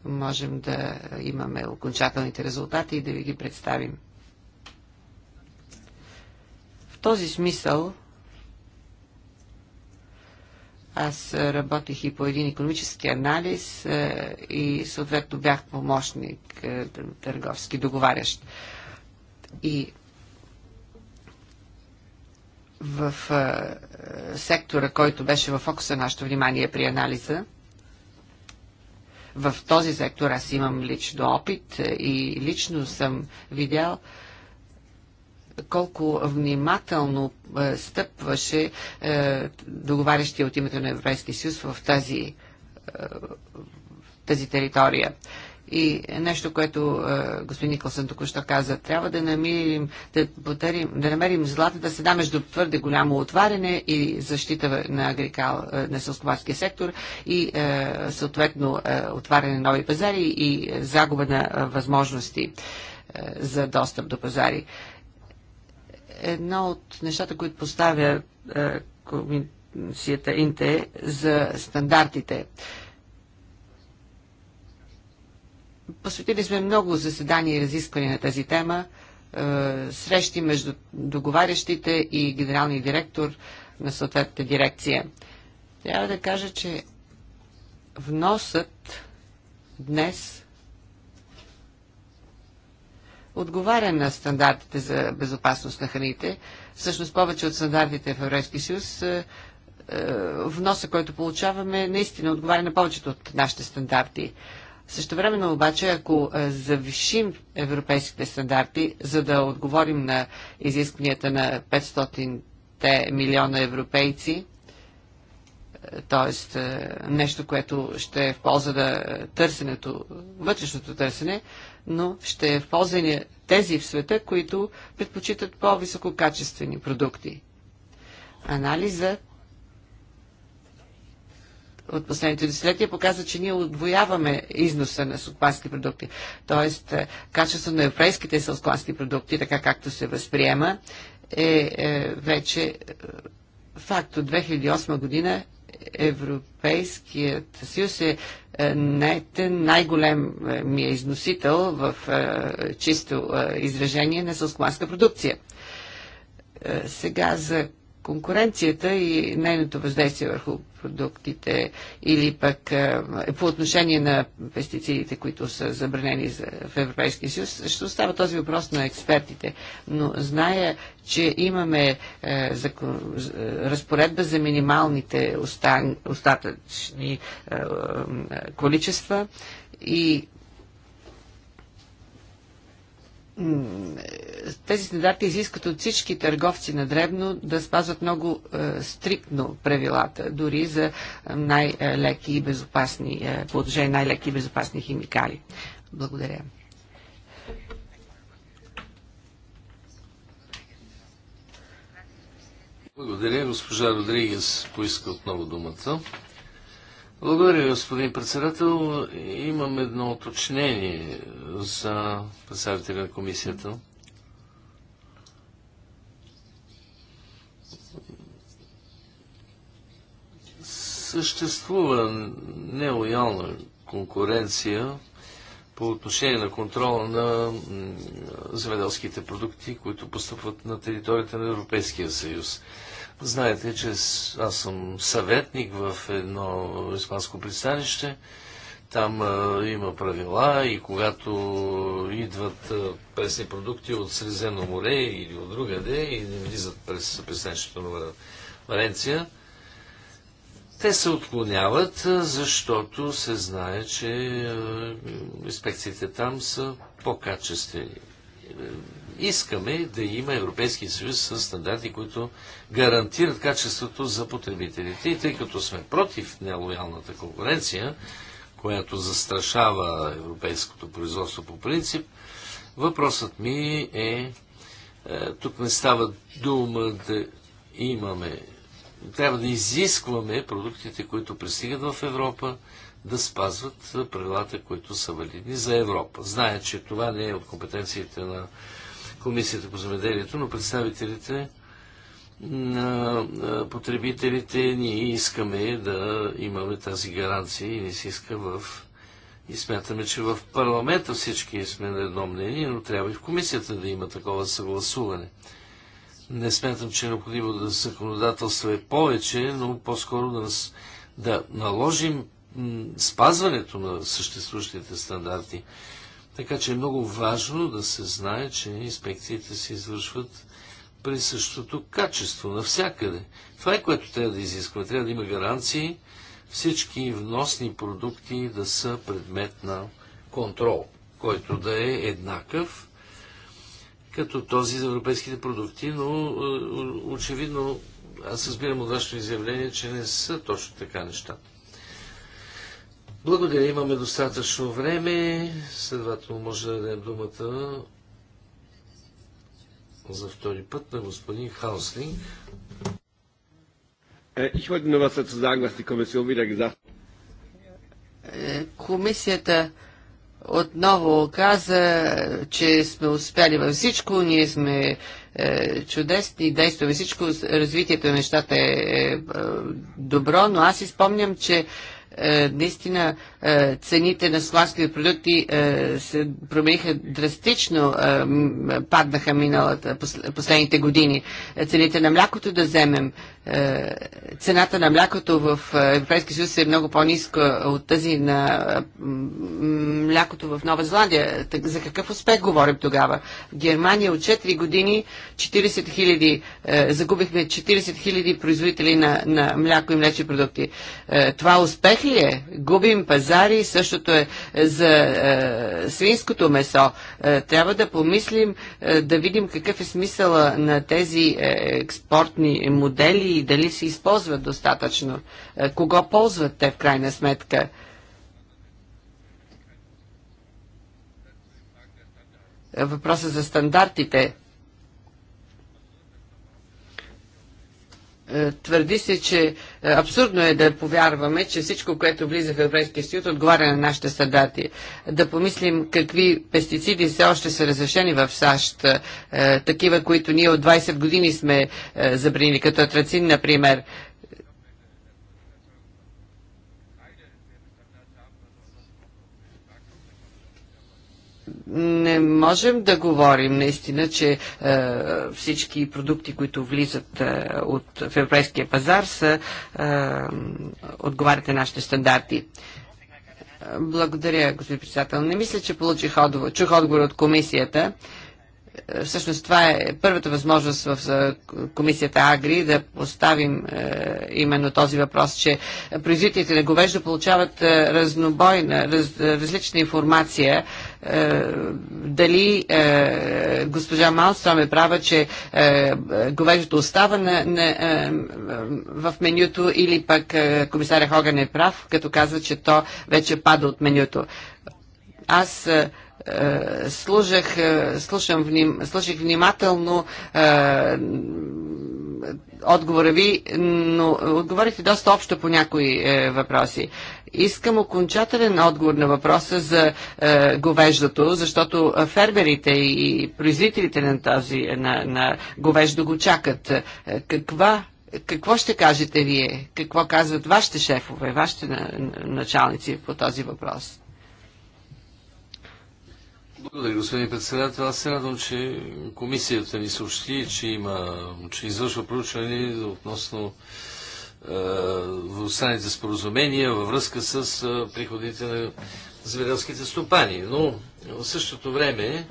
можем да имаме окончателните резултати и да ви ги представим. В този смисъл аз работих и по един економически анализ е, и съответно бях помощник е, търговски, договарящ. И в е, сектора, който беше в фокуса на нашето внимание при анализа, в този сектор аз имам лично опит и лично съм видял, колко внимателно е, стъпваше е, договарящия от името на Европейския съюз в тази, е, тази територия. И нещо, което е, господин Николсън току-що каза, трябва да намерим, да, потърим, да намерим злата да седа между твърде голямо отваряне и защита на, агрикал, на селскобарския сектор и е, съответно е, отваряне на нови пазари и загуба на е, възможности е, за достъп до пазари. Е, едно от нещата, които поставя е, комисията Инте за стандартите. Посветили сме много заседания и разисквания на тази тема, е, срещи между договарящите и генералния директор на съответната дирекция. Трябва да кажа, че вносът днес отговаря на стандартите за безопасност на храните. Всъщност повече от стандартите в Европейския съюз е, е, вноса, който получаваме, наистина отговаря на повечето от нашите стандарти. Също времено обаче, ако е, завишим европейските стандарти, за да отговорим на изискванията на 500-те милиона европейци, т.е. нещо, което ще е в полза на търсенето, вътрешното търсене, но ще е в полза на тези в света, които предпочитат по-висококачествени продукти. Анализа от последните десетилетия показва, че ние отвояваме износа на сълкопански продукти. Тоест, е, качеството на европейските сълкопански продукти, така както се възприема, е, е вече е, факт. От 2008 година Европейският съюз е е, най-голем е, ми е износител в е, чисто изражение на селскоманска продукция. Сега за конкуренцията и нейното въздействие върху продуктите или пък е, е, по отношение на пестицидите, които са забранени в Европейския съюз, ще остава този въпрос на експертите. Но зная, че имаме е, закон, е, разпоредба за минималните остан, остатъчни е, е, количества и тези стандарти изискват от всички търговци на дребно да спазват много е, стриктно правилата, дори за най-леки и безопасни, е, по отношение най-леки и безопасни химикали. Благодаря. Благодаря. Госпожа Родригес поиска отново думата. Благодаря, господин председател. Имам едно уточнение за представителя на комисията. Съществува нелоялна конкуренция по отношение на контрола на земеделските продукти, които постъпват на територията на Европейския съюз. Знаете, че аз съм съветник в едно испанско пристанище. Там а, има правила и когато идват а, пресни продукти от Средиземно море или от другаде и не влизат през пристанището на Валенция, те се отклоняват, защото се знае, че инспекциите там са по-качествени. Искаме да има Европейски съюз с стандарти, които гарантират качеството за потребителите. И тъй като сме против нелоялната конкуренция, която застрашава европейското производство по принцип, въпросът ми е, е, тук не става дума да имаме, трябва да изискваме продуктите, които пристигат в Европа, да спазват правилата, които са валидни за Европа. Зная, че това не е от компетенциите на Комисията по земеделието, но представителите на потребителите ние искаме да имаме тази гаранция и не се иска в... И смятаме, че в парламента всички сме на едно мнение, но трябва и в комисията да има такова съгласуване. Не смятам, че е необходимо да законодателство е повече, но по-скоро да, нас... да наложим спазването на съществуващите стандарти. Така че е много важно да се знае, че инспекциите се извършват при същото качество навсякъде. Това е което трябва да изисква. Трябва да има гаранции всички вносни продукти да са предмет на контрол, който да е еднакъв като този за европейските продукти, но е, очевидно аз разбирам от вашето изявление, че не са точно така нещата. Благодаря, имаме достатъчно време, следователно може да дадем думата за втори път на господин Хауслинг. Ich wollte nur was dazu sagen, was die Kommission wieder gesagt Комисията отново каза, че сме успяли във всичко, ние сме е, чудесни, действаме всичко, развитието на нещата е, е добро, но аз изпомням, че е, наистина е, цените на сланските продукти е, се промениха драстично, паднаха миналата, последните години. Цените на млякото да вземем, цената на млякото в Европейския съюз е много по-ниска от тази на млякото в Нова Зеландия. За какъв успех говорим тогава? В Германия от 4 години 40 хиляди, загубихме 40 хиляди производители на, на мляко и млечни продукти. Това успех Русия е? Губим пазари, същото е за е, свинското месо. Е, трябва да помислим, е, да видим какъв е смисъла на тези е, експортни модели и дали се използват достатъчно. Е, кого ползват те в крайна сметка? Въпросът за стандартите – Е, твърди се, че е, абсурдно е да повярваме, че всичко, което влиза в Европейския съюз, отговаря на нашите стандарти. Да помислим какви пестициди все още са разрешени в САЩ, е, такива, които ние от 20 години сме забранили, като атрацин, например. не можем да говорим наистина, че е, всички продукти, които влизат е, от, в европейския пазар, са, е, отговарят на нашите стандарти. Благодаря, господин председател. Не мисля, че получих отговор. Чух отговор от комисията. Е, всъщност това е първата възможност в комисията Агри да поставим е, именно този въпрос, че производителите на говеждо получават е, разнобойна, раз, различна информация е, дали е, госпожа Малстром е права, че е, говеждото остава на, на, в менюто или пък комисаря Хоган е прав, като казва, че то вече пада от менюто. Аз е, служах, е, слушам вним, слушах внимателно е, отговора ви, но отговорите доста общо по някои е, въпроси. Искам окончателен отговор на въпроса за е, говеждото, защото фермерите и производителите на, тази, на, на говеждо го чакат. Е, каква какво ще кажете вие? Какво казват вашите шефове, вашите началници по този въпрос? Благодаря, господин председател. Аз се радвам, че комисията ни съобщи, че, има, че извършва проучване относно останите е, споразумения във връзка с е, приходите на зверелските стопани. Но в същото време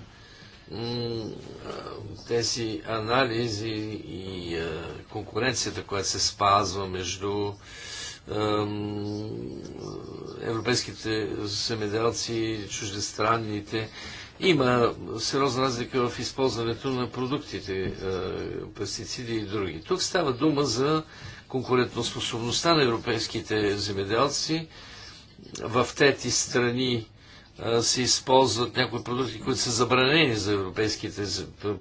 тези анализи и е, конкуренцията, която се спазва между е, европейските земеделци, чуждестранните. Има сериозна разлика в използването на продуктите, е, пестициди и други. Тук става дума за конкурентоспособността на европейските земеделци. В трети страни е, се използват някои продукти, които са забранени за европейските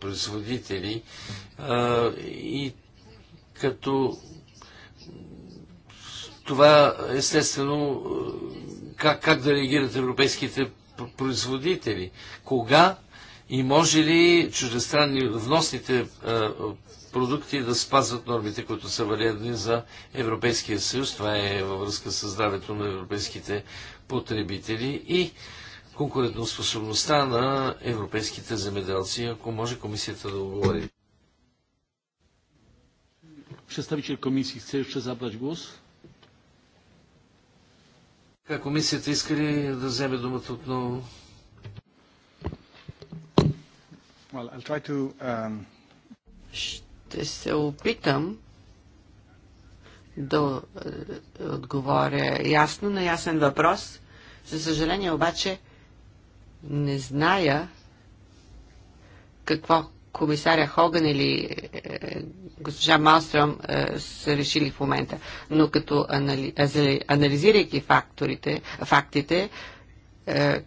производители. Е, и като това естествено как, как да реагират европейските производители. Кога и може ли чуждестранни вносните продукти да спазват нормите, които са валидни за Европейския съюз? Това е във връзка с здравето на европейските потребители и конкурентоспособността на европейските земеделци, ако може комисията да отговори. Представител комисии, ще забрать глас? комисията иска ли да вземе думата отново? Well, I'll try to, um... Ще се опитам да е, отговоря ясно на ясен въпрос. За съжаление обаче не зная какво комисаря Хоган или е, госпожа Малстром е, са решили в момента. Но като анали, анализирайки факторите, фактите, е,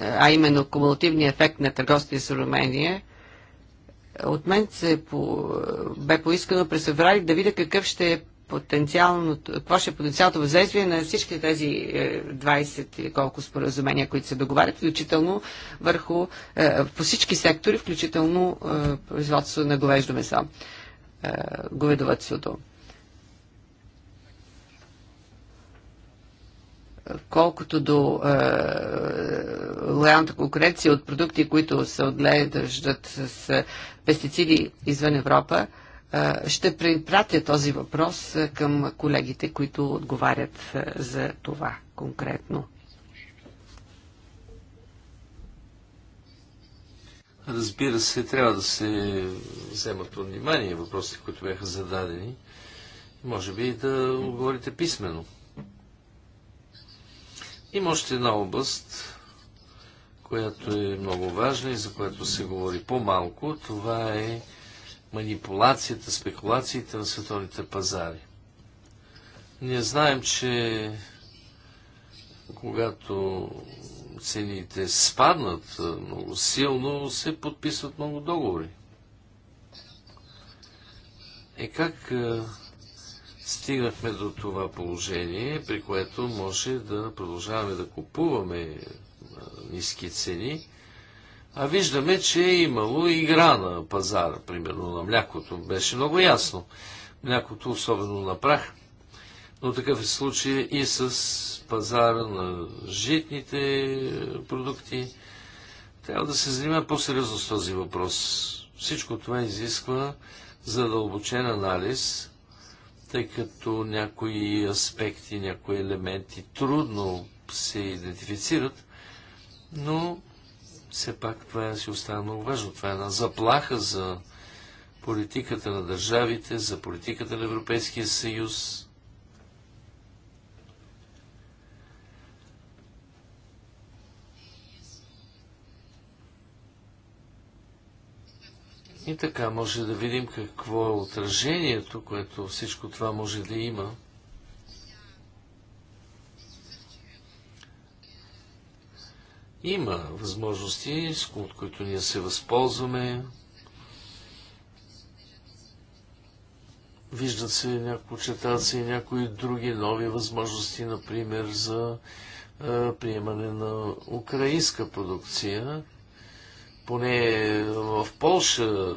а именно кумулативния ефект на търговските с Румения, от мен се по, бе поискано през феврали да видя какъв ще е потенциалното, какво ще е потенциалното въздействие на всички тези 20 е, или колко споразумения, които се договарят, включително върху, е, по всички сектори, включително е, производство на говеждо месо, говедовътството. колкото до е, лоялната конкуренция от продукти, които се отглеждат с пестициди извън Европа, е, ще препратя този въпрос към колегите, които отговарят за това конкретно. Разбира се, трябва да се вземат от внимание въпросите, които бяха зададени. Може би и да отговорите писменно. Има още една област, която е много важна и за която се говори по-малко. Това е манипулацията, спекулациите на световните пазари. Ние знаем, че когато цените спаднат много силно, се подписват много договори. Е как стигнахме до това положение, при което може да продължаваме да купуваме ниски цени, а виждаме, че е имало игра на пазара, примерно на млякото. Беше много ясно. Млякото, особено на прах. Но такъв е случай и с пазара на житните е, продукти. Трябва да се занимава по-сериозно с този въпрос. Всичко това изисква задълбочен анализ, тъй като някои аспекти, някои елементи трудно се идентифицират, но все пак това е- си остава много важно. Това е една заплаха за политиката на държавите, за политиката на Европейския съюз. И така може да видим какво е отражението, което всичко това може да има Има възможности, от които ние се възползваме. Виждат се някои, четат и някои други нови възможности, например за а, приемане на украинска продукция. Поне в Польша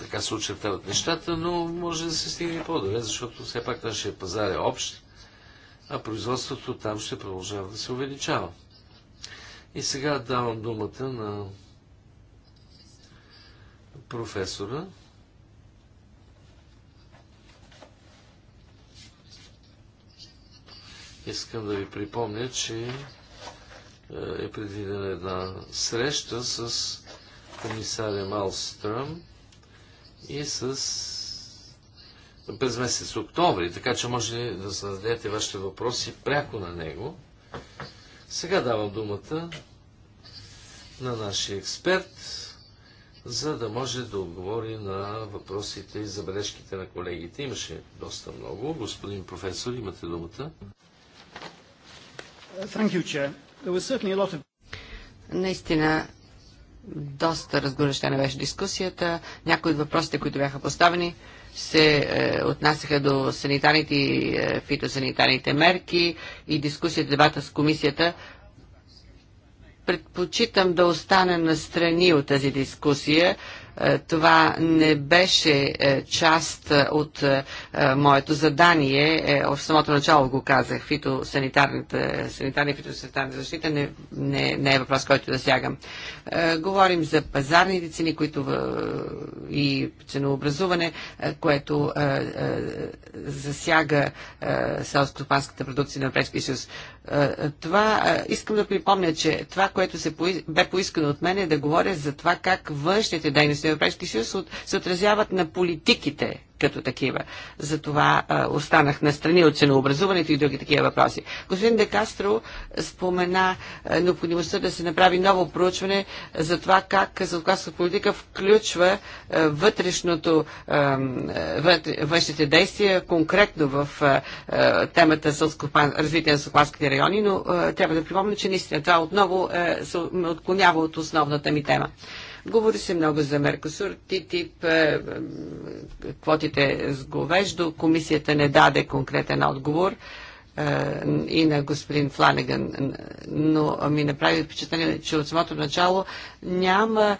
така се очертават нещата, но може да се стигне по-добре, защото все пак нашия пазар е общ, а производството там ще продължава да се увеличава. И сега давам думата на професора. Искам да ви припомня, че е, е предвидена една среща с комисаря Малстръм и с през месец октомври, така че може да зададете вашите въпроси пряко на него. Сега давам думата на нашия експерт, за да може да отговори на въпросите и забележките на колегите. Имаше доста много. Господин професор, имате думата. You, of... Наистина, доста разгорещена беше дискусията. Някои от въпросите, които бяха поставени, се е, отнасяха до санитарните и е, фитосанитарните мерки и дискусията, дебата с комисията. Предпочитам да остана настрани от тази дискусия, е, това не беше е, част е, от моето задание. В самото начало го казах. Санитарния и фитосанитарна защита не, не, не е въпрос, който да сягам. Говорим за пазарните цени които и ценообразуване, което засяга селско-стопанската продукция на Европейския съюз. Е, това, е, искам да припомня, че това, което се бе поискано от мен е да говоря за това как външните дейности на Европейския съюз се отразяват на политиките като такива. Затова а, останах настрани от ценообразуването и други такива въпроси. Господин Декастро спомена а, необходимостта да се направи ново проучване за това как задкладската политика включва а, вътрешното, а, вътре, външните действия конкретно в а, а, темата за развитие на сълкопанските райони, но а, трябва да припомня, че наистина това отново а, се отклонява от основната ми тема. Говори се много за Меркосур, ТИТИП, е, е, квотите с говеждо. Комисията не даде конкретен отговор е, и на господин Фланеган, но ми направи впечатление, че от самото начало няма,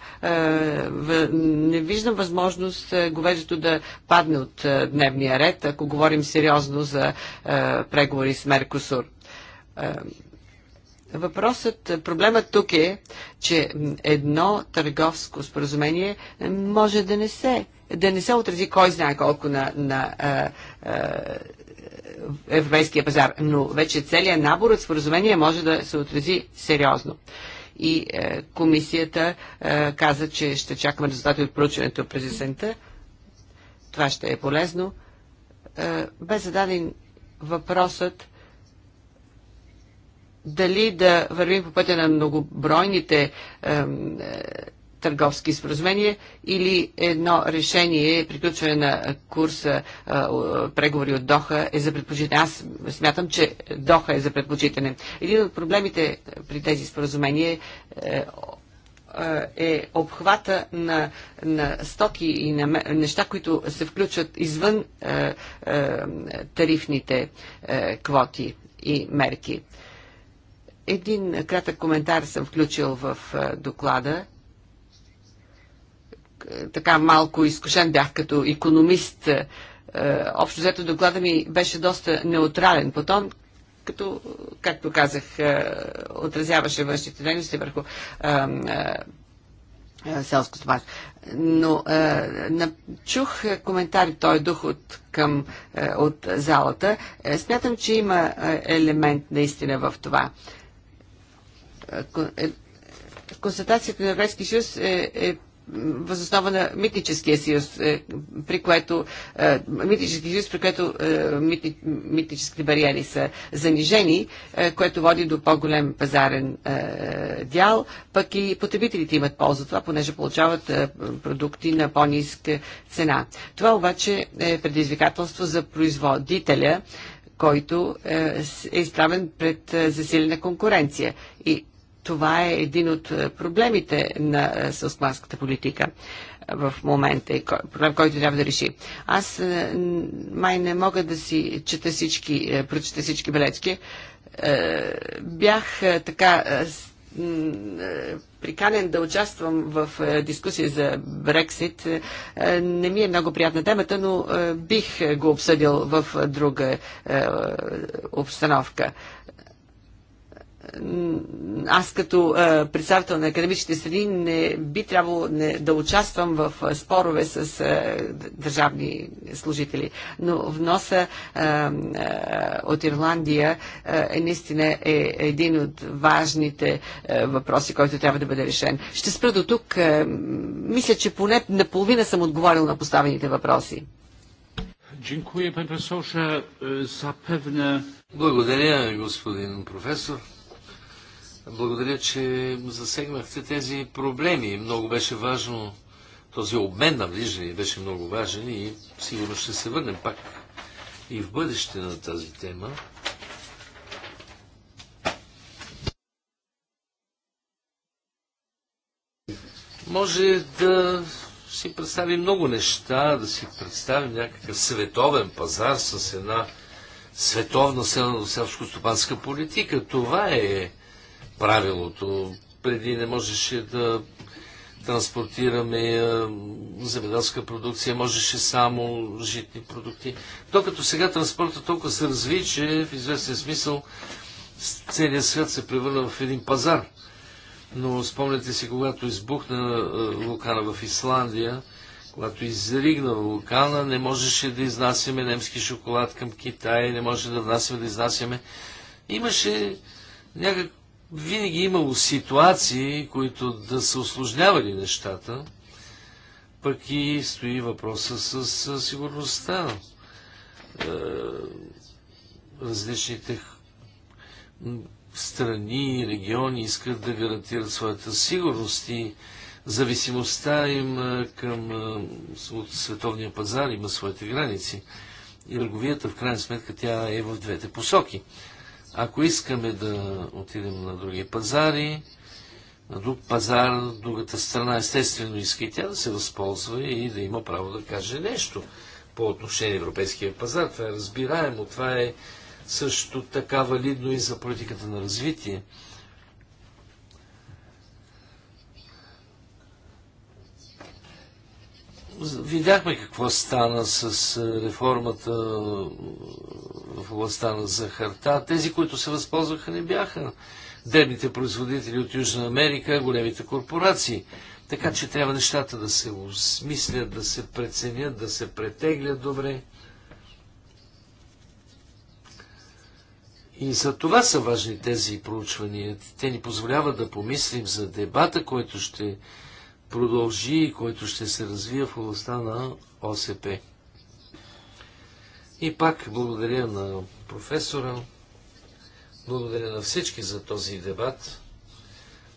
не виждам възможност говеждото да падне от дневния ред, ако говорим сериозно за преговори с Меркосур. Въпросът, проблемът тук е, че едно търговско споразумение може да не се, да не се отрази кой знае колко на, на а, а, европейския пазар, но вече целият набор от споразумения може да се отрази сериозно. И е, комисията е, каза, че ще чакаме резултати от проучването през есента. Това ще е полезно. Е, бе зададен въпросът дали да вървим по пътя на многобройните е, е, търговски споразумения или едно решение, приключване на курса е, преговори от Доха е за предпочитане. Аз смятам, че Доха е за предпочитане. Един от проблемите при тези споразумения е е, е обхвата на, на стоки и на неща, които се включват извън е, е, тарифните е, квоти и мерки. Един кратък коментар съм включил в доклада. Така малко изкушен бях като економист. Общо взето доклада ми беше доста неутрален по тон, като, както казах, отразяваше външните дейности върху селско стопанство. Но е, на, чух коментари той е дух от, към, е, от залата. Е, смятам, че има елемент наистина в това. Е, е, констатацията на Европейския съюз е, е възоснова на митническия съюз, е, при което, е, митнически съюз, при което е, митни, митническите бариери са занижени, е, което води до по-голем пазарен е, дял, пък и потребителите имат полза това, понеже получават е, продукти на по-ниска цена. Това обаче е предизвикателство за производителя, който е, е изправен пред е, засилена конкуренция. И това е един от е, проблемите на е, селскоманската политика е, в момента и проблем, който трябва да реши. Аз май не мога да си чета всички, прочета всички белечки. Бях така приканен да участвам в дискусия за Брексит. Не ми е много приятна темата, но бих го обсъдил в друга обстановка аз като е, представител на академичните среди не би трябвало да участвам в е, спорове с е, държавни служители. Но вноса от Ирландия е наистина е един от важните въпроси, който трябва да бъде решен. Ще спра до тук. мисля, че поне наполовина съм отговорил на поставените въпроси. E, Благодаря, господин професор. Благодаря, че засегнахте тези проблеми. Много беше важно този обмен на виждане беше много важен и сигурно ще се върнем пак и в бъдеще на тази тема. Може да си представим много неща, да си представим някакъв световен пазар с една световна селено-селско-стопанска политика. Това е правилото. Преди не можеше да транспортираме е, земеделска продукция, можеше само житни продукти. Докато сега транспорта толкова се разви, че в известен смисъл целият свят се превърна в един пазар. Но спомняте си, когато избухна е, вулкана в Исландия, когато изригна вулкана, не можеше да изнасяме немски шоколад към Китай, не може да внасяме да изнасяме. Имаше някакъв винаги е имало ситуации, които да са осложнявали нещата, пък и стои въпроса с, с сигурността. Е, различните страни и региони искат да гарантират своята сигурност и зависимостта им е, към, е, от световния пазар има своите граници. И търговията, в крайна сметка, тя е в двете посоки. Ако искаме да отидем на други пазари, на друг пазар, другата страна естествено иска и тя да се възползва и да има право да каже нещо по отношение на европейския пазар. Това е разбираемо, това е също така валидно и за политиката на развитие. Видяхме какво стана с е, реформата е, в областта на захарта. Тези, които се възползваха, не бяха дебните производители от Южна Америка, големите корпорации. Така че трябва нещата да се осмислят, да се преценят, да се претеглят добре. И за това са важни тези проучвания. Те ни позволяват да помислим за дебата, който ще продължи и който ще се развие в областта на ОСП. И пак благодаря на професора, благодаря на всички за този дебат.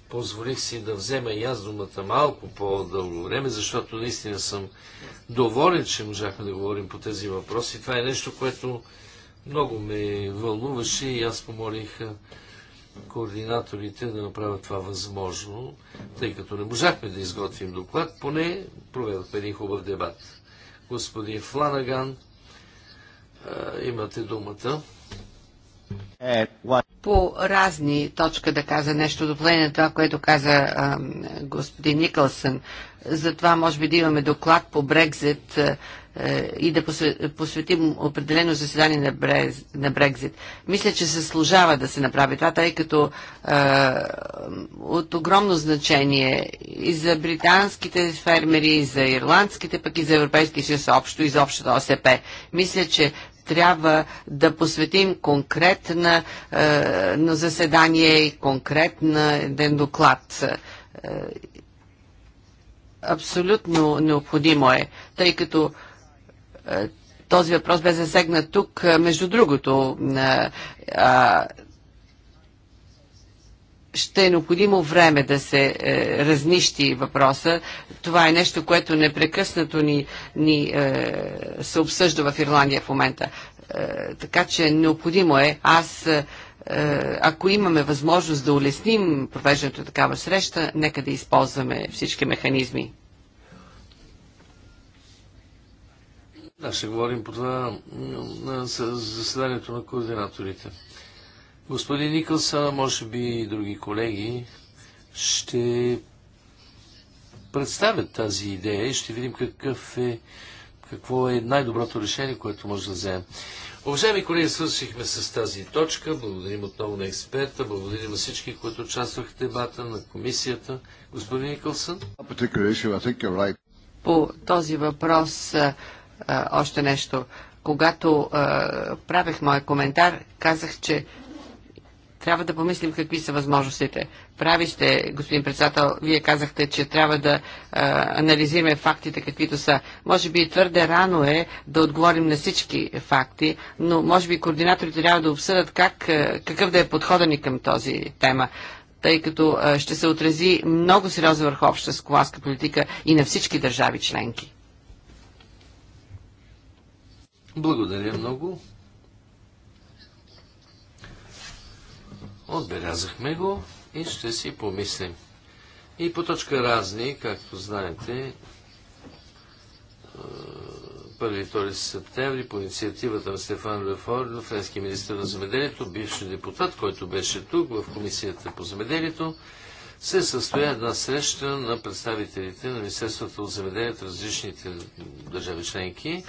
Позволих си да взема и аз думата малко по-дълго време, защото наистина съм доволен, че можахме да говорим по тези въпроси. Това е нещо, което много ме вълнуваше и аз помолих координаторите да направят това възможно, тъй като не можахме да изготвим доклад, поне проведохме един хубав дебат. Господин Фланаган, имате думата. what... Е, по разни точка да каза нещо допълнение на това, което каза а, господин Никълсън. Затова може би да имаме доклад по Брекзит а, е, е, и да посветим определено заседание на, Брез, на Брекзит. Мисля, че се служава да се направи това, тъй като а, е, от огромно значение и за британските фермери, и за ирландските, пък и за Европейския съюз общо, и за общото ОСП. Мисля, че трябва да посветим конкретна е, на заседание и конкретна ден доклад. Е, абсолютно необходимо е, тъй като е, този въпрос бе засегнат тук. Между другото, ще е необходимо време да се е, разнищи въпроса. Това е нещо, което непрекъснато ни, ни е, се обсъжда в Ирландия в момента. Е, така че необходимо е аз, е, ако имаме възможност да улесним провеждането такава среща, нека да използваме всички механизми. Да, ще говорим по това на заседанието на координаторите. Господин Никълсън, може би и други колеги ще представят тази идея и ще видим какъв е, какво е най-доброто решение, което може да вземем. Уважаеми колеги, свършихме с тази точка. Благодарим отново на експерта, благодарим на всички, които участваха в дебата, на комисията. Господин Никълсън? По този въпрос още нещо. Когато правех моят коментар, казах, че трябва да помислим какви са възможностите. Прави сте, господин председател, вие казахте, че трябва да а, анализираме фактите каквито са. Може би твърде рано е да отговорим на всички факти, но може би координаторите трябва да обсъдят как, какъв да е подходът ни към този тема тъй като ще се отрази много сериозно върху обща сколаска политика и на всички държави членки. Благодаря много. Отбелязахме го и ще си помислим. И по точка разни, както знаете, е, първи 2 септември по инициативата на Стефан Лефор, френски министр на земеделието, бивши депутат, който беше тук в Комисията по земеделието, се състоя една среща на представителите на Министерството от земеделието различните държави членки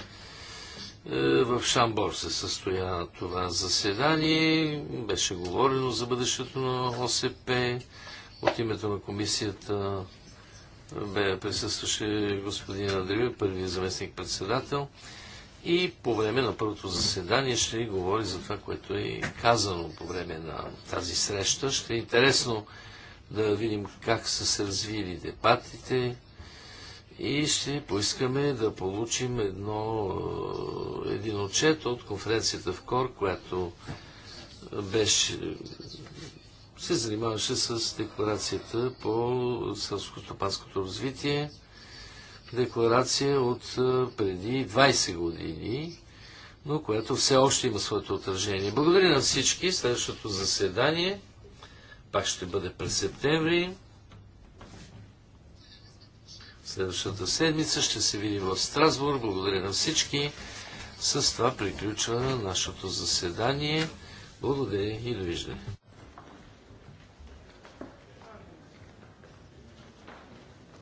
е, в Шамбор се състоя това заседание. Беше говорено за бъдещето на ОСП. От името на комисията е, бе присъстваше господин Андреев, първи заместник председател. И по време на първото заседание ще говори за това, което е казано по време на тази среща. Ще е интересно да видим как са се развили дебатите, и ще поискаме да получим едно, е, един отчет от конференцията в КОР, която беше, се занимаваше с декларацията по селско-стопанското развитие. Декларация от е, преди 20 години, но която все още има своето отражение. Благодаря на всички. Следващото заседание пак ще бъде през септември следващата седмица. Ще се видим в Страсбург. Благодаря на всички. С това приключва нашето заседание. Благодаря и довиждане.